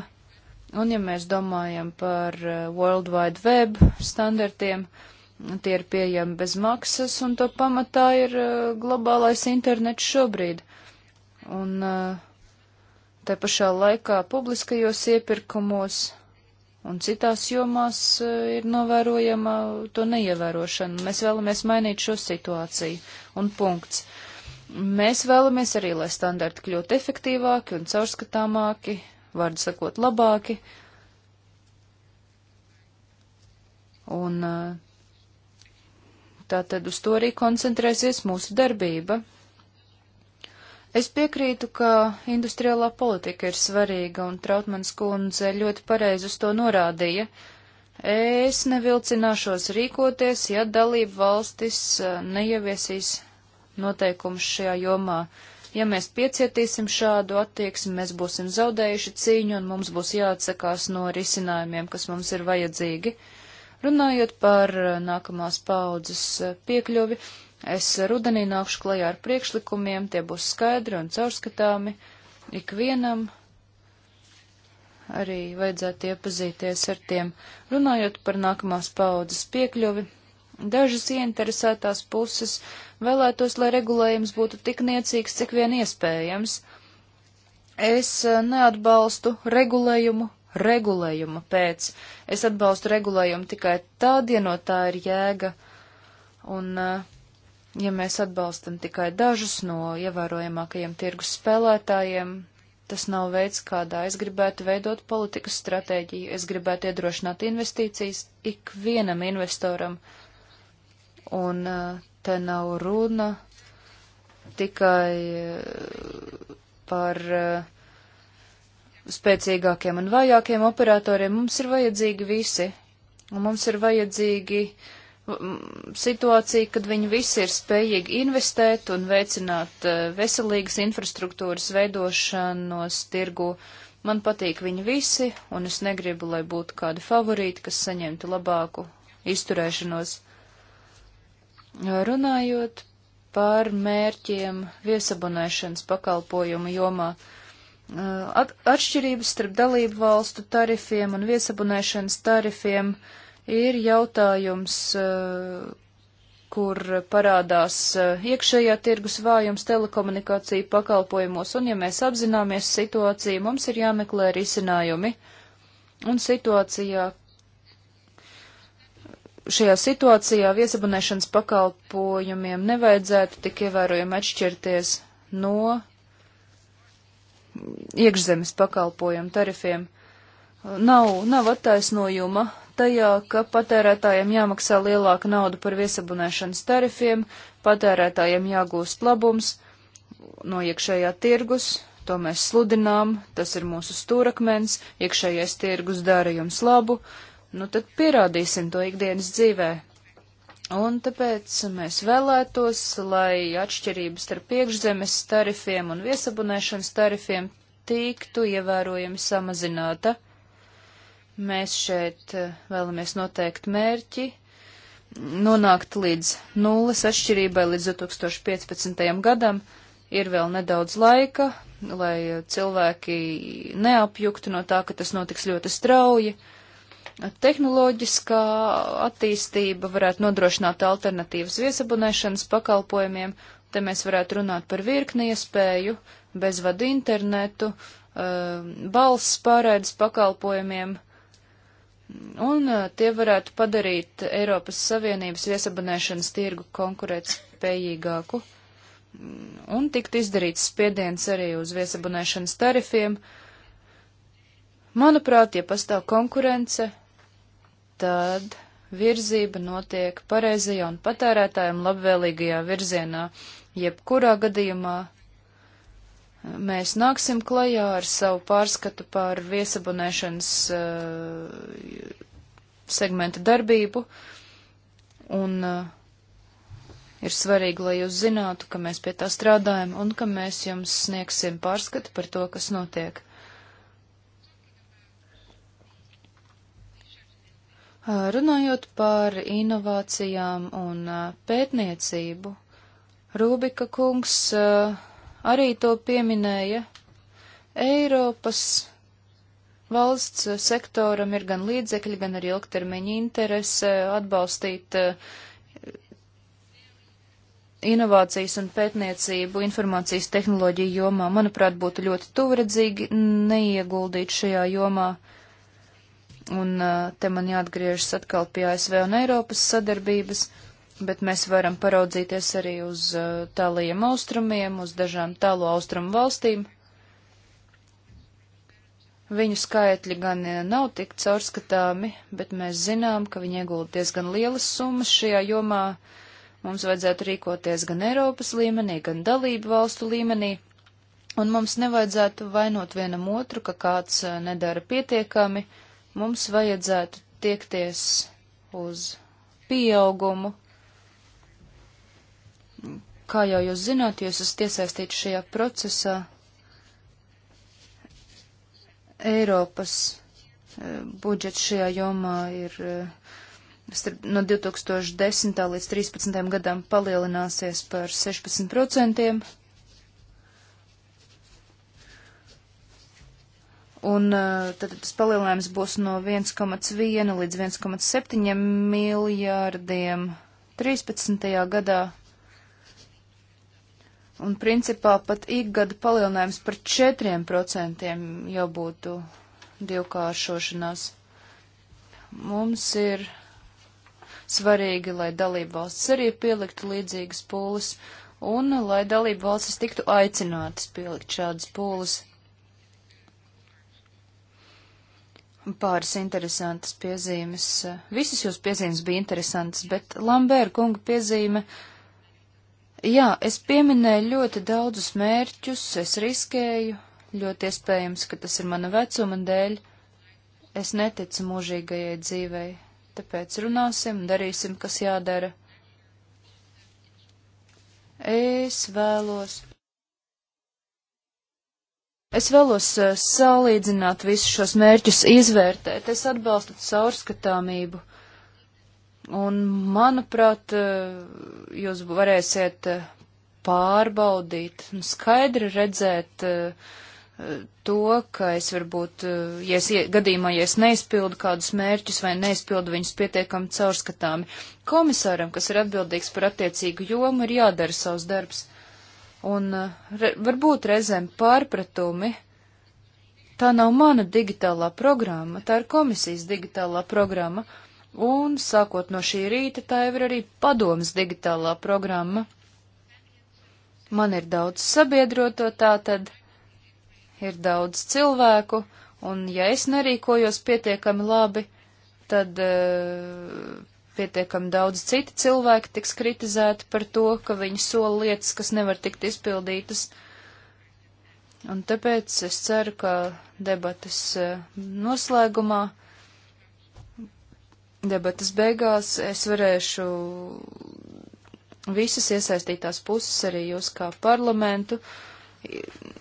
Speaker 1: Un ja mēs domājam par World Wide Web standartiem, tie ir pieejami bez maksas, un to pamatā ir globālais internets šobrīd. Un tā pašā laikā publiskajos iepirkumos un citās jomās eh, ir novērojama to neievērošana. Mēs vēlamies mainīt šo situāciju un punkts. Mēs vēlamies arī, lai standarti kļūtu efektīvāki un caurskatāmāki, vārdu sakot, labāki. Un eh, tā tad uz to arī koncentrēsies mūsu darbība. Es piekrītu, ka industriālā politika ir svarīga, un Trautmans kundze ļoti pareizi uz to norādīja. Es nevilcināšos rīkoties, ja dalību valstis eh, neieviesīs noteikumus šajā jomā. Ja mēs piecietīsim šādu attieksmi, mēs būsim zaudējuši cīņu, un mums būs jāatsakās no risinājumiem, kas mums ir vajadzīgi. Runājot par eh, nākamās paudzes eh, piekļuvi, Es rudenī nākšu klajā ar priekšlikumiem, tie būs skaidri un caurskatāmi ikvienam. Arī vajadzētu iepazīties ar tiem, runājot par nākamās paudzes piekļuvi. Dažas ieinteresētās puses vēlētos, lai regulējums būtu tik niecīgs, cik vien iespējams. Es eh, neatbalstu regulējumu regulējuma pēc. Es atbalstu regulējumu tikai tad, ja no tā ir jēga. Un uh, Ja mēs atbalstam tikai dažus no ievērojamākajiem tirgus spēlētājiem, tas nav veids, kādā es gribētu veidot politikas stratēģiju. Es gribētu iedrošināt investīcijas ikvienam investoram. Un uh, te nav runa tikai uh, par uh, spēcīgākiem un vājākiem operatoriem. Mums ir vajadzīgi visi. Un mums ir vajadzīgi uh, situācija, kad viņi visi ir spējīgi investēt un veicināt eh, veselīgas infrastruktūras veidošanos tirgu. Man patīk viņi visi, un es negribu, lai būtu kādi favorīti, kas saņemtu labāku izturēšanos. Runājot par mērķiem viesabonēšanas pakalpojumu jomā, eh, At atšķirības starp dalību valstu tarifiem un viesabunēšanas tarifiem uh, ir jautājums, eh, kur parādās eh, iekšējā tirgus vājums telekomunikāciju pakalpojumos, un ja mēs apzināmies situāciju, mums ir jāmeklē risinājumi. Un situācijā, šajā situācijā viesabunēšanas pakalpojumiem nevajadzētu tik ievērojami atšķirties no iekšzemes pakalpojumu tarifiem. Nav, nav attaisnojuma tajā, ka patērētājiem jāmaksā lielāka nauda par viesabunēšanas tarifiem, patērētājiem jāgūst labums no iekšējā tirgus, to mēs sludinām, tas ir mūsu stūrakmens, iekšējais tirgus dara jums labu, nu tad pierādīsim to ikdienas dzīvē. Un tāpēc mēs vēlētos, lai atšķirības starp iekšzemes tarifiem un viesabunēšanas tarifiem tiktu ievērojami samazināta. Mēs šeit eh, vēlamies noteikt mērķi, nonākt līdz nulles atšķirībai līdz 2015. gadam. Ir vēl nedaudz laika, lai eh, cilvēki neapjuktu no tā, ka tas notiks ļoti strauji. Tehnoloģiskā attīstība varētu nodrošināt alternatīvas viesabunēšanas pakalpojumiem, te mēs varētu runāt par virkni iespēju, bezvadu internetu, eh, balss pārēdas pakalpojumiem, un uh, tie varētu padarīt Eiropas Savienības viesabonēšanas tirgu konkurētspējīgāku, un tikt izdarīts spiediens arī uz viesabonēšanas tarifiem. Manuprāt, ja pastāv konkurence, tad virzība notiek pareizajā un patērētājiem labvēlīgajā virzienā, jebkurā gadījumā Mēs nāksim klajā ar savu pārskatu par viesabunēšanas uh, segmenta darbību, un uh, ir svarīgi, lai jūs zinātu, ka mēs pie tā strādājam un ka mēs jums sniegsim pārskatu par to, kas notiek. Uh, runājot par inovācijām un pētniecību, Rūbika kungs uh, arī to pieminēja. Eiropas valsts sektoram ir gan līdzekļi, gan arī ilgtermiņa interese atbalstīt eh, inovācijas un pētniecību informācijas tehnoloģiju jomā. Manuprāt, būtu ļoti tuvredzīgi neieguldīt šajā jomā. Un eh, te man jāatgriežas atkal pie ASV un Eiropas sadarbības. Uh, bet mēs varam paraudzīties arī uz uh, tāliem austrumiem, uz dažām tālu austrumu valstīm. Viņu skaitļi gan uh, nav tik caurskatāmi, bet mēs zinām, ka viņi iegulda diezgan lielas summas šajā jomā. Mums vajadzētu rīkoties gan Eiropas līmenī, gan dalību valstu līmenī, un mums nevajadzētu vainot vienam otru, ka kāds uh, nedara pietiekami. Mums vajadzētu tiekties uz pieaugumu kā jau jūs zināt, jūs esat iesaistīti šajā procesā Eiropas e, budžets šajā jomā ir e, starp, no 2010. līdz 2013. gadam palielināsies par 16%. Un e, tad tas palielinājums būs no 1,1 līdz 1,7 miljārdiem 13. gadā. Un principā pat ikgada palielinājums par 4% jau būtu divkāršošanās. Mums ir svarīgi, lai dalību valstis arī pieliktu līdzīgas pūles un lai dalību valstis tiktu aicinātas pielikt šādas pūles. Pāris interesantas piezīmes. Visas jūs piezīmes bija interesantas, bet Lambēra kunga piezīme uh, Jā, es pieminēju ļoti daudzus mērķus, es riskēju, ļoti iespējams, ka tas ir mana vecuma dēļ. Es neticu mūžīgajai dzīvei, tāpēc runāsim, darīsim, kas jādara. Es vēlos. Es vēlos uh, salīdzināt visus šos mērķus, izvērtēt. Es atbalstu caurskatāmību Un, manuprāt, jūs varēsiet pārbaudīt un skaidri redzēt to, ka es varbūt, ja es gadījumā, ja es neizpildu kādus mērķus vai neizpildu viņus pietiekami caurskatāmi, komisāram, kas ir atbildīgs par attiecīgu jomu, ir jādara savs darbs. Un re, varbūt reizēm pārpratumi. Tā nav mana digitālā programma, tā ir komisijas digitālā programma. Uh, un sākot no šī rīta tā jau ir arī padomas digitālā programma. Man ir daudz sabiedroto tātad, ir daudz cilvēku, un ja es nerīkojos pietiekami labi, tad uh, pietiekami daudz citi cilvēki tiks kritizēti par to, ka viņi sola lietas, kas nevar tikt izpildītas. Un tāpēc es ceru, ka debatas uh, noslēgumā uh, debatas beigās es varēšu visas iesaistītās puses, arī jūs kā parlamentu,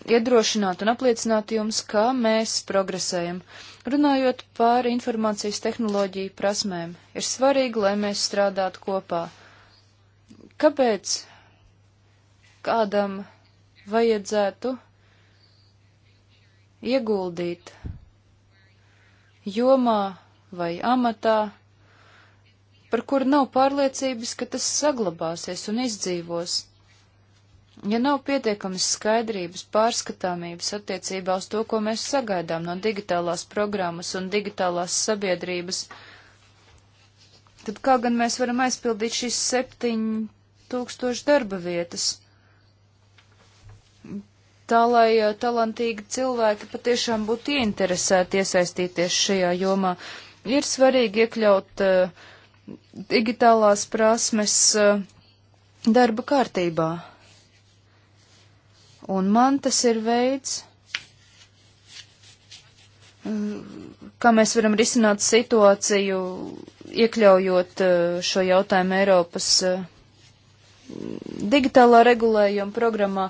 Speaker 1: iedrošināt un apliecināt jums, kā mēs progresējam. Runājot par informācijas tehnoloģiju prasmēm, ir svarīgi, lai mēs strādātu kopā. Kāpēc kādam vajadzētu ieguldīt jomā vai amatā, par kuru nav pārliecības, ka tas saglabāsies un izdzīvos. Ja nav pietiekamas skaidrības, pārskatāmības attiecībā uz to, ko mēs sagaidām no digitālās programmas un digitālās sabiedrības, tad kā gan mēs varam aizpildīt šīs septiņu tūkstošu darba vietas? Tā, lai uh, talantīgi cilvēki patiešām būtu ieinteresēti iesaistīties šajā jomā, ir svarīgi iekļaut uh, digitālās prasmes eh, darba kārtībā. Un man tas ir veids, eh, kā mēs varam risināt situāciju, iekļaujot eh, šo jautājumu Eiropas digitālā regulējuma programmā.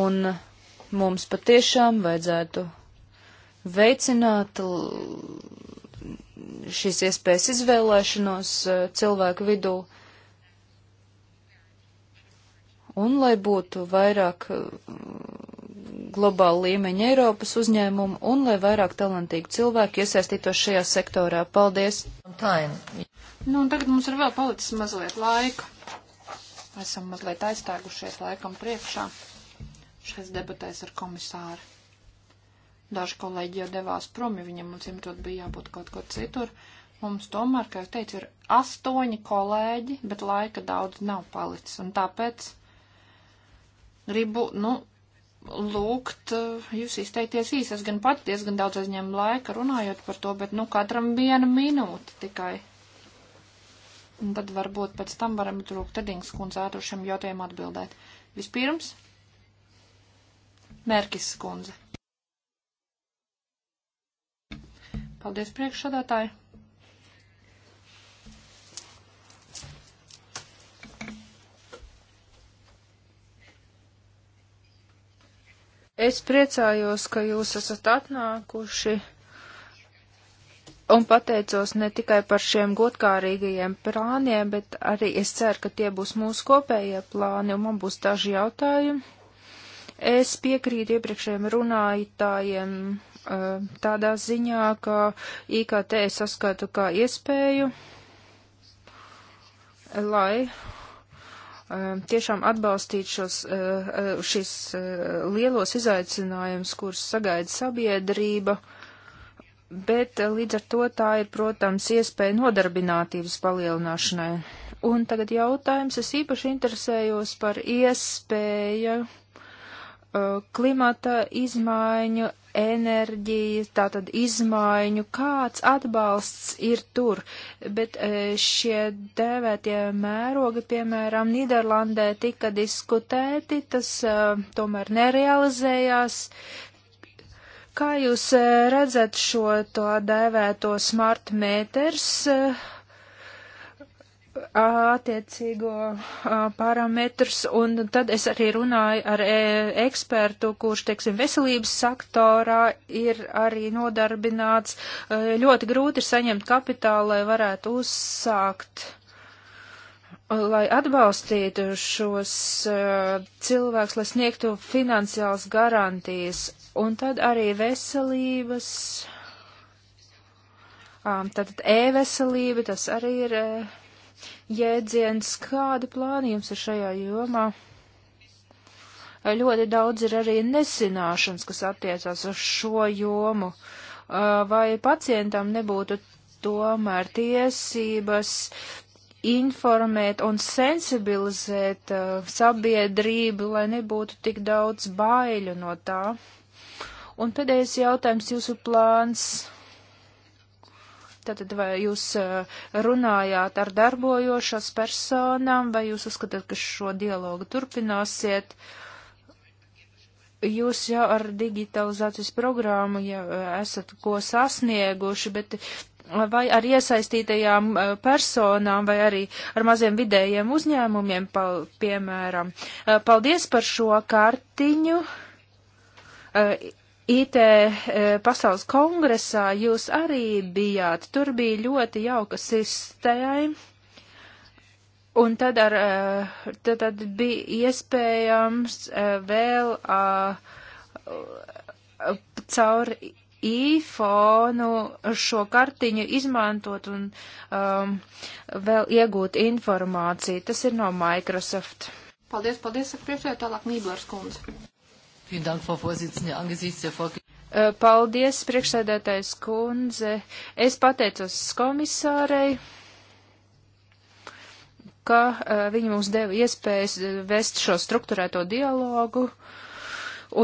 Speaker 1: Un mums patiešām vajadzētu veicināt šīs iespējas izvēlēšanos eh, cilvēku vidū. Un lai būtu vairāk eh, globāla līmeņa Eiropas uzņēmumu un lai vairāk talantīgu cilvēku iesaistītos šajā sektorā. Paldies! Nu, un tagad mums ir vēl palicis mazliet laika. Esam mazliet aizstāgušies laikam priekšā šais debatēs ar komisāru. Daži kolēģi jau devās prom, jo viņam mums imtot bija jābūt kaut kur citur. Mums tomēr, kā jau teicu, ir astoņi kolēģi, bet laika daudz nav palicis. Un tāpēc gribu, nu, lūgt eh, jūs izteikties īsi. Es gan pat diezgan daudz aizņēmu laika runājot par to, bet, nu, katram viena minūte tikai. Un tad varbūt pēc tam varam trūkt Tedings kundze ātrušiem jautājumiem atbildēt. Vispirms, Mērkis kundze. Paldies priekšsādātāji. Es priecājos, ka jūs esat atnākuši un pateicos ne tikai par šiem godkārīgajiem plāniem, bet arī es ceru, ka tie būs mūsu kopējie plāni un man būs daži jautājumi. Es piekrītu iepriekšējiem runājotājiem Uh, tādā ziņā, ka IKT saskatu kā iespēju, lai uh, tiešām atbalstīt šos, uh, šis lielos izaicinājums, kurus sagaida sabiedrība, bet līdz ar to tā ir, protams, iespēja nodarbinātības palielināšanai. Un tagad jautājums, es īpaši interesējos par iespēju klimata izmaiņu enerģijas, tātad izmaiņu, kāds atbalsts ir tur, bet e, šie dēvētie mērogi, piemēram, Nīderlandē tika diskutēti, tas e, tomēr nerealizējās. Kā jūs e, redzat šo to dēvēto smart meters? attiecīgo parametrus, un tad es arī runāju ar e, ekspertu, kurš, teiksim, veselības sektorā ir arī nodarbināts. E, ļoti grūti ir saņemt kapitālu, lai varētu uzsākt, lai atbalstītu šos e, cilvēkus, lai sniegtu finansiāls garantijas, un tad arī veselības. Tātad e-veselība, tas arī ir uh, jēdziens. Kādi plāni jums ir šajā jomā? Ļoti daudz ir arī nesināšanas, kas attiecās uz šo jomu. Vai pacientam nebūtu tomēr tiesības informēt un sensibilizēt uh, sabiedrību, lai nebūtu tik daudz baiļu no tā. Un pēdējais jautājums jūsu plāns Tātad, vai jūs eh, runājāt ar darbojošās personām, vai jūs uzskatāt, ka šo dialogu turpināsiet? Jūs jau ar digitalizācijas programmu jau eh, esat ko sasnieguši, bet eh, vai ar iesaistītajām personām vai arī ar maziem vidējiem uzņēmumiem, pal, piemēram. Paldies par šo kartiņu. IT e, pasaules kongresā jūs arī bijāt. Tur bija ļoti jauka sistēma. Un tad, ar, e, tad, tad bija iespējams e, vēl caur īfonu šo kartiņu izmantot un um, vēl iegūt informāciju. Tas ir no Microsoft. Paldies, paldies, saka priekšējo tālāk Nīblers kundze. Äh, paldies, priekšsēdētājs kundze. Es pateicos komisārei, ka äh, viņi mums deva iespējas äh, vest šo struktūrēto dialogu.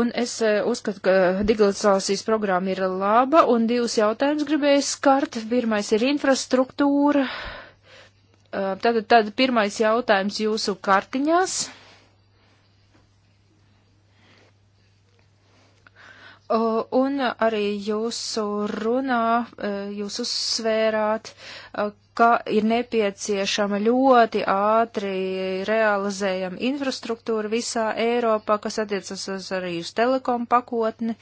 Speaker 1: Un es uzskatu, ka digitalizācijas programma ir laba, un divus jautājumus gribēju skart. Pirmais ir infrastruktūra. Tātad, tad pirmais jautājums jūsu kartiņās. Un arī jūsu runā e, jūs uzsvērāt, e, ka ir nepieciešama ļoti ātri realizējama infrastruktūra visā Eiropā, kas attiecas uz arī uz telekom pakotni.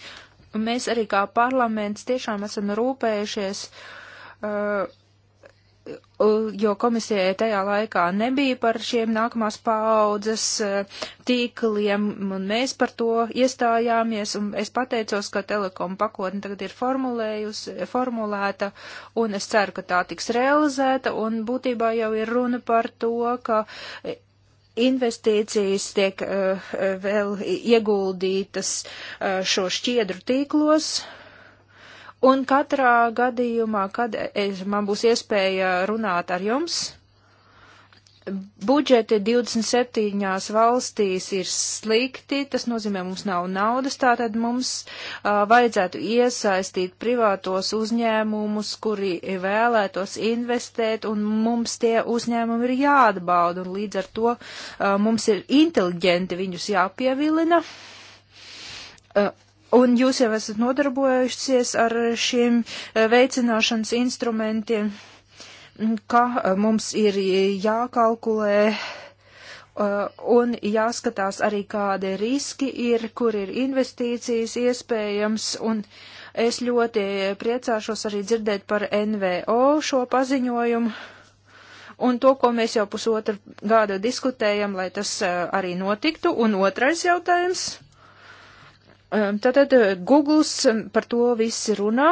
Speaker 1: Mēs arī kā parlaments tiešām esam rūpējušies uh, jo komisijai tajā laikā nebija par šiem nākamās paaudzes eh, tīkliem, un mēs par to iestājāmies, un es pateicos, ka telekom pakotne tagad ir formulēta, un es ceru, ka tā tiks realizēta, un būtībā jau ir runa par to, ka investīcijas tiek uh, vēl ieguldītas uh, šo šķiedru tīklos, uh, Un katrā gadījumā, kad es, man būs iespēja runāt ar jums, budžeti 27 valstīs ir slikti, tas nozīmē mums nav naudas, tātad mums uh, vajadzētu iesaistīt privātos uzņēmumus, kuri vēlētos investēt, un mums tie uzņēmumi ir jāatbauda, un līdz ar to uh, mums ir inteliģenti viņus jāpievilina. Uh, Un jūs jau esat nodarbojušies ar šiem e, veicināšanas instrumentiem, kā e, mums ir jākalkulē e, un jāskatās arī, kādi riski ir, kur ir investīcijas iespējams. Un es ļoti priecāšos arī dzirdēt par NVO šo paziņojumu. Un to, ko mēs jau pusotru gadu diskutējam, lai tas arī notiktu. Un otrais jautājums Ehm, tātad eh, Googles ehm, par to visi runā.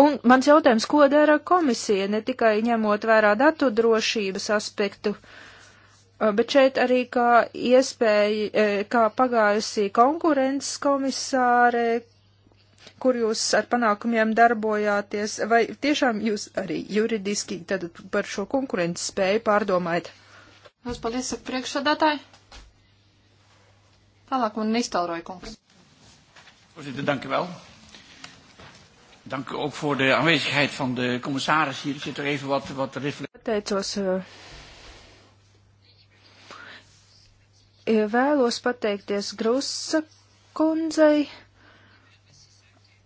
Speaker 1: Un mans jautājums, ko dara komisija, ne tikai ņemot vērā datu drošības aspektu, eh, bet šeit arī kā iespēja, eh, kā pagājusī konkurences komisāre, kur jūs ar panākumiem darbojāties, vai tiešām jūs arī juridiski tad par šo konkurences spēju pārdomājat? Jūs paldies, saka priekšsādātāji. Tālāk man iztalroja kungs. Voorzitter, dank u wel. Dank u ook voor de aanwezigheid van de commissaris hier. Ik er zit er even wat, wat reflectie. Eh, eh, vēlos pateikties Grusa kundzei.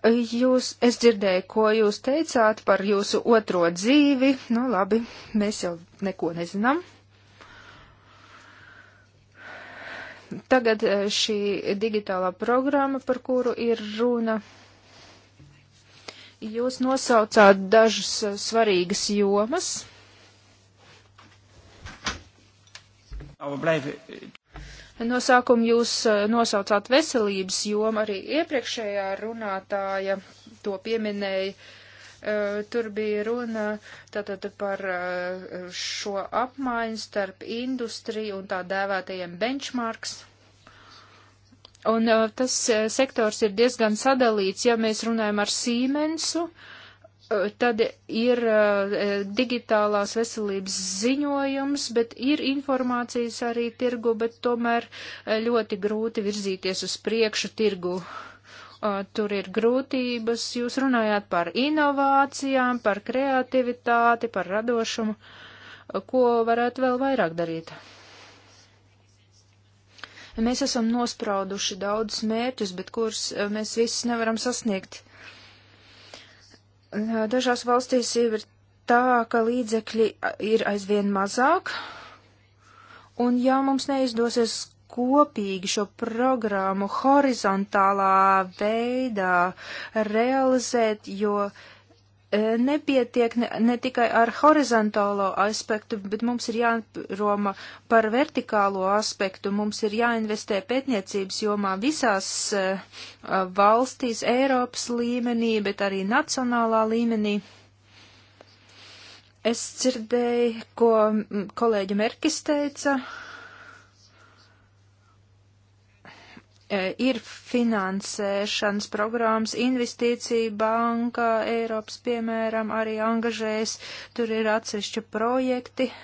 Speaker 1: Eh, jūs, es dzirdēju, ko jūs teicāt par jūsu otro dzīvi. Nu, labi, mēs jau neko nezinām. Tagad eh, šī digitālā programma, par kuru ir runa, jūs nosaucāt dažas eh, svarīgas jomas. No sākuma jūs eh, nosaucāt veselības jomu, arī iepriekšējā runātāja to pieminēja. Uh, Eh, tur bija runa tātad par eh, šo apmaiņu starp industriju un tā dēvētajiem benchmarks. Un eh, tas sektors ir diezgan sadalīts, ja mēs runājam ar Siemensu, tad ir digitālās veselības ziņojums, bet ir informācijas arī tirgu, bet tomēr ļoti grūti virzīties uz priekšu tirgu Uh, tur ir grūtības. Jūs runājāt par inovācijām, par kreativitāti, par radošumu. Uh, ko varētu vēl vairāk darīt? Mēs esam nosprauduši daudz mērķus, bet kurus uh, mēs visus nevaram sasniegt. Dažās valstīs jau ir tā, ka līdzekļi ir aizvien mazāk, un ja mums neizdosies kopīgi šo programmu horizontālā veidā realizēt, jo e, nepietiek ne, ne tikai ar horizontālo aspektu, bet mums ir jāroma par vertikālo aspektu, mums ir jāinvestē pētniecības jomā visās uh, valstīs, Eiropas līmenī, bet arī nacionālā līmenī. Es dzirdēju, ko kolēģi Merkis teica. Uh, E, ir finansēšanas programmas, investīcija banka, Eiropas, piemēram, arī angažējas, tur ir atsevišķi projekti. E,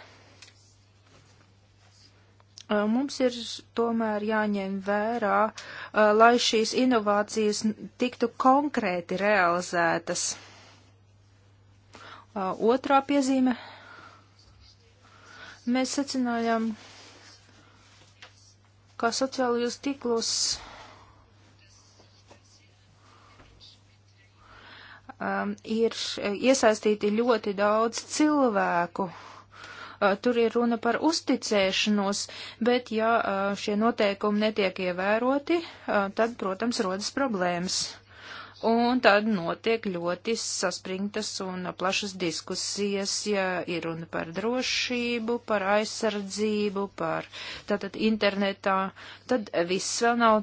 Speaker 1: mums ir tomēr jāņem vērā, e, lai šīs inovācijas tiktu konkrēti realizētas. Otrā piezīme. Mēs secinājām, kā sociālajos tīklos um, ir iesaistīti ļoti daudz cilvēku. Uh, tur ir runa par uzticēšanos, bet ja uh, šie noteikumi netiek ievēroti, uh, tad, protams, rodas problēmas un tad notiek ļoti saspringtas un plašas diskusijas, ja ir runa par drošību, par aizsardzību, par tātad internetā, tad viss vēl nav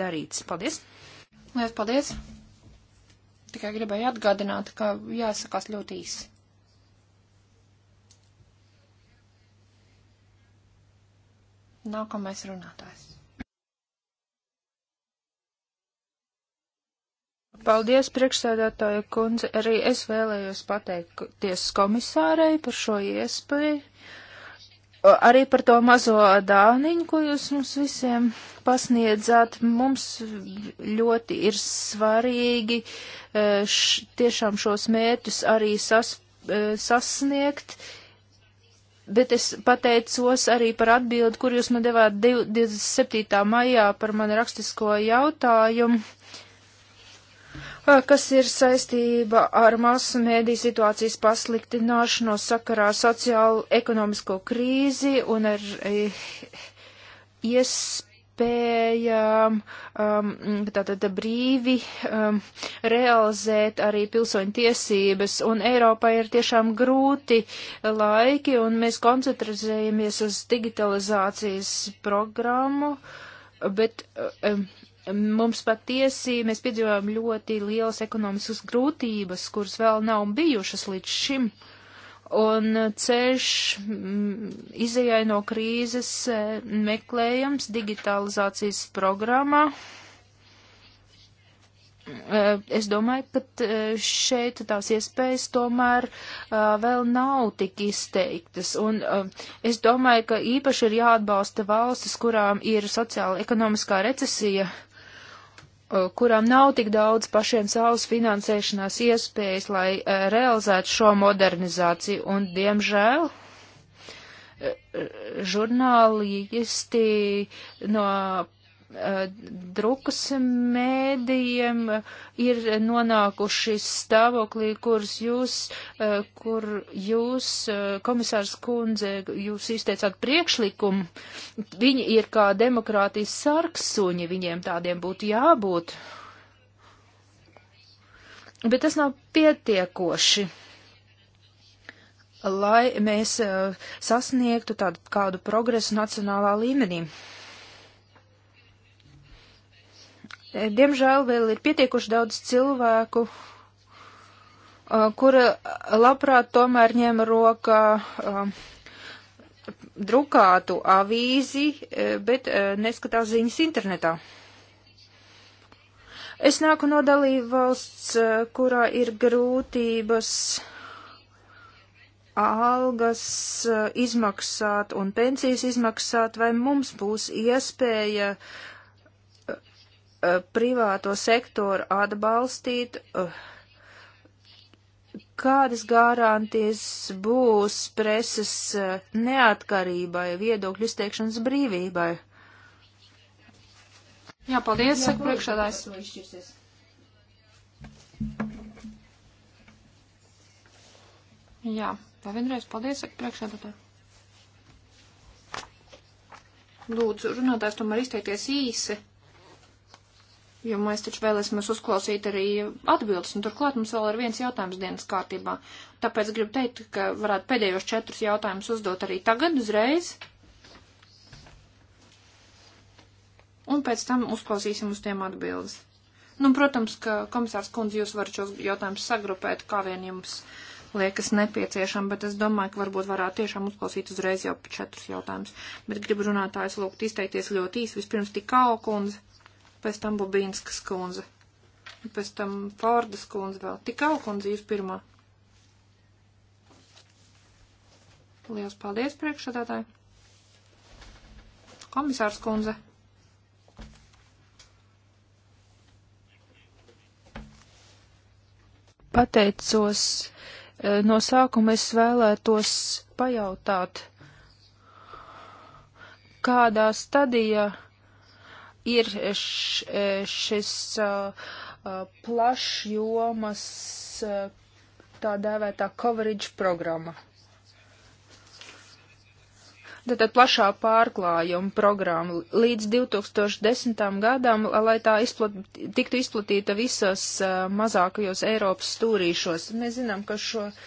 Speaker 1: darīts. Paldies! Lielas paldies! Tikai gribēju atgādināt, ka jāsakās ļoti īsi. Nākamais runātājs. Paldies, priekšsēdētāja kundze. Arī es vēlējos pateikties komisārei par šo iespēju. Arī par to mazo dāniņu, ko jūs mums visiem pasniedzāt. Mums ļoti ir svarīgi e, š, tiešām šos mērķus arī sas, e, sasniegt, bet es pateicos arī par atbildi, kur jūs man devāt 27. maijā par manu rakstisko jautājumu. Uh, kas ir saistība ar masu mēdī situācijas pasliktināšanos sakarā sociālu ekonomisko krīzi un ar e, iespējām um, tātad brīvi um, realizēt arī pilsoņu tiesības. Un Eiropā ir tiešām grūti laiki, un mēs koncentrējamies uz digitalizācijas programmu, bet. Um, mums patiesi, mēs piedzīvojam ļoti lielas ekonomiskas grūtības, kuras vēl nav bijušas līdz šim. Un ceļš mm, izējai no krīzes e, meklējams digitalizācijas programmā. E, es domāju, ka e, šeit tās iespējas tomēr vēl nav tik izteiktas. Un es domāju, ka īpaši ir jāatbalsta valstis, kurām ir sociāla ekonomiskā recesija. Uh, Eh, kurām nav tik daudz pašiem savas finansēšanās iespējas, lai eh, realizētu šo modernizāciju. Un, diemžēl, eh, žurnālisti no drukas mēdījiem ir nonākuši stāvoklī, kurus jūs, kur jūs, komisārs kundze, jūs izteicāt priekšlikumu. Viņi ir kā demokrātijas sarksuņi, viņiem tādiem būtu jābūt. Bet tas nav pietiekoši, lai mēs eh, sasniegtu tādu kādu progresu nacionālā līmenī. Diemžēl vēl ir pietiekuši daudz cilvēku, kuri labprāt tomēr ņem rokā drukātu avīzi, bet neskatās ziņas internetā. Es nāku no dalību valsts, kurā ir grūtības algas izmaksāt un pensijas izmaksāt, vai mums būs iespēja uh, Eh, privāto sektoru atbalstīt, eh, kādas garantijas būs preses eh, neatkarībai, viedokļu izteikšanas brīvībai? Jā, paldies, saka priekšādājs. Jā, vēl vienreiz paldies, saka priekšādātāji. Lūdzu, runātājs tomēr izteikties īsi. Jo mēs taču vēlēsimies uzklausīt arī atbildes, un turklāt mums vēl ir viens jautājums dienas kārtībā. Tāpēc gribu teikt, ka varētu pēdējos četrus jautājumus uzdot arī tagad uzreiz. Un pēc tam uzklausīsim uz tiem atbildes. Nu, protams, ka komisārs kundze jūs varat šos jautājumus sagrupēt, kā vien jums liekas nepieciešama, bet es domāju, ka varbūt varētu tiešām uzklausīt uzreiz jau četrus jautājumus. Bet gribu runātājs lūgt izteikties ļoti īsi. Vispirms tik kā kundze pēc tam Bubīnskas kundze, pēc tam Fordas kundze vēl. Tikau kundze jūs pirmā. Lielas paldies priekšsādātāji. Komisārs kundze. Pateicos eh, no sākuma es vēlētos pajautāt, kādā stadijā ir e, šis e, e, plašs jomas tā dēvētā coverage programma. Tātad plašā pārklājuma programma līdz 2010. gadam, lai tā izplat, tiktu izplatīta visos mazākajos Eiropas stūrīšos. Mēs zinām, ka šo uh,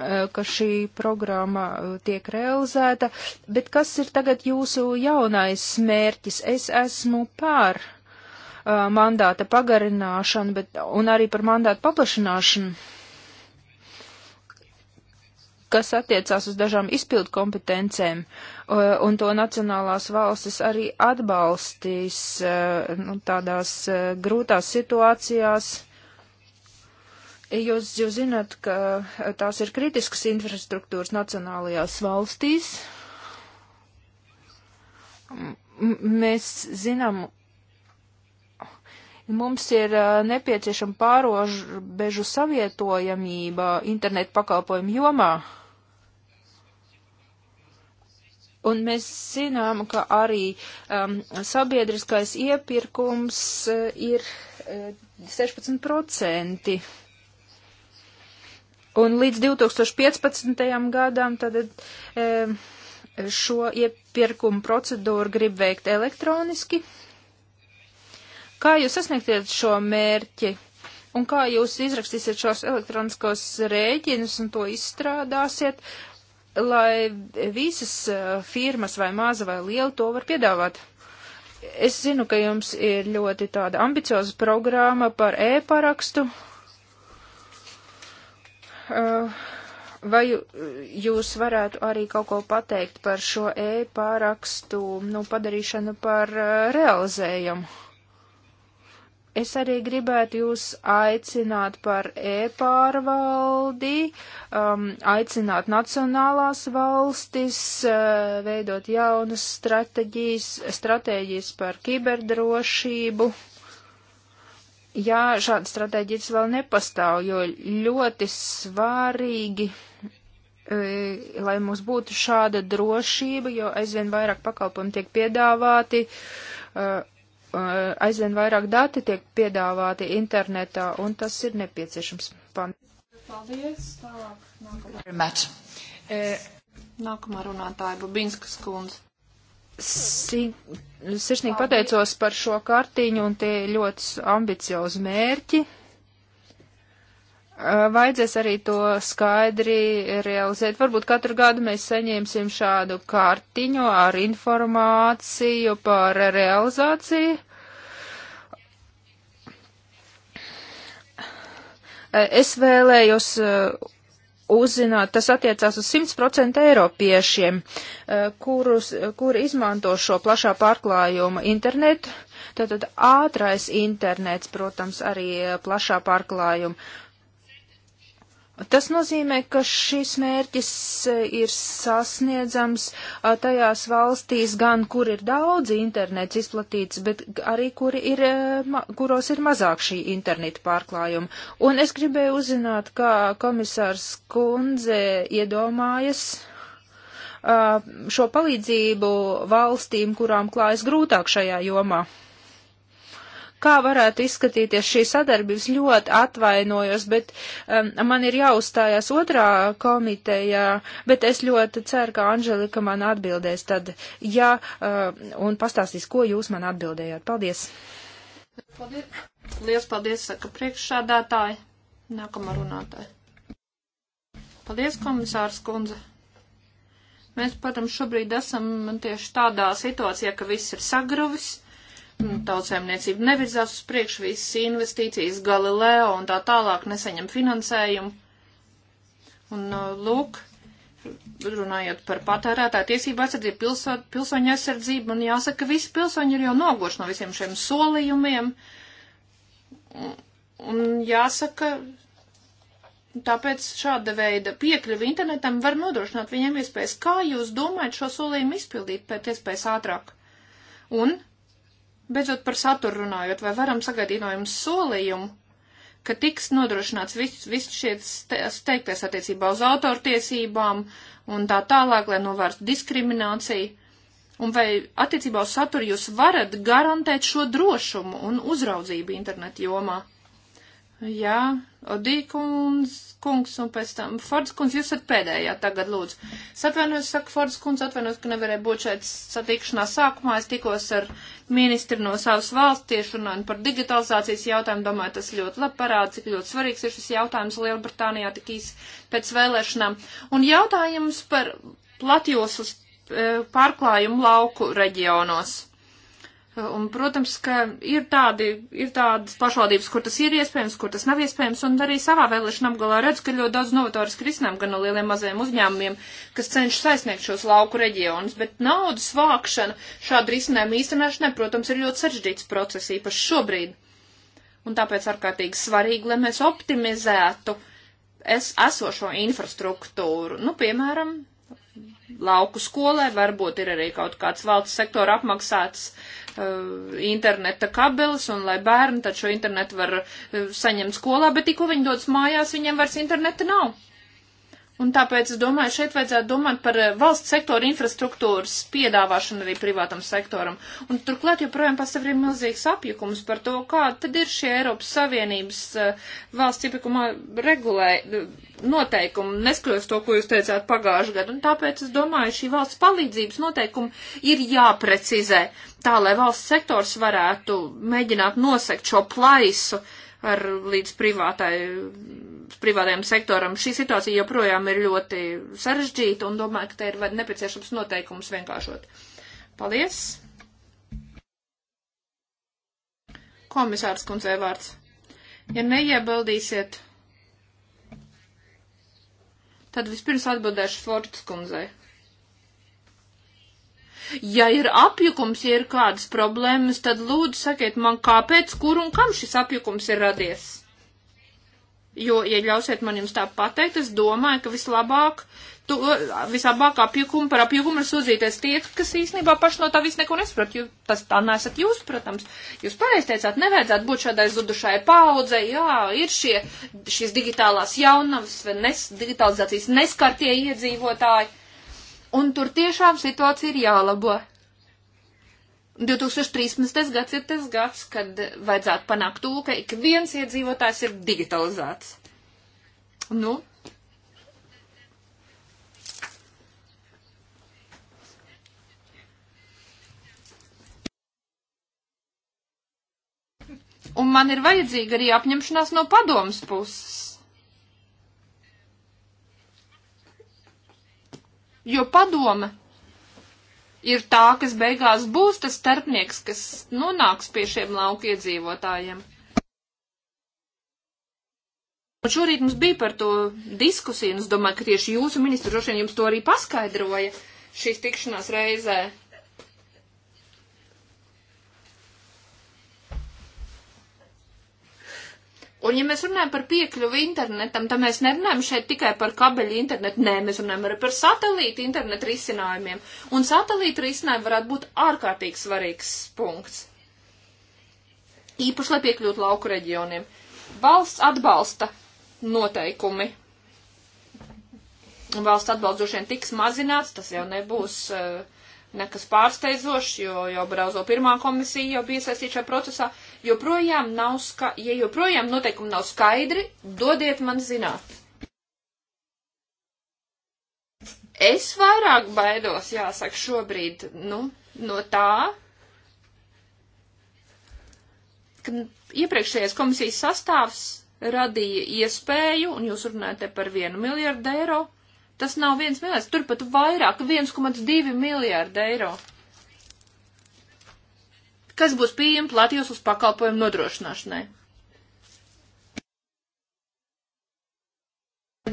Speaker 1: Eh, ka šī programma eh, tiek realizēta, bet kas ir tagad jūsu jaunais mērķis? Es esmu pār uh, mandāta pagarināšanu bet, un arī par mandātu paplašināšanu, kas attiecās uz dažām izpildu kompetencēm, uh, un to nacionālās valstis arī atbalstīs uh, nu, tādās grūtās situācijās Jūs jau zināt, ka eh, tās ir kritiskas infrastruktūras nacionālajās valstīs. M mēs zinām, mums ir eh, nepieciešama pārobežu savietojamība internetu pakalpojumu jomā. Un mēs zinām, ka arī um, sabiedriskais iepirkums uh, ir uh, 16%. Un līdz 2015. gadam tad e, šo iepirkumu procedūru grib veikt elektroniski. Kā jūs sasniegtiet šo mērķi? Un kā jūs izrakstīsiet šos elektroniskos rēķinus un to izstrādāsiet, lai visas e, firmas vai maza vai liela to var piedāvāt? Es zinu, ka jums ir ļoti tāda ambicioza programma par e-parakstu, Eh, vai jūs varētu arī kaut ko pateikt par šo e-pārakstu nu, padarīšanu par eh, realizējumu? Es arī gribētu jūs aicināt par e-pārvaldi, um, aicināt nacionālās valstis, uh, veidot jaunas stratēģijas, stratēģijas par kiberdrošību. Uh, jā, šāda stratēģijas vēl nepastāv, jo ļoti svarīgi, e, lai mums būtu šāda drošība, jo aizvien vairāk pakalpojumu tiek piedāvāti, e, e, aizvien vairāk dati tiek piedāvāti internetā, un tas ir nepieciešams. Paldies! Tālāk, nākamā. Nākamā runātāja Babinskas kundze si sirsnīgi pateicos par šo kartiņu un tie ļoti ambiciozi mērķi. Vajadzēs arī to skaidri realizēt. Varbūt katru gadu mēs saņemsim šādu kartiņu ar informāciju par realizāciju. Es vēlējos uzzināt, tas attiecās uz 100% eiropiešiem, eh, kurus, kuri izmanto šo plašā pārklājuma internetu. Tātad ātrais internets, protams, arī eh, plašā pārklājuma. Tas nozīmē, ka šis mērķis eh, ir sasniedzams tajās valstīs gan, kur ir daudz internets izplatīts, bet arī, kur ir, eh, kuros ir mazāk šī interneta pārklājuma. Un es gribēju uzzināt, kā komisārs Kunze iedomājas šo palīdzību valstīm, kurām klājas grūtāk šajā jomā kā varētu izskatīties šī sadarbības, ļoti atvainojos, bet um, man ir jāuzstājās otrā komitejā, bet es ļoti ceru, ka Anželika man atbildēs tad, jā, um, uh, un pastāstīs, ko jūs man atbildējāt. Paldies! Paldies! Lielas paldies, saka priekšsādātāji. Nākamā runātāja. Paldies, komisārs kundze. Mēs, protams, šobrīd esam tieši tādā situācijā, ka viss ir sagruvis tautsēmniecība nevirzās uz priekšu, visas investīcijas, Galileo un tā tālāk nesaņem finansējumu. Un, uh, lūk, runājot par patērētāju tiesību aizsardzību, pilso, pilsoņu aizsardzību, un jāsaka, ka visi pilsoņi ir jau noguši no visiem šiem solījumiem. Un, un jāsaka, Tāpēc šāda veida piekļuvi internetam var nodrošināt viņiem iespējas, kā jūs domājat šo solījumu izpildīt pēc iespējas ātrāk. Un Beidzot par saturu runājot, vai varam sagaidīt no jums solījumu, ka tiks nodrošināts viss vis šis teiktais attiecībā uz autortiesībām un tā tālāk, lai novērstu diskrimināciju? Un vai attiecībā uz saturu jūs varat garantēt šo drošumu un uzraudzību internetu jomā? Jā, Odīkums kungs un pēc tam Fords kungs, jūs esat pēdējā tagad lūdzu. Es atvainojos, saka Fords kungs, atvainojos, ka nevarēju būt šeit satikšanā sākumā. Es tikos ar ministri no savas valsts tieši runājot par digitalizācijas jautājumu. Domāju, tas ļoti labi parāda, cik ļoti svarīgs ir šis jautājums Lielbritānijā tik īs pēc vēlēšanām. Un jautājums par platjoslas eh, pārklājumu lauku reģionos Un, protams, ka ir, tādi, ir tādas pašvaldības, kur tas ir iespējams, kur tas nav iespējams, un arī savā vēlēšana apgalā redz, ka ļoti daudz novatorisku risinājumu gan no lieliem mazajiem uzņēmumiem, kas cenšas aizsniegt šos lauku reģionus, bet naudas vākšana šādu risinājumu īstenošanai, protams, ir ļoti sarežģīts process īpaši šobrīd. Un tāpēc ārkārtīgi svarīgi, lai mēs optimizētu es, esošo infrastruktūru, nu, piemēram, lauku skolē, varbūt ir arī kaut kāds valsts sektora apmaksāts uh, Eh, interneta kabelis un lai bērni tad šo internetu var eh, saņemt skolā, bet tikko viņi dodas mājās, viņiem vairs interneta nav. Un tāpēc es domāju, šeit vajadzētu domāt par eh, valsts sektoru infrastruktūras piedāvāšanu arī privātam sektoram. Un turklāt joprojām pastāv arī milzīgs apjukums par to, kā tad ir šie Eiropas Savienības eh, valsts iepirkuma regulē eh, noteikumi, neskatoties to, ko jūs teicāt pagājušajā gadā. Un tāpēc es domāju, šī valsts palīdzības noteikumi ir jāprecizē tā, lai valsts sektors varētu mēģināt nosekt šo plaisu. Uh, ar līdz privātai, privātajam sektoram. Šī situācija joprojām ir ļoti sarežģīta un domāju, ka te ir nepieciešams noteikums vienkāršot. Paldies! Komisārs kundzei vārds. Ja neiebaldīsiet, tad vispirms atbildēšu Fortas kundzei. Ja ir apjukums, ja ir kādas problēmas, tad lūdzu sakiet man, kāpēc, kur un kam šis apjukums ir radies. Jo, ja ļausiet man jums tā pateikt, es domāju, ka vislabāk, tu, vislabāk apjukumu par apjukumu ir sūdzīties tie, kas īstenībā paši no tā viss neko nesprot, jo tas tā nesat jūs, protams. Jūs pareizi teicāt, nevajadzētu būt šādai zudušai paudzei, jā, ir šie, šīs digitālās jaunavas, nes, digitalizācijas neskartie iedzīvotāji Un tur tiešām situācija ir jālabo. 2013. gads ir tas gads, kad vajadzētu panākt to, ka ik viens iedzīvotājs ir digitalizēts. Nu, Un man ir vajadzīga arī apņemšanās no padomas puses. jo padome ir tā, kas beigās būs tas starpnieks, kas nonāks pie šiem lauku iedzīvotājiem. Un šorīt mums bija par to diskusija, un es domāju, ka tieši jūsu ministrs droši vien jums to arī paskaidroja šīs tikšanās reizē. Un ja mēs runājam par piekļuvi internetam, tad mēs nerunājam šeit tikai par kabeļu internetu, nē, mēs runājam arī par satelītu internetu risinājumiem. Un satelīta risinājumi varētu būt ārkārtīgi svarīgs punkts. Īpaši, lai piekļūtu lauku reģioniem. Valsts atbalsta noteikumi valsts atbalsts droši vien tiks mazināts, tas jau nebūs uh, nekas pārsteidzošs, jo jau Brauzo pirmā komisija jau bija saistīta šajā procesā, joprojām nav, ska, ja joprojām noteikumi nav skaidri, dodiet man zināt. Es vairāk baidos, jāsaka, šobrīd, nu, no tā, ka iepriekšējais komisijas sastāvs radīja iespēju, un jūs runājat par vienu miljardu eiro, tas nav viens miljards, turpat vairāk, 1,2 miljārdu eiro kas būs pieejami Latvijas uz pakalpojumu nodrošināšanai.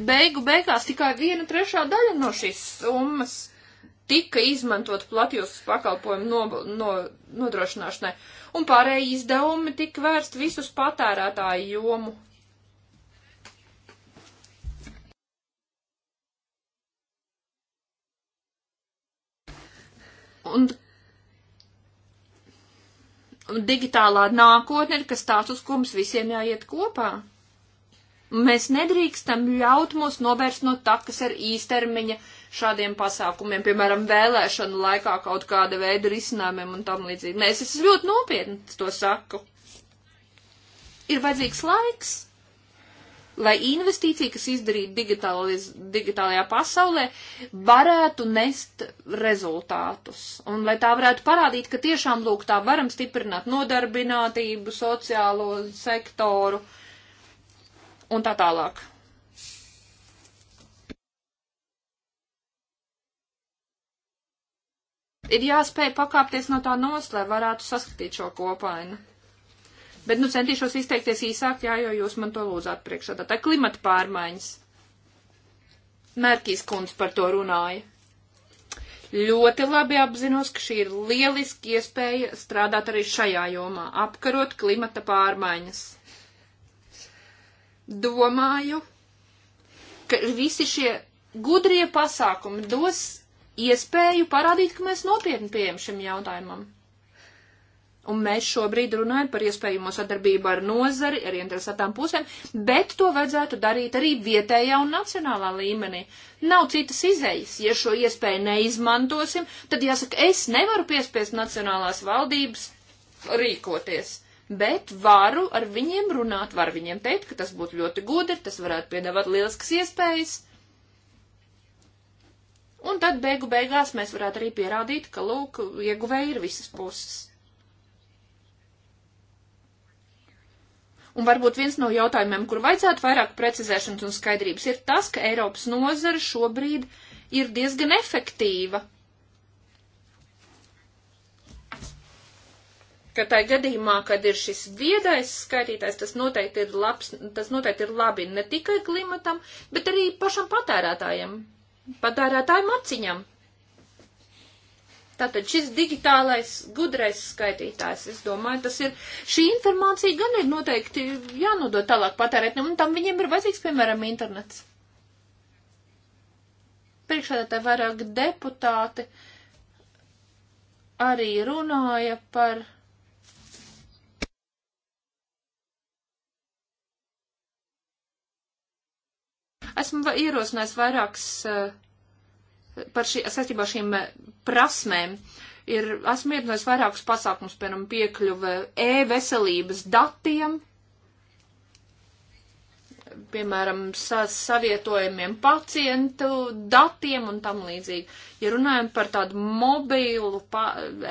Speaker 1: Beigu beigās tikai viena trešā daļa no šīs summas tika izmantot platjūras pakalpojumu no, no, nodrošināšanai, un pārējie izdevumi tika vērst visus patērētāju jomu. Un digitālā nākotne ir kas tāds, uz ko mums visiem jāiet kopā. Mēs nedrīkstam ļaut mūs novērst no takas ar īstermiņa šādiem pasākumiem, piemēram, vēlēšanu laikā kaut kāda veida risinājumiem un tam līdzīgi. Nē, es esmu ļoti nopietni to saku. Ir vajadzīgs laiks, lai investīcija, kas izdarīta digitālajā pasaulē, varētu nest rezultātus. Un lai tā varētu parādīt, ka tiešām lūk tā varam stiprināt nodarbinātību, sociālo sektoru un tā tālāk. Ir jāspēj pakāpties no tā nost, lai varētu saskatīt šo kopainu. Ja Bet, nu, centīšos izteikties īsāk, jā, jo jūs man to lūdzāt priekšā. Tā klimata pārmaiņas. Mērķis kundze par to runāja. Ļoti labi apzinos, ka šī ir lieliski iespēja strādāt arī šajā jomā, apkarot klimata pārmaiņas. Domāju, ka visi šie gudrie pasākumi dos iespēju parādīt, ka mēs nopietni pieejam šim jautājumam. Un mēs šobrīd runājam par iespējamo sadarbību ar nozari, ar interesētām pusēm, bet to vajadzētu darīt arī vietējā un nacionālā līmenī. Nav citas izejas. Ja šo iespēju neizmantosim, tad jāsaka, es nevaru piespiest nacionālās valdības rīkoties bet varu ar viņiem runāt, varu viņiem teikt, ka tas būtu ļoti gudri, tas varētu piedāvāt lielisks iespējas. Un tad beigu beigās mēs varētu arī pierādīt, ka, lūk, ieguvēji ir visas puses. Un varbūt viens no jautājumiem, kur vajadzētu vairāk precizēšanas un skaidrības, ir tas, ka Eiropas nozara šobrīd ir diezgan efektīva. Ka tai gadījumā, kad ir šis viedais skaitītājs, tas noteikti ir, labs, tas noteikti ir labi ne tikai klimatam, bet arī pašam patērētājiem, patērētājiem aciņam. Tātad šis digitālais gudrais skaitītājs, es domāju, tas ir, šī informācija gan ir noteikti jānodod tālāk patērētniem, un tam viņiem ir vajadzīgs, piemēram, internets. Priekšādātāji vairāk deputāti arī runāja par. Esmu ierosinājis vairākas uh, par šī, saistībā ar šīm eh, prasmēm ir, esmu ietinājis vairākus pasākums, piemēram, piekļuve e-veselības datiem, piemēram, sa savietojumiem pacientu datiem un tam līdzīgi. Ja runājam par tādu mobīlu pa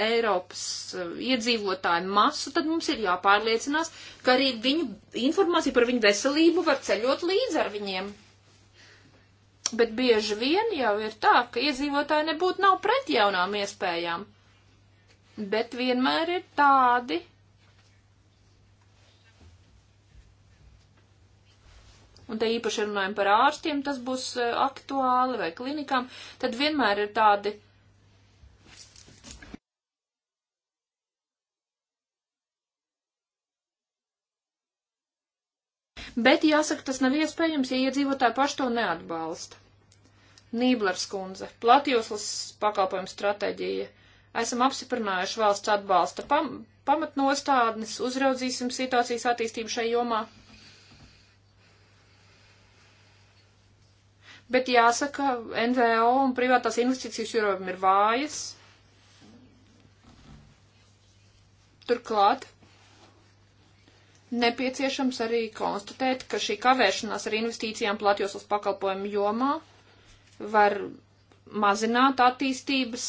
Speaker 1: Eiropas eh, iedzīvotāju masu, tad mums ir jāpārliecinās, ka arī viņu informācija par viņu veselību var ceļot līdz ar viņiem. Bet bieži vien jau ir tā, ka iedzīvotāji nebūtu nav pret jaunām iespējām. Bet vienmēr ir tādi, un te īpaši runājam par ārstiem, tas būs eh, aktuāli vai klinikām, tad vienmēr ir tādi bet jāsaka, tas nav iespējams, ja iedzīvotāji paši to neatbalsta. Nīblers kundze, platjoslas pakalpojuma stratēģija. Esam apsiprinājuši valsts atbalsta pam pamatnostādnes, uzraudzīsim situācijas attīstību šai jomā. Bet jāsaka, NVO un privātās investīcijas Eiropam ir vājas. Turklāt nepieciešams arī konstatēt, ka šī kavēšanās ar investīcijām platjoslas pakalpojumu jomā var mazināt attīstības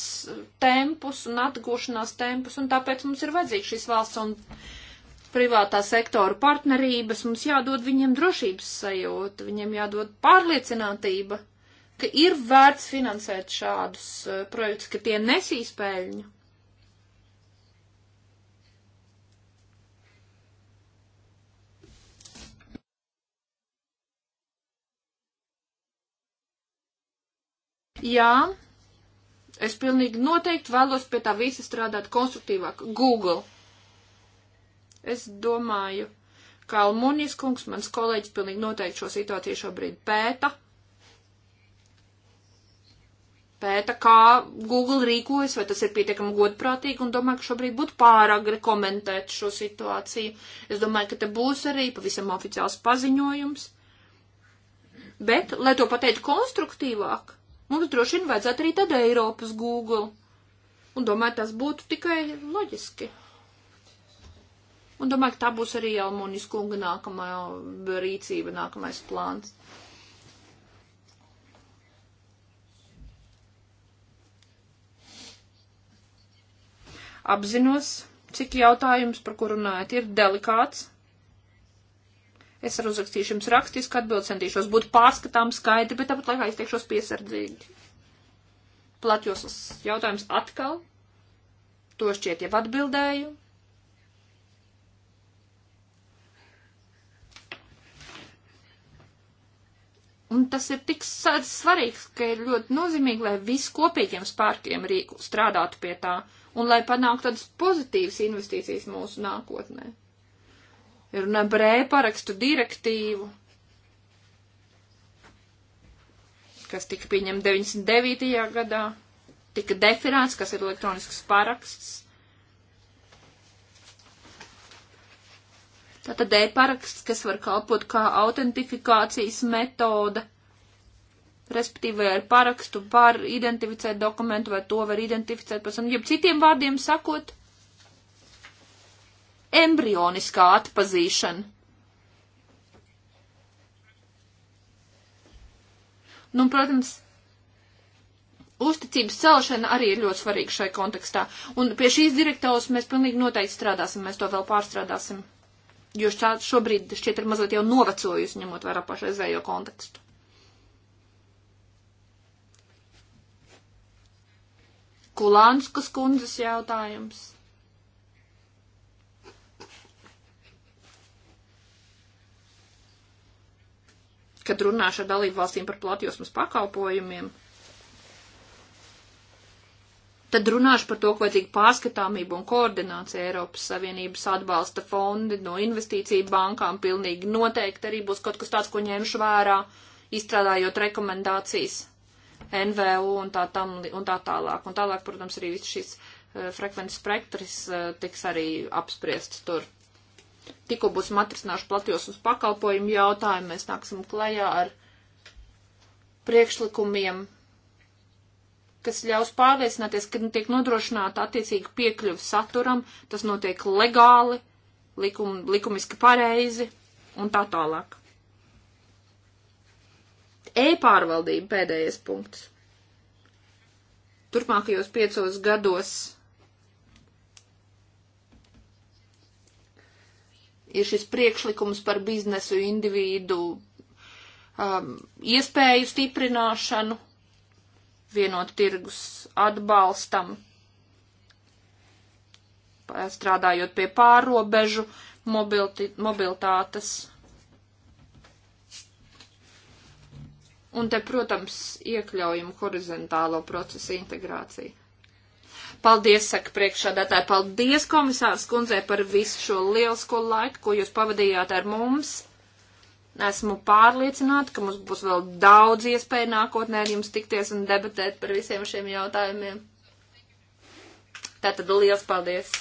Speaker 1: tempus un atgūšanās tempus, un tāpēc mums ir vajadzīgs šis valsts un privātā sektora partnerības, mums jādod viņiem drošības sajūta, viņiem jādod pārliecinātība, ka ir vērts finansēt šādus uh, projektus, ka tie nesīs peļņu. Jā, es pilnīgi noteikti vēlos pie tā visa strādāt konstruktīvāk. Google. Es domāju, kā Almunis kungs, mans kolēģis pilnīgi noteikti šo situāciju šobrīd pēta. Pēta, kā Google rīkojas, vai tas ir pietiekami godprātīgi, un domāju, ka šobrīd būtu pāragri komentēt šo situāciju. Es domāju, ka te būs arī pavisam oficiāls paziņojums. Bet, lai to pateiktu konstruktīvāk, Mums droši vien vajadzētu arī tad Eiropas Google. Un domāju, tas būtu tikai loģiski. Un domāju, ka tā būs arī Almonis kunga nākamā rīcība, nākamais plāns. Apzinos, cik jautājums, par kuru runājat, ir delikāts. Es ar uzrakstīšu jums rakstisku atbildi, centīšos būt pārskatām skaidri, bet tāpat laikā izteikšos piesardzīgi. Platjoslas jautājums atkal. To šķiet jau atbildēju. Un tas ir tik svarīgs, ka ir ļoti nozīmīgi, lai visi kopīgiem spārkiem rīku strādātu pie tā un lai panāktu tādas pozitīvas investīcijas mūsu nākotnē. Ir runājam par ēparakstu direktīvu, kas tika pieņemta 99. gadā. Tika definēts, kas ir elektronisks paraksts. Tātad e-paraksts, kas var kalpot kā autentifikācijas metode, respektīvi ar parakstu var identificēt dokumentu vai to var identificēt pēc tam, jeb citiem vārdiem sakot, embrioniskā atpazīšana. Nu, protams, uzticības celšana arī ir ļoti svarīga šai kontekstā. Un pie šīs direktīvas mēs pilnīgi noteikti strādāsim, mēs to vēl pārstrādāsim. Jo šā, šobrīd šķiet ir mazliet jau novecojusi, ņemot vērā pašreizējo kontekstu. Kulānskas kundzes jautājums. kad runāšu ar dalību valstīm par platjosmas pakalpojumiem, tad runāšu par to, ka vajadzīga pārskatāmība un koordinācija Eiropas Savienības atbalsta fondi no investīciju bankām pilnīgi noteikti arī būs kaut kas tāds, ko ņemšu vērā, izstrādājot rekomendācijas NVU un tā, tam, un tā tālāk. Un tālāk, protams, arī viss šis uh, frekvences spektrs uh, eh, tiks arī apspriests tur. Tikko būsim atrisinājuši platjos uz pakalpojumu jautājumu, mēs nāksim klajā ar priekšlikumiem, kas ļaus pārliecināties, ka tiek nodrošināta attiecīga piekļuva saturam, tas notiek legāli, likum, likumiski pareizi un tā tālāk. E-pārvaldība pēdējais punkts. Turpmākajos piecos gados ir šis priekšlikums par biznesu individu um, iespēju stiprināšanu, vienot tirgus atbalstam, strādājot pie pārobežu mobilti, mobilitātes. Un te, protams, iekļaujam horizontālo procesu integrāciju. Paldies, saka priekšādātāji, paldies komisārs kundzei par visu šo lielisko laiku, ko jūs pavadījāt ar mums. Esmu pārliecināta, ka mums būs vēl daudz iespēju nākotnē ar jums tikties un debatēt par visiem šiem jautājumiem. Tātad liels paldies!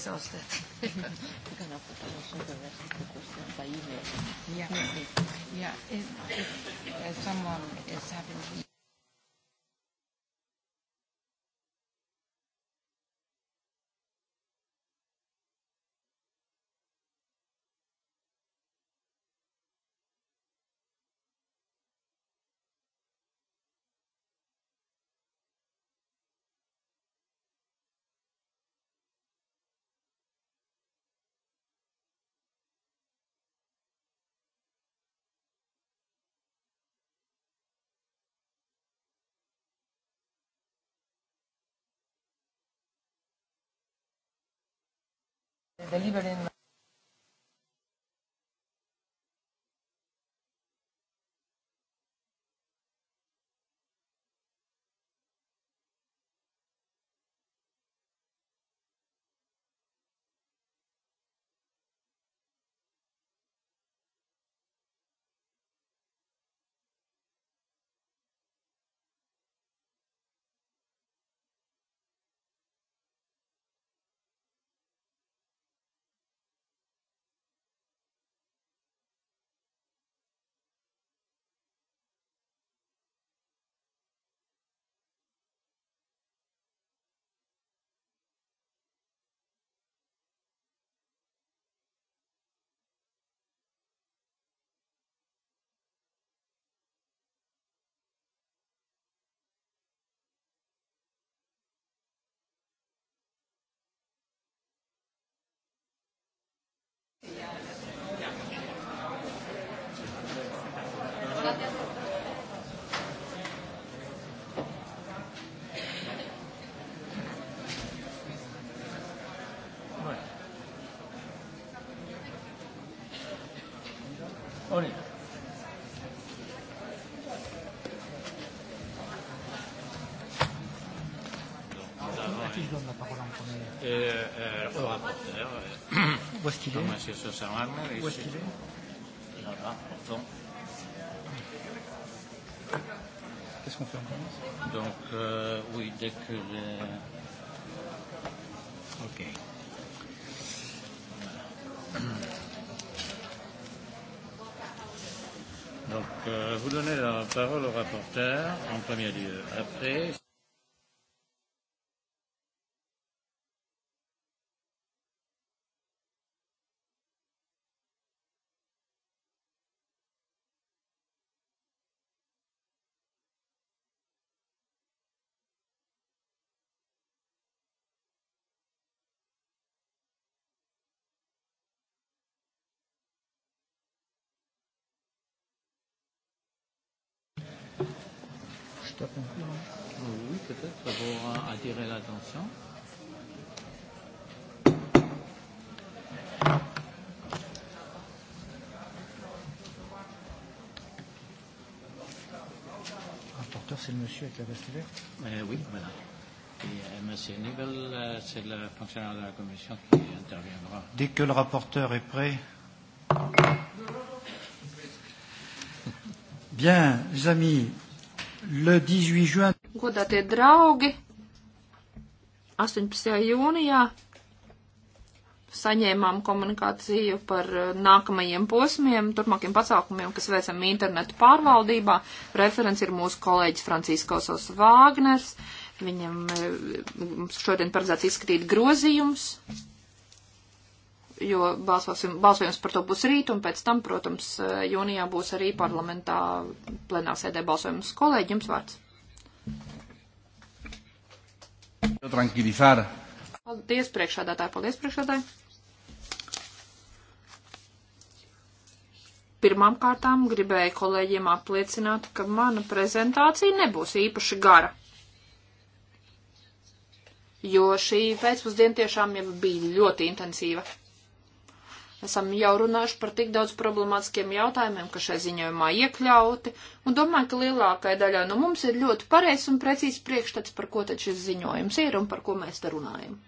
Speaker 1: exhausted. We're going to have to finish the rest of the questions by email. Yeah. Yeah. yeah. If, if uh, someone is having... delivered in euh, euh, au rapporteur. Euh, Où est-ce qu'il est, qu est Sosa Wagner. Où est-ce qu'il est, qu est Là, là, au fond. Qu'est-ce qu'on fait maintenant Donc, euh, oui, dès que le... Ok. Donc, euh, vous donnez la parole au rapporteur en premier lieu. Après, d'abord attirer l'attention. Rapporteur, c'est le monsieur avec la veste verte euh, Oui, voilà. Et euh, monsieur Nibel, euh, c'est le fonctionnaire de la commission qui interviendra. Dès que le rapporteur est prêt. Bien, les amis, le 18 juin godātie draugi, 18. jūnijā saņēmām komunikāciju par eh, nākamajiem posmiem, turpmākiem pasākumiem, kas veicam internetu pārvaldībā. Referents ir mūsu kolēģis Franciskos Vāgners. Viņam eh, šodien paredzēts izskatīt grozījums, jo balsosim, balsojums par to būs rīt, un pēc tam, protams, eh, jūnijā būs arī parlamentā plenārsēdē balsojums. Kolēģi, jums vārds. Tranquilizar. Paldies priekšādātāji, paldies priekšādātāji. Pirmām kārtām gribēju kolēģiem apliecināt, ka mana prezentācija nebūs īpaši gara. Jo šī pēcpusdiena tiešām jau bija ļoti intensīva. Esam jau runājuši par tik daudz problemātiskiem jautājumiem, ka šai ziņojumā iekļauti, un domāju, ka lielākai daļai no nu, mums ir ļoti pareizs un precīzs priekšstats, par ko tad šis ziņojums ir un par ko mēs te runājam.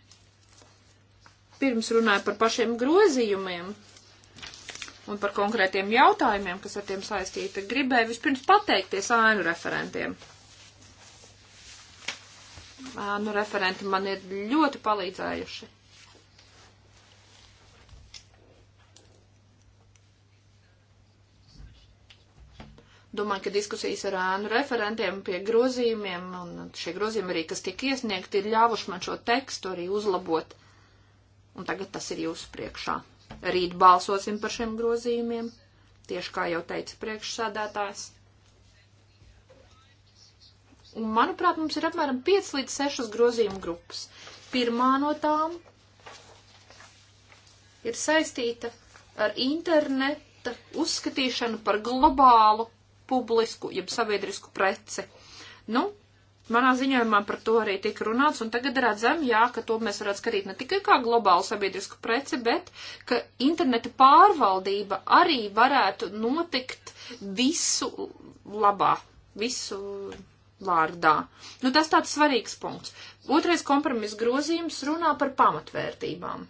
Speaker 1: Pirms runāju par pašiem grozījumiem un par konkrētiem jautājumiem, kas ar tiem saistīti, gribēju vispirms pateikties ānu referentiem. Ānu referenti man ir ļoti palīdzējuši Domāju, ka diskusijas ar ēnu referentiem pie grozījumiem, un šie grozījumi arī, kas tika iesniegti, ir ļāvuši man šo tekstu arī uzlabot. Un tagad tas ir jūsu priekšā. Rīt balsosim par šiem grozījumiem, tieši kā jau teica priekšsādātājs. Un, manuprāt, mums ir apmēram 5 līdz 6 grozījumu grupas. Pirmā no tām ir saistīta ar interneta uzskatīšanu par globālu publisku, jeb sabiedrisku preci. Nu, manā ziņojumā par to arī tika runāts, un tagad redzam, jā, ka to mēs varētu skatīt ne tikai kā globālu sabiedrisku preci, bet ka interneta pārvaldība arī varētu notikt visu labā, visu vārdā. Nu, tas tāds svarīgs punkts. Otrais kompromiss grozījums runā par pamatvērtībām.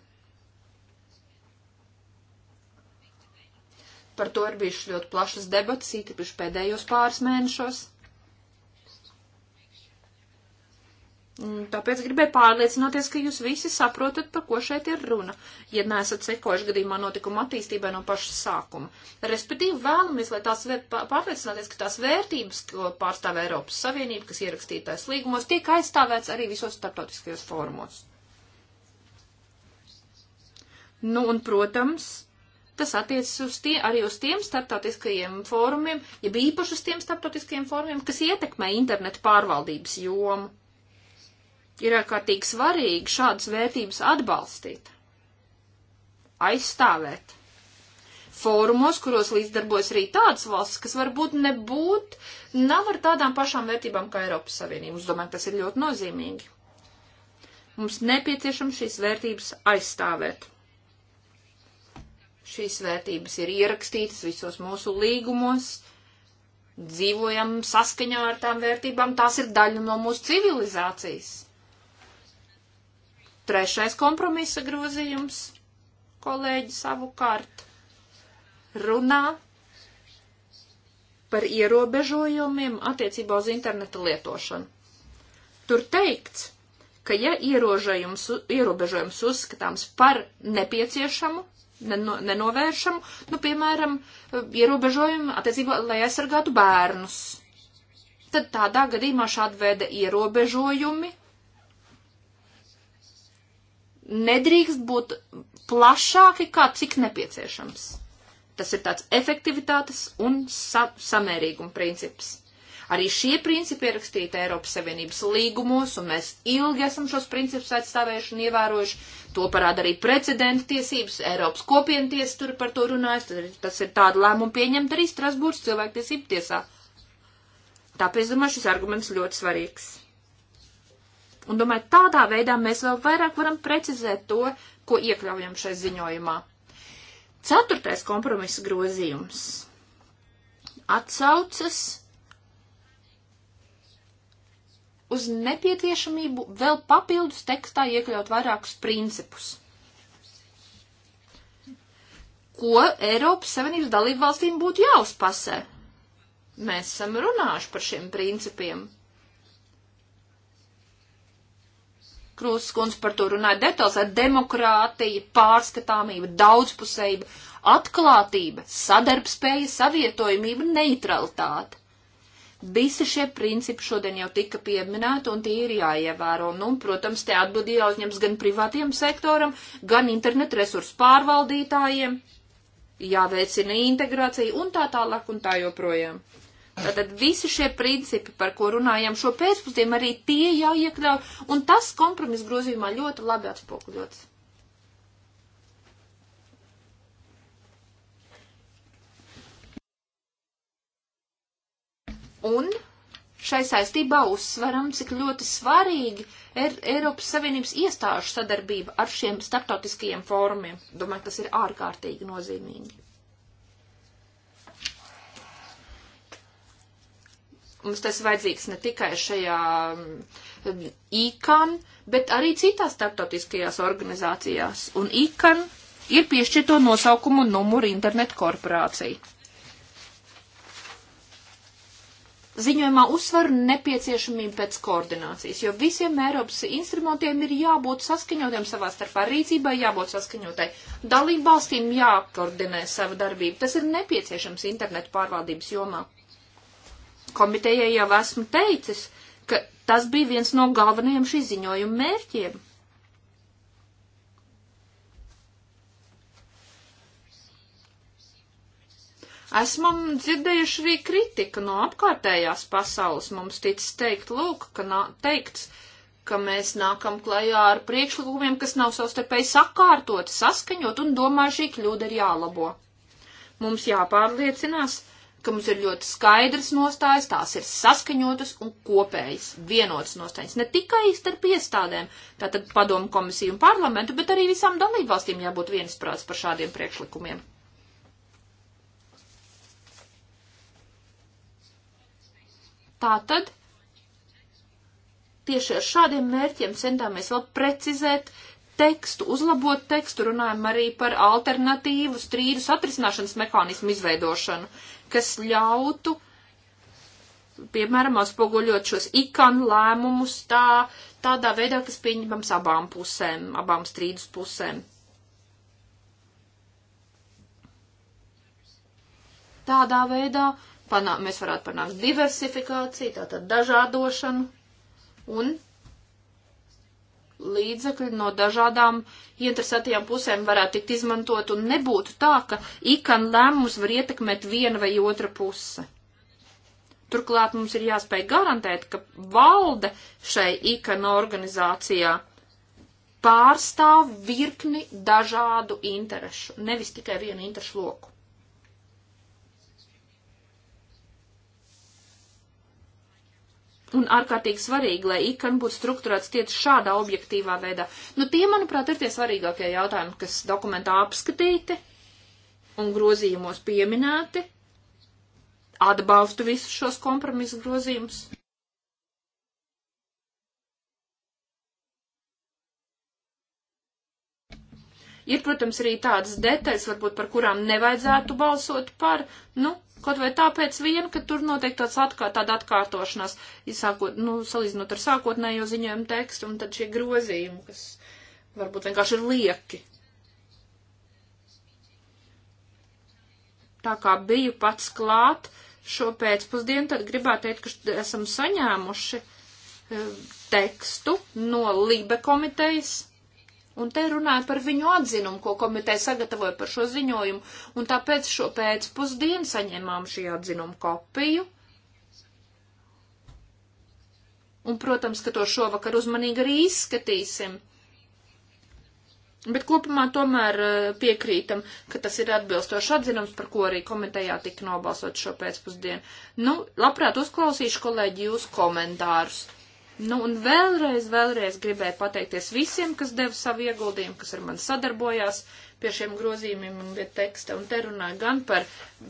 Speaker 1: par to ir bijušas ļoti plašas debatas, īpaši pēdējos pāris mēnešos. Tāpēc gribēju pārliecināties, ka jūs visi saprotat, par ko šeit ir runa, ja neesat sekojuši gadījumā notikuma attīstībai no paša sākuma. Respektīvi vēlamies, lai tās pārliecināties, ka tās vērtības, ko pārstāv Eiropas Savienība, kas ierakstītais līgumos, tiek aizstāvēts arī visos starptautiskajos formos. Nu, un, protams, Tas attiecas uz tie, arī uz tiem starptautiskajiem fórumiem, jeb īpaši uz tiem starptautiskajiem fórumiem, kas ietekmē internetu pārvaldības jomu. Ir ārkārtīgi svarīgi šādas vērtības atbalstīt, aizstāvēt fórumos, kuros līdzdarbojas arī tādas valsts, kas varbūt nebūt, nav ar tādām pašām vērtībām kā Eiropas Savienība. Es domāju, tas ir ļoti nozīmīgi. Mums nepieciešams šīs vērtības aizstāvēt. Šīs vērtības ir ierakstītas visos mūsu līgumos, dzīvojam saskaņā ar tām vērtībām, tās ir daļa no mūsu civilizācijas. Trešais kompromisa grozījums, kolēģi savukārt, runā par ierobežojumiem attiecībā uz interneta lietošanu. Tur teikts, ka ja ierobežojums uzskatāms par nepieciešamu, neno, nenovēršamu, nu, piemēram, ierobežojumu attiecībā, lai aizsargātu bērnus. Tad tādā gadījumā šāda veida ierobežojumi nedrīkst būt plašāki, kā cik nepieciešams. Tas ir tāds efektivitātes un sa samērīguma princips. Arī šie principi ierakstīti Eiropas Savienības līgumos, un mēs ilgi esam šos principus aizstāvējuši un ievērojuši. To parāda arī precedenta tiesības, Eiropas kopienties tur par to runājas, tas ir tāda lēmuma pieņemta arī Strasbūras cilvēktiesību tiesā. Tāpēc, domāju, šis arguments ļoti svarīgs. Un, domāju, tādā veidā mēs vēl vairāk varam precizēt to, ko iekļaujam šai ziņojumā. Ceturtais kompromisa grozījums atsaucas uz nepieciešamību vēl papildus tekstā iekļaut vairākus principus, ko Eiropas Savienības dalību valstīm būtu jāuzpasē. Mēs esam runājuši par šiem principiem. Krūzes kundze par to runāja detalizēt - demokrātija, pārskatāmība, daudzpusējība, atklātība, sadarbspēja, savietojamība, neutralitāte. Visi šie principi šodien jau tika pieminēti un tie ir jāievēro. Nu, protams, te atbildi jāuzņems gan privātiem sektoram, gan internetu resursu pārvaldītājiem, jāveicina integrācija un tā tālāk un tā joprojām. Tātad visi šie principi, par ko runājām šo pēcpusdienu, arī tie jāiekļauj, un tas kompromiss grozījumā ļoti labi atspoguļots. Un šai saistībā uzsveram, cik ļoti svarīgi ir Eiropas Savienības iestāžu sadarbība ar šiem starptautiskajiem fórumiem. Domāju, tas ir ārkārtīgi nozīmīgi. Mums tas vajadzīgs ne tikai šajā um, IKAN, bet arī citās starptautiskajās organizācijās. Un IKAN ir piešķirto nosaukumu numuru internet korporācija. ziņojumā uzsver nepieciešamību pēc koordinācijas, jo visiem Eiropas instrumentiem ir jābūt saskaņotiem savā starpā rīcībai, jābūt saskaņotai. Dalību valstīm jākoordinē savu darbību. Tas ir nepieciešams internetu pārvaldības jomā. Komitejai jau esmu teicis, ka tas bija viens no galvenajiem šī ziņojuma mērķiem. Esmam dzirdējuši arī kritika no apkārtējās pasaules. Mums tic teikt, lūk, ka nā, teikts, ka mēs nākam klajā ar priekšlikumiem, kas nav savstarpēji sakārtoti, saskaņot un domāju, šī kļūda ir jālabo. Mums jāpārliecinās, ka mums ir ļoti skaidrs nostājas, tās ir saskaņotas un kopējas, vienotas nostājas. Ne tikai starp iestādēm, tātad padomu komisiju un parlamentu, bet arī visām dalībvalstīm jābūt viensprāts par šādiem priekšlikumiem. Tātad tieši ar šādiem mērķiem centāmies vēl precizēt tekstu, uzlabot tekstu, runājam arī par alternatīvu strīdus atrisināšanas mehānismu izveidošanu, kas ļautu, piemēram, atspoguļot šos ikan lēmumus tā, tādā veidā, kas pieņemams abām pusēm, abām strīdus pusēm. Tādā veidā panā, mēs varētu panākt diversifikāciju, tātad dažādošanu un līdzekļi no dažādām interesētajām pusēm varētu tikt izmantot un nebūtu tā, ka ikan lēmums var ietekmēt viena vai otra puse. Turklāt mums ir jāspēj garantēt, ka valde šai ikan organizācijā pārstāv virkni dažādu interešu, nevis tikai vienu interešu loku. Un ārkārtīgi svarīgi, lai ikan būtu struktūrēts tieši šādā objektīvā veidā. Nu, tie, manuprāt, ir tie svarīgākie jautājumi, kas dokumentā apskatīti un grozījumos pieminēti. Atbalstu visus šos kompromisu grozījumus. Ir, protams, arī tādas detaļas, varbūt par kurām nevajadzētu balsot par, nu, Kaut vai tāpēc vien, ka tur notiek tāds atkār, tāda atkārtošanās, sākot, nu, salīdzinot ar sākotnējo ziņojumu tekstu un tad šie grozījumi, kas varbūt vienkārši ir lieki. Tā kā biju pats klāt šo pēcpusdienu, tad gribētu teikt, ka esam saņēmuši eh, tekstu no Libe komitejas Un te runāju par viņu atzinumu, ko komiteja sagatavoja par šo ziņojumu, un tāpēc šo pēcpusdienu saņēmām šī atzinuma kopiju. Un, protams, ka to šovakar uzmanīgi arī izskatīsim. Bet kopumā tomēr e, piekrītam, ka tas ir atbilstošs atzinums, par ko arī komitejā tika nobalsot šo pēcpusdienu. Nu, labprāt uzklausīšu kolēģi jūs komentārus. Nu, un vēlreiz, vēlreiz gribēju pateikties visiem, kas deva savu ieguldījumu, kas ar mani sadarbojās pie šiem grozījumiem un pie teksta, un te runāju gan par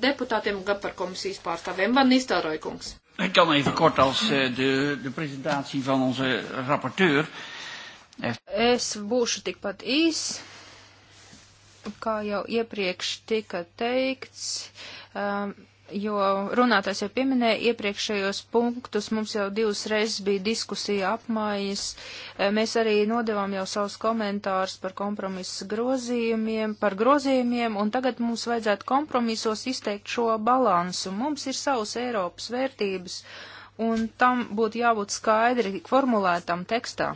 Speaker 1: deputātiem, gan par komisijas pārstāvjiem. Van Nistelrooy kungs. Ik kan even kort als eh, de, de presentatie van onze rapporteur. Es būšu tikpat īs, kā jau iepriekš tika teikts. Um, jo runātājs jau pieminēja iepriekšējos punktus, mums jau divas reizes bija diskusija apmaiņas, e, mēs arī nodevām jau savus komentārus par kompromisu grozījumiem, par grozījumiem, un tagad mums vajadzētu kompromisos izteikt šo balansu. Mums ir savas Eiropas vērtības, un tam būtu jābūt skaidri formulētam tekstā.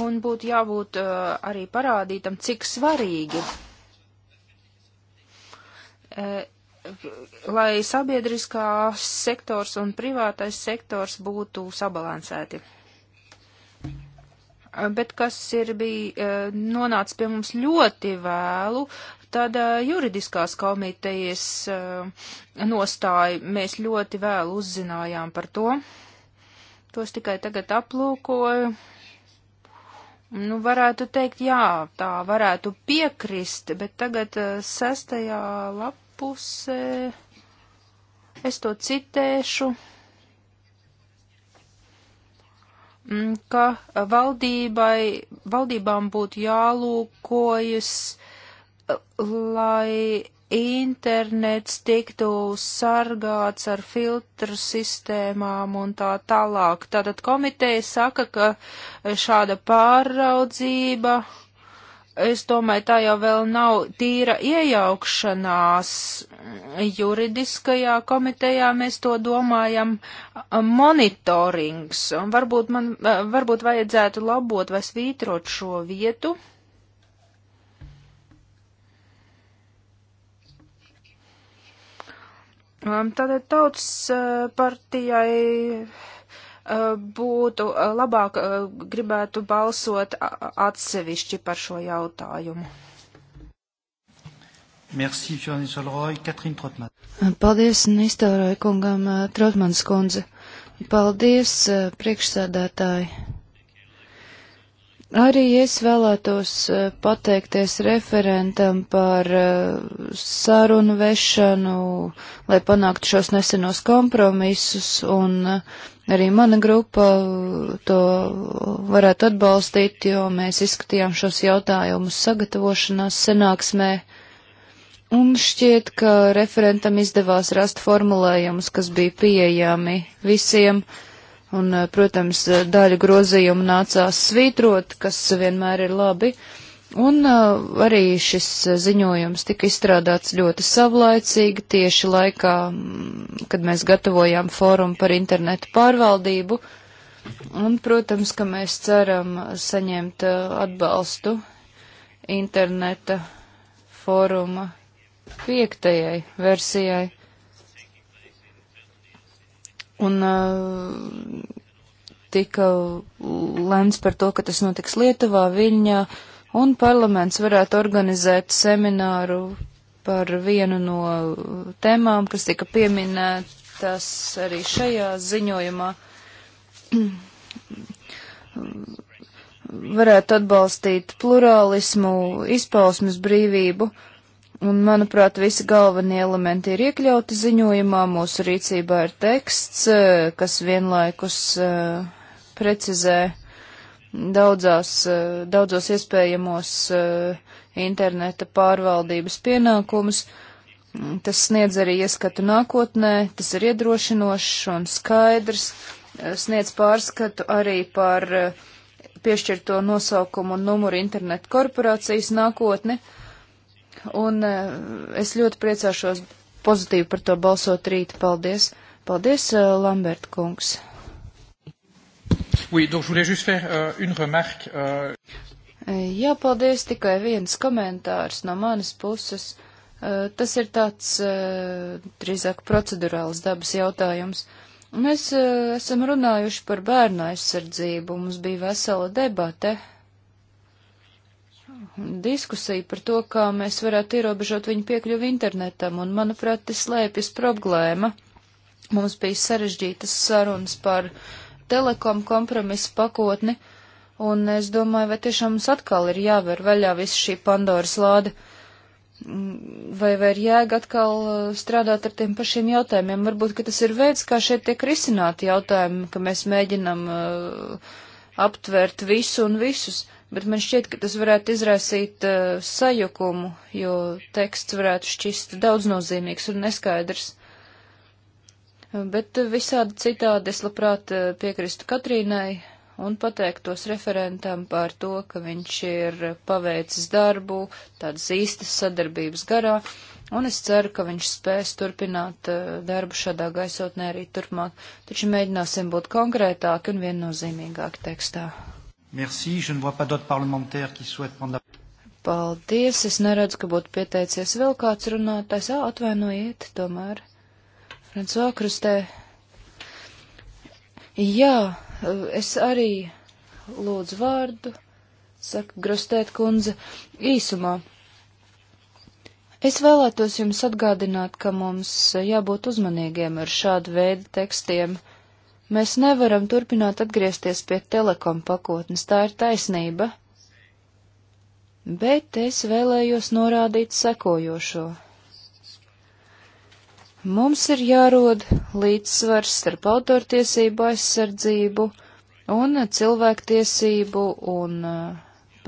Speaker 1: Un būtu jābūt uh, arī parādītam, cik svarīgi Eh, lai sabiedriskās sektors un privātais sektors būtu sabalansēti. Eh, bet kas ir bija eh, nonācis pie mums ļoti vēlu, tad juridiskās komitejas nostāja mēs ļoti vēlu uzzinājām par to. Tos tikai tagad aplūkoju. Nu, varētu teikt, jā, tā varētu piekrist, bet tagad sestajā lapā pusē. Es to citēšu, mm, ka valdībai, valdībām būtu jālūkojas, lai internets tiktu sargāts ar filtru sistēmām un tā tālāk. Tātad komiteja saka, ka šāda pāraudzība es domāju, tā jau vēl nav tīra iejaukšanās juridiskajā komitejā, mēs to domājam, monitorings. Un varbūt man, varbūt vajadzētu labot vai svītrot šo vietu. Tātad tautas partijai Eh, būtu eh, labāk eh, gribētu balsot atsevišķi par šo jautājumu. Merci, Solroy, Paldies, Nistoroja kungam, Trotmans kundze. Paldies, priekšsēdētāji. Arī es vēlētos pateikties referentam par sarunu vešanu, lai panāktu šos nesenos kompromisus, un arī mana grupa to varētu atbalstīt, jo mēs izskatījām šos jautājumus sagatavošanās senāksmē. Un šķiet, ka referentam izdevās rast formulējumus, kas bija pieejami visiem, un, protams, daļu grozījumu nācās svītrot, kas vienmēr ir labi. Uh, Un uh, arī šis uh, ziņojums tika izstrādāts ļoti savlaicīgi, tieši laikā, mm, kad mēs gatavojām fórumu par internetu pārvaldību. Un, protams, ka mēs ceram saņemt uh, atbalstu interneta fóruma piektajai versijai. Un tika lēns par to, ka tas notiks Lietuvā, viņa uh, un parlaments varētu organizēt semināru par vienu no tēmām, kas tika pieminētas arī šajā ziņojumā. varētu atbalstīt plurālismu, izpausmes brīvību, un, manuprāt, visi galvenie elementi ir iekļauti ziņojumā. Mūsu rīcībā ir teksts, kas vienlaikus eh, precizē daudzās, eh, daudzos iespējamos eh, interneta pārvaldības pienākumus. Tas sniedz arī ieskatu nākotnē, tas ir iedrošinošs un skaidrs, eh, sniedz pārskatu arī par piešķirto nosaukumu un numuru internetu korporācijas nākotni. Un es ļoti priecāšos pozitīvi par to balsot rīt. Paldies! Paldies, Lambert kungs! Oui, donc je voulais juste faire euh, une remarque. Euh... Eh, jā, paldies, tikai viens komentārs no manas puses. Uh, tas ir tāds uh, drīzāk procedurāls dabas jautājums. Mēs uh, esam runājuši par bērnu aizsardzību, mums bija vesela debate, diskusija par to, kā mēs varētu ierobežot viņu piekļuvi internetam, un, manuprāt, tas slēpjas problēma. Mums bija sarežģītas sarunas par uh, telekom kompromisu pakotni, un es domāju, vai tiešām mums atkal ir jāver vaļā viss šī Pandoras lāde, mm, vai, vai ir jēga atkal uh, strādāt ar tiem pašiem jautājumiem. Varbūt, ka tas ir veids, kā šeit tiek risināti jautājumi, ka mēs mēģinam uh, aptvērt visu un visus bet man šķiet, ka tas varētu izraisīt uh, sajukumu, jo teksts varētu šķist daudz nozīmīgs un neskaidrs. Bet visādi citādi es labprāt eh, piekrīstu Katrīnai un pateiktos referentam par to, ka viņš ir paveicis darbu tādas īstas sadarbības garā, un es ceru, ka viņš spēs turpināt eh, darbu šādā gaisotnē arī turpmāk, taču mēģināsim būt konkrētāki un viennozīmīgāki tekstā. Merci, je ne vois pas d'autres parlementaires qui souhaitent prendre la... Paldies, es neredzu, ka būtu pieteicies vēl kāds runātājs. Ā, atvainojiet, tomēr. Franco Krustē. Jā, es arī lūdzu vārdu, saka Grostēt kundze, īsumā. Es vēlētos jums atgādināt, ka mums jābūt uzmanīgiem ar šādu veidu tekstiem. Mēs nevaram turpināt atgriezties pie telekom pakotnes, tā ir taisnība. Bet es vēlējos norādīt sekojošo. Mums ir jārod līdzsvars starp autortiesību aizsardzību un cilvēktiesību un uh,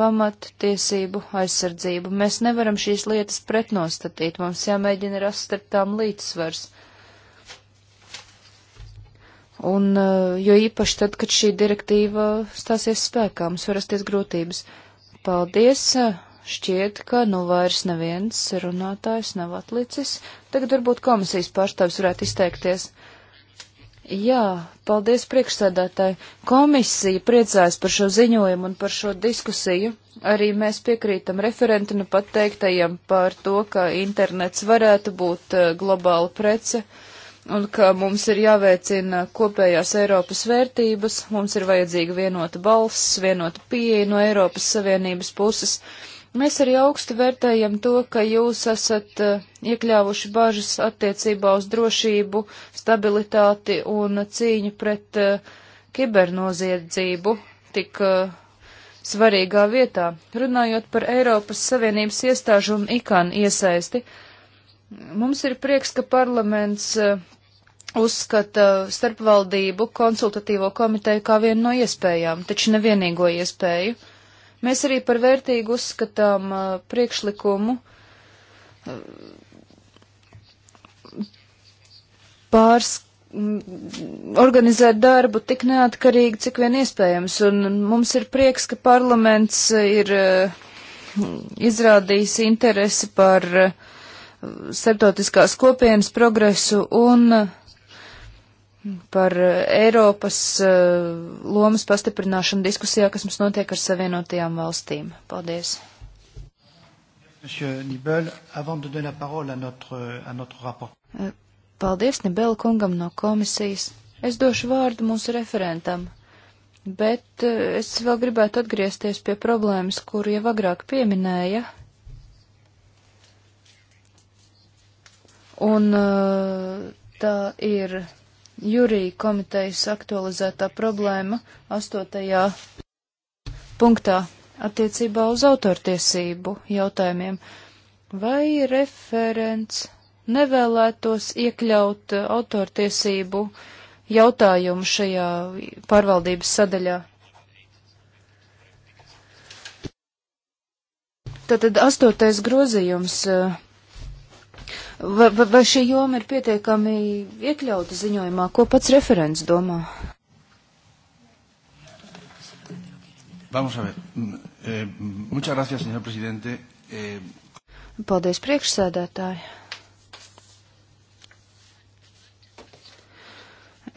Speaker 1: pamattiesību aizsardzību. Mēs nevaram šīs lietas pretnostatīt, mums jāmēģina rast starp tām līdzsvars. Un, uh, jo īpaši tad, kad šī direktīva stāsies spēkā, mums var rasties grūtības. Paldies! Uh, Šķiet, ka nu vairs neviens runātājs nav atlicis. Tagad varbūt komisijas pārstāvs varētu izteikties. Jā, paldies priekšsēdētāji. Komisija priecājas par šo ziņojumu un par šo diskusiju. Arī mēs piekrītam referentinu pateiktajam par to, ka internets varētu būt eh, globāla prece un ka mums ir jāveicina kopējās Eiropas vērtības, mums ir vajadzīga vienota balss, vienota pieeja no Eiropas Savienības puses. Uh, Mēs arī augstu vērtējam to, ka jūs esat eh, iekļāvuši bažas attiecībā uz drošību, stabilitāti un cīņu pret eh, kibernoziedzību tik eh, svarīgā vietā. Runājot par Eiropas Savienības iestāžu un ikānu iesaisti, mums ir prieks, ka parlaments uzskata starpvaldību konsultatīvo komiteju kā vienu no iespējām, taču nevienīgo iespēju. Mēs arī par vērtīgu uzskatām uh, priekšlikumu uh, pārs organizēt darbu tik neatkarīgi, cik vien iespējams, un mums ir prieks, ka parlaments ir uh, izrādījis interesi par uh, starptautiskās kopienas progresu un uh, par eh, Eiropas eh, lomas pastiprināšanu diskusijā, kas mums notiek ar Savienotajām valstīm. Paldies! Nibel, à notre, à notre eh, Paldies Nibel kungam no komisijas. Es došu vārdu mūsu referentam, bet es vēl gribētu atgriezties pie problēmas, kuru jau agrāk pieminēja. Un tā ir Jurija komitejas aktualizētā problēma 8. punktā attiecībā uz autortiesību jautājumiem. Vai referents nevēlētos iekļaut autortiesību jautājumu šajā pārvaldības sadaļā? Tātad astotais grozījums Vai, vai šī joma ir pietiekami iekļauta ziņojumā? Ko pats referents domā? Vamos a ver. Mm, eh, muchas gracias, señor presidente. Eh... Paldies, priekšsēdētāji.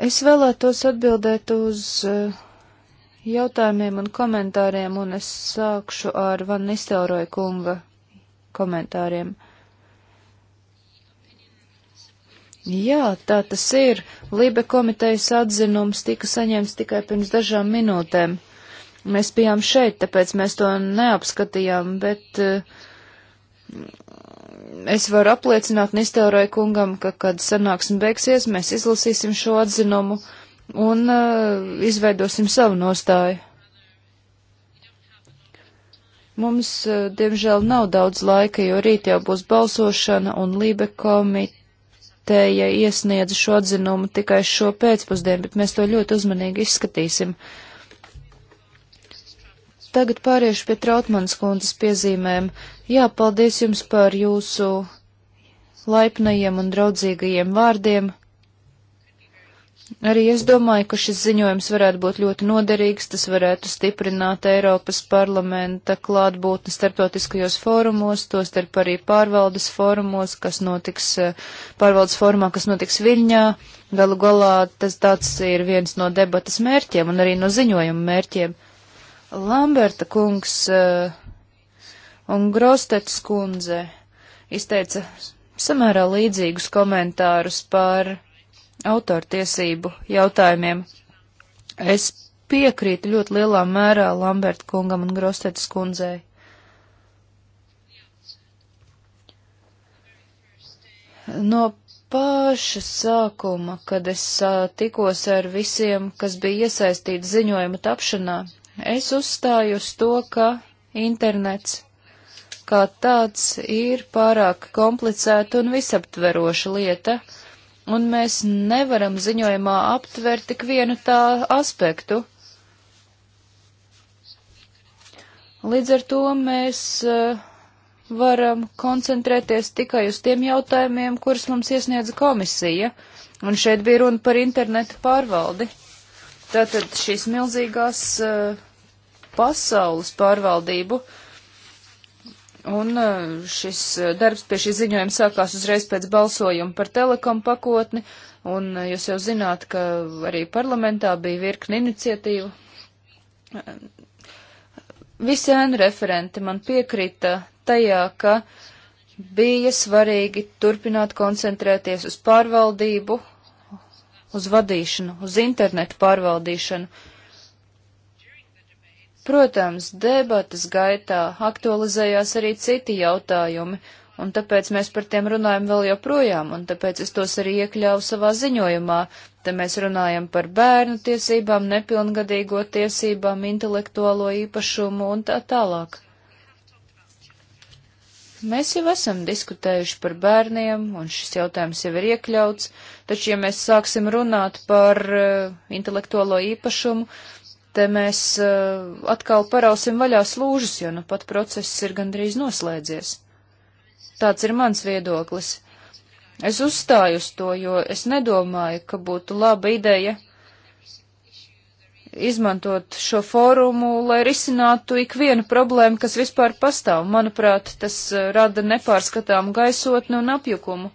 Speaker 1: Es vēlētos atbildēt uz eh, jautājumiem un komentāriem, un es sākšu ar Van Nistelroja kunga komentāriem. Jā, tā tas ir. Lībe komitejas atzinums tika saņemts tikai pirms dažām minūtēm. Mēs bijām šeit, tāpēc mēs to neapskatījām, bet eh, es varu apliecināt Nisteurai kungam, ka, kad sanāksme beigsies, mēs izlasīsim šo atzinumu un eh, izveidosim savu nostāju. Mums, eh, diemžēl, nav daudz laika, jo rīt jau būs balsošana un Lībe komiteja komiteja iesniedza šo atzinumu tikai šo pēcpusdienu, bet mēs to ļoti uzmanīgi izskatīsim. Tagad pāriešu pie Trautmanas kundzes piezīmēm. Jā, paldies jums par jūsu laipnajiem un draudzīgajiem vārdiem. Arī es domāju, ka šis ziņojums varētu būt ļoti noderīgs, tas varētu stiprināt Eiropas parlamenta klātbūtni starptautiskajos fórumos, tostarp arī pārvaldes fórumos, kas notiks, eh, pārvaldes fórumā, kas notiks Viļņā. Galu galā tas tāds ir viens no debatas mērķiem un arī no ziņojuma mērķiem. Lamberta kungs eh, un Grostets kundze izteica samērā līdzīgus komentārus par autortiesību jautājumiem. Es piekrītu ļoti lielā mērā Lamberta kungam un Grostetas kundzei. No paša sākuma, kad es uh, tikos ar visiem, kas bija iesaistīti ziņojuma tapšanā, es uzstāju uz to, ka internets kā tāds ir pārāk komplicēta un visaptveroša lieta, un mēs nevaram ziņojumā aptvert tik vienu tā aspektu. Līdz ar to mēs eh, varam koncentrēties tikai uz tiem jautājumiem, kurus mums iesniedza komisija, un šeit bija runa par internetu pārvaldi. Tātad šīs milzīgās eh, pasaules pārvaldību. Uh, Un uh, šis uh, darbs pie šī ziņojuma sākās uzreiz pēc balsojuma par telekom pakotni, un uh, jūs jau zināt, ka arī parlamentā bija virkni iniciatīvu. Visi ēnu referenti man piekrita tajā, ka bija svarīgi turpināt koncentrēties uz pārvaldību, uz vadīšanu, uz internetu pārvaldīšanu. Protams, debatas gaitā aktualizējās arī citi jautājumi, un tāpēc mēs par tiem runājam vēl joprojām, un tāpēc es tos arī iekļāvu savā ziņojumā. Te mēs runājam par bērnu tiesībām, nepilngadīgo tiesībām, intelektuālo īpašumu un tā tālāk. Mēs jau esam diskutējuši par bērniem, un šis jautājums jau ir iekļauts, taču, ja mēs sāksim runāt par uh, intelektuālo īpašumu, uh, te mēs uh, atkal parausim vaļā slūžas, jo nu pat process ir gandrīz noslēdzies. Tāds ir mans viedoklis. Es uzstāju uz to, jo es nedomāju, ka būtu laba ideja izmantot šo fórumu, lai risinātu ikvienu problēmu, kas vispār pastāv. Manuprāt, tas eh, rada nepārskatāmu gaisotni un apjukumu.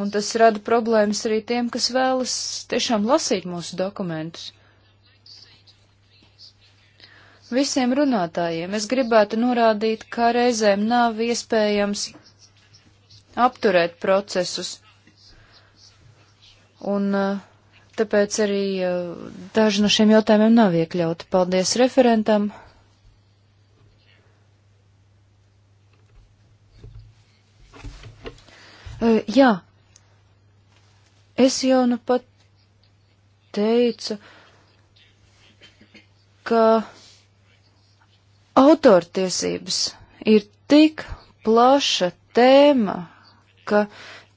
Speaker 1: Un tas rada problēmas arī tiem, kas vēlas tiešām lasīt mūsu dokumentus visiem runātājiem. Es gribētu norādīt, ka reizēm nav iespējams apturēt procesus. Un eh, tāpēc arī eh, daži no šiem jautājumiem nav iekļauti. Paldies referentam. Eh, jā, es jau nu pat teicu, ka Autortiesības ir tik plaša tēma, ka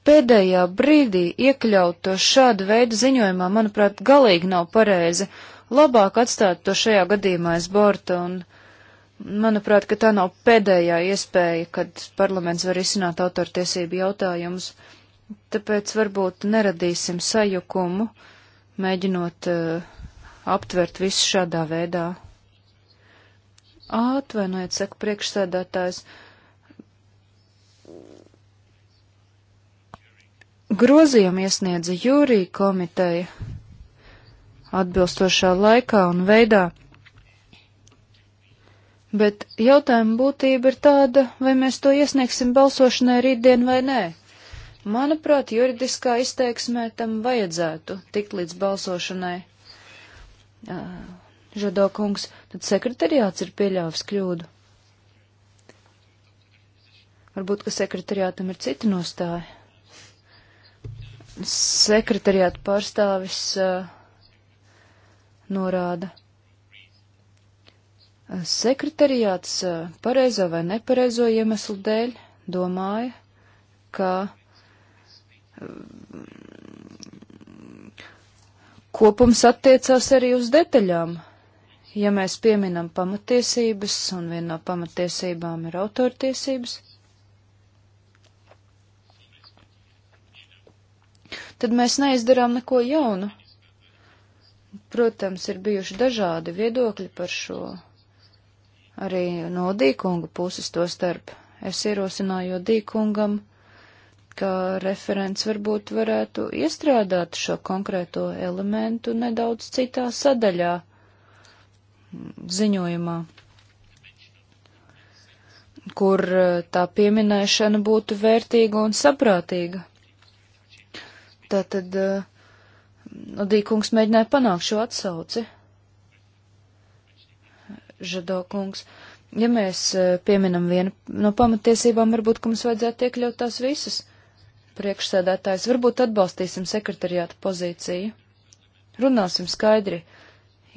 Speaker 1: pēdējā brīdī iekļaut to šādu veidu ziņojumā, manuprāt, galīgi nav pareizi. Labāk atstāt to šajā gadījumā aiz borta, un manuprāt, ka tā nav pēdējā iespēja, kad parlaments var izsināt autortiesību jautājumus. Tāpēc varbūt neradīsim sajukumu, mēģinot uh, aptvert visu šādā veidā. Atvainojiet, saka priekšsēdētājs. Grozījumu iesniedza jūrija komiteja atbilstošā laikā un veidā, bet jautājuma būtība ir tāda, vai mēs to iesniegsim balsošanai rītdien vai nē. Manuprāt, juridiskā izteiksmē tam vajadzētu tikt līdz balsošanai. Uh Žado kungs, tad sekretariāts ir pieļāvis kļūdu. Varbūt, ka sekretariātam ir cita nostāja. Sekretariāta pārstāvis uh, norāda. Uh, sekretariāts uh, pareizo vai nepareizo iemeslu dēļ domāja, ka uh, kopums attiecās arī uz detaļām ja mēs pieminam pamatiesības, un viena no pamatiesībām ir autortiesības, tad mēs neizdarām neko jaunu. Protams, ir bijuši dažādi viedokļi par šo, arī no Dīkunga puses to starp. Es ierosināju Dīkungam, ka referents varbūt varētu iestrādāt šo konkrēto elementu nedaudz citā sadaļā ziņojumā, kur eh, tā pieminēšana būtu vērtīga un saprātīga. Tātad eh, Dīkungs mēģināja panākt šo atsauci. Žadokungs, ja mēs eh, pieminam vienu no pamatiesībām, varbūt, ka mums vajadzētu iekļaut tās visas priekšsēdētājs, varbūt atbalstīsim sekretariāta pozīciju. Runāsim skaidri.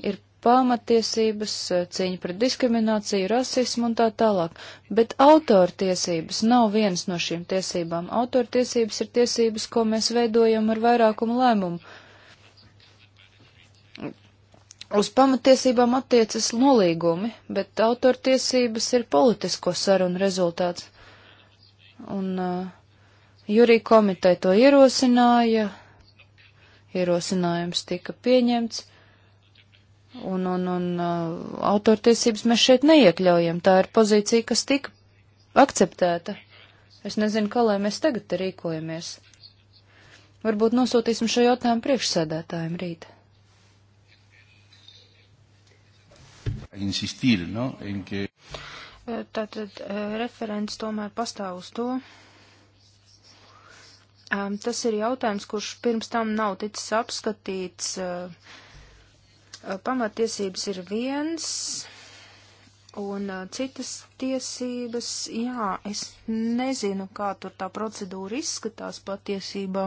Speaker 1: Ir pamatiesības, cīņa pret diskrimināciju, rasismu un tā tālāk. Bet autortiesības nav viens no šīm tiesībām. Autortiesības ir tiesības, ko mēs veidojam ar vairākumu lēmumu. Uz pamatiesībām attiecas nolīgumi, bet autortiesības ir politisko sarunu rezultāts. Un uh, jūrija komiteja to ierosināja, ierosinājums tika pieņemts Un, un, un uh, autortiesības mēs šeit neiekļaujam. Tā ir pozīcija, kas tika akceptēta. Es nezinu, kā lai mēs tagad te rīkojamies. Varbūt nosūtīsim šo jautājumu priekšsēdētājiem rīt. Insistīri, no? Enke... Eh, tātad eh, referents tomēr pastāv uz to. Tas ir jautājums, kurš pirms tam nav ticis apskatīts. Uh, Uh, pamatiesības ir viens, un uh, citas tiesības, jā, es nezinu, kā tur tā procedūra izskatās patiesībā.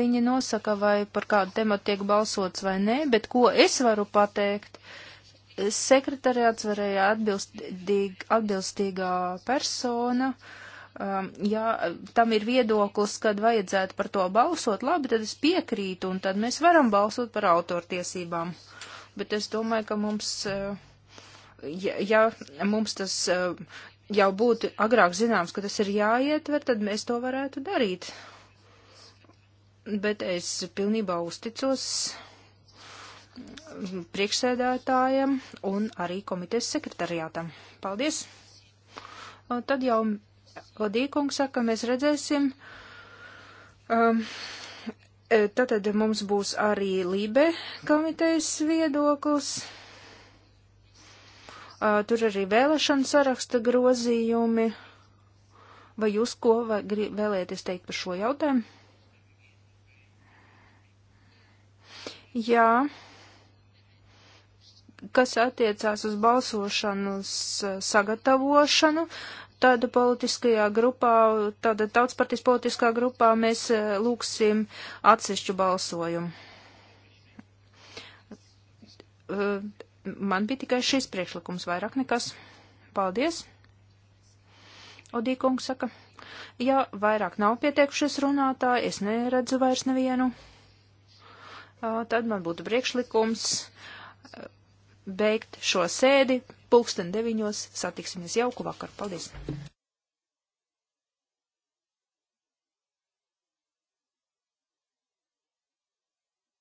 Speaker 1: Viņi nosaka, vai par kādu tematu tiek balsots vai nē, bet ko es varu pateikt? Sekretariāts varēja atbilstīgi, atbilstīgā persona uh, Um, ja tam ir viedoklis, kad vajadzētu par to balsot, labi, tad es piekrītu, un tad mēs varam balsot par autortiesībām. Bet es domāju, ka mums, uh, ja, ja mums tas uh, jau būtu agrāk zināms, ka tas ir jāietver, tad mēs to varētu darīt. Bet es pilnībā uzticos priekšsēdētājiem un arī komitejas sekretariātam. Paldies! Uh, tad jau Odīkungs saka, mēs redzēsim. Um, e, Tātad mums būs arī Lībe komitejas viedoklis. Uh, tur arī vēlēšana saraksta grozījumi. Vai jūs ko vai grib, vēlēties teikt par šo jautājumu? Jā. Kas attiecās uz balsošanas sagatavošanu, tad politiskajā grupā, tāda tautspartijas politiskā grupā mēs eh, lūksim atsevišķu balsojumu. Eh, man bija tikai šis priekšlikums, vairāk nekas. Paldies! Odīkungs saka, ja vairāk nav pieteikušies runātāji, es neredzu vairs nevienu, eh, tad man būtu priekšlikums beigt šo sēdi, pulksten deviņos satiksimies jauku vakaru. Paldies!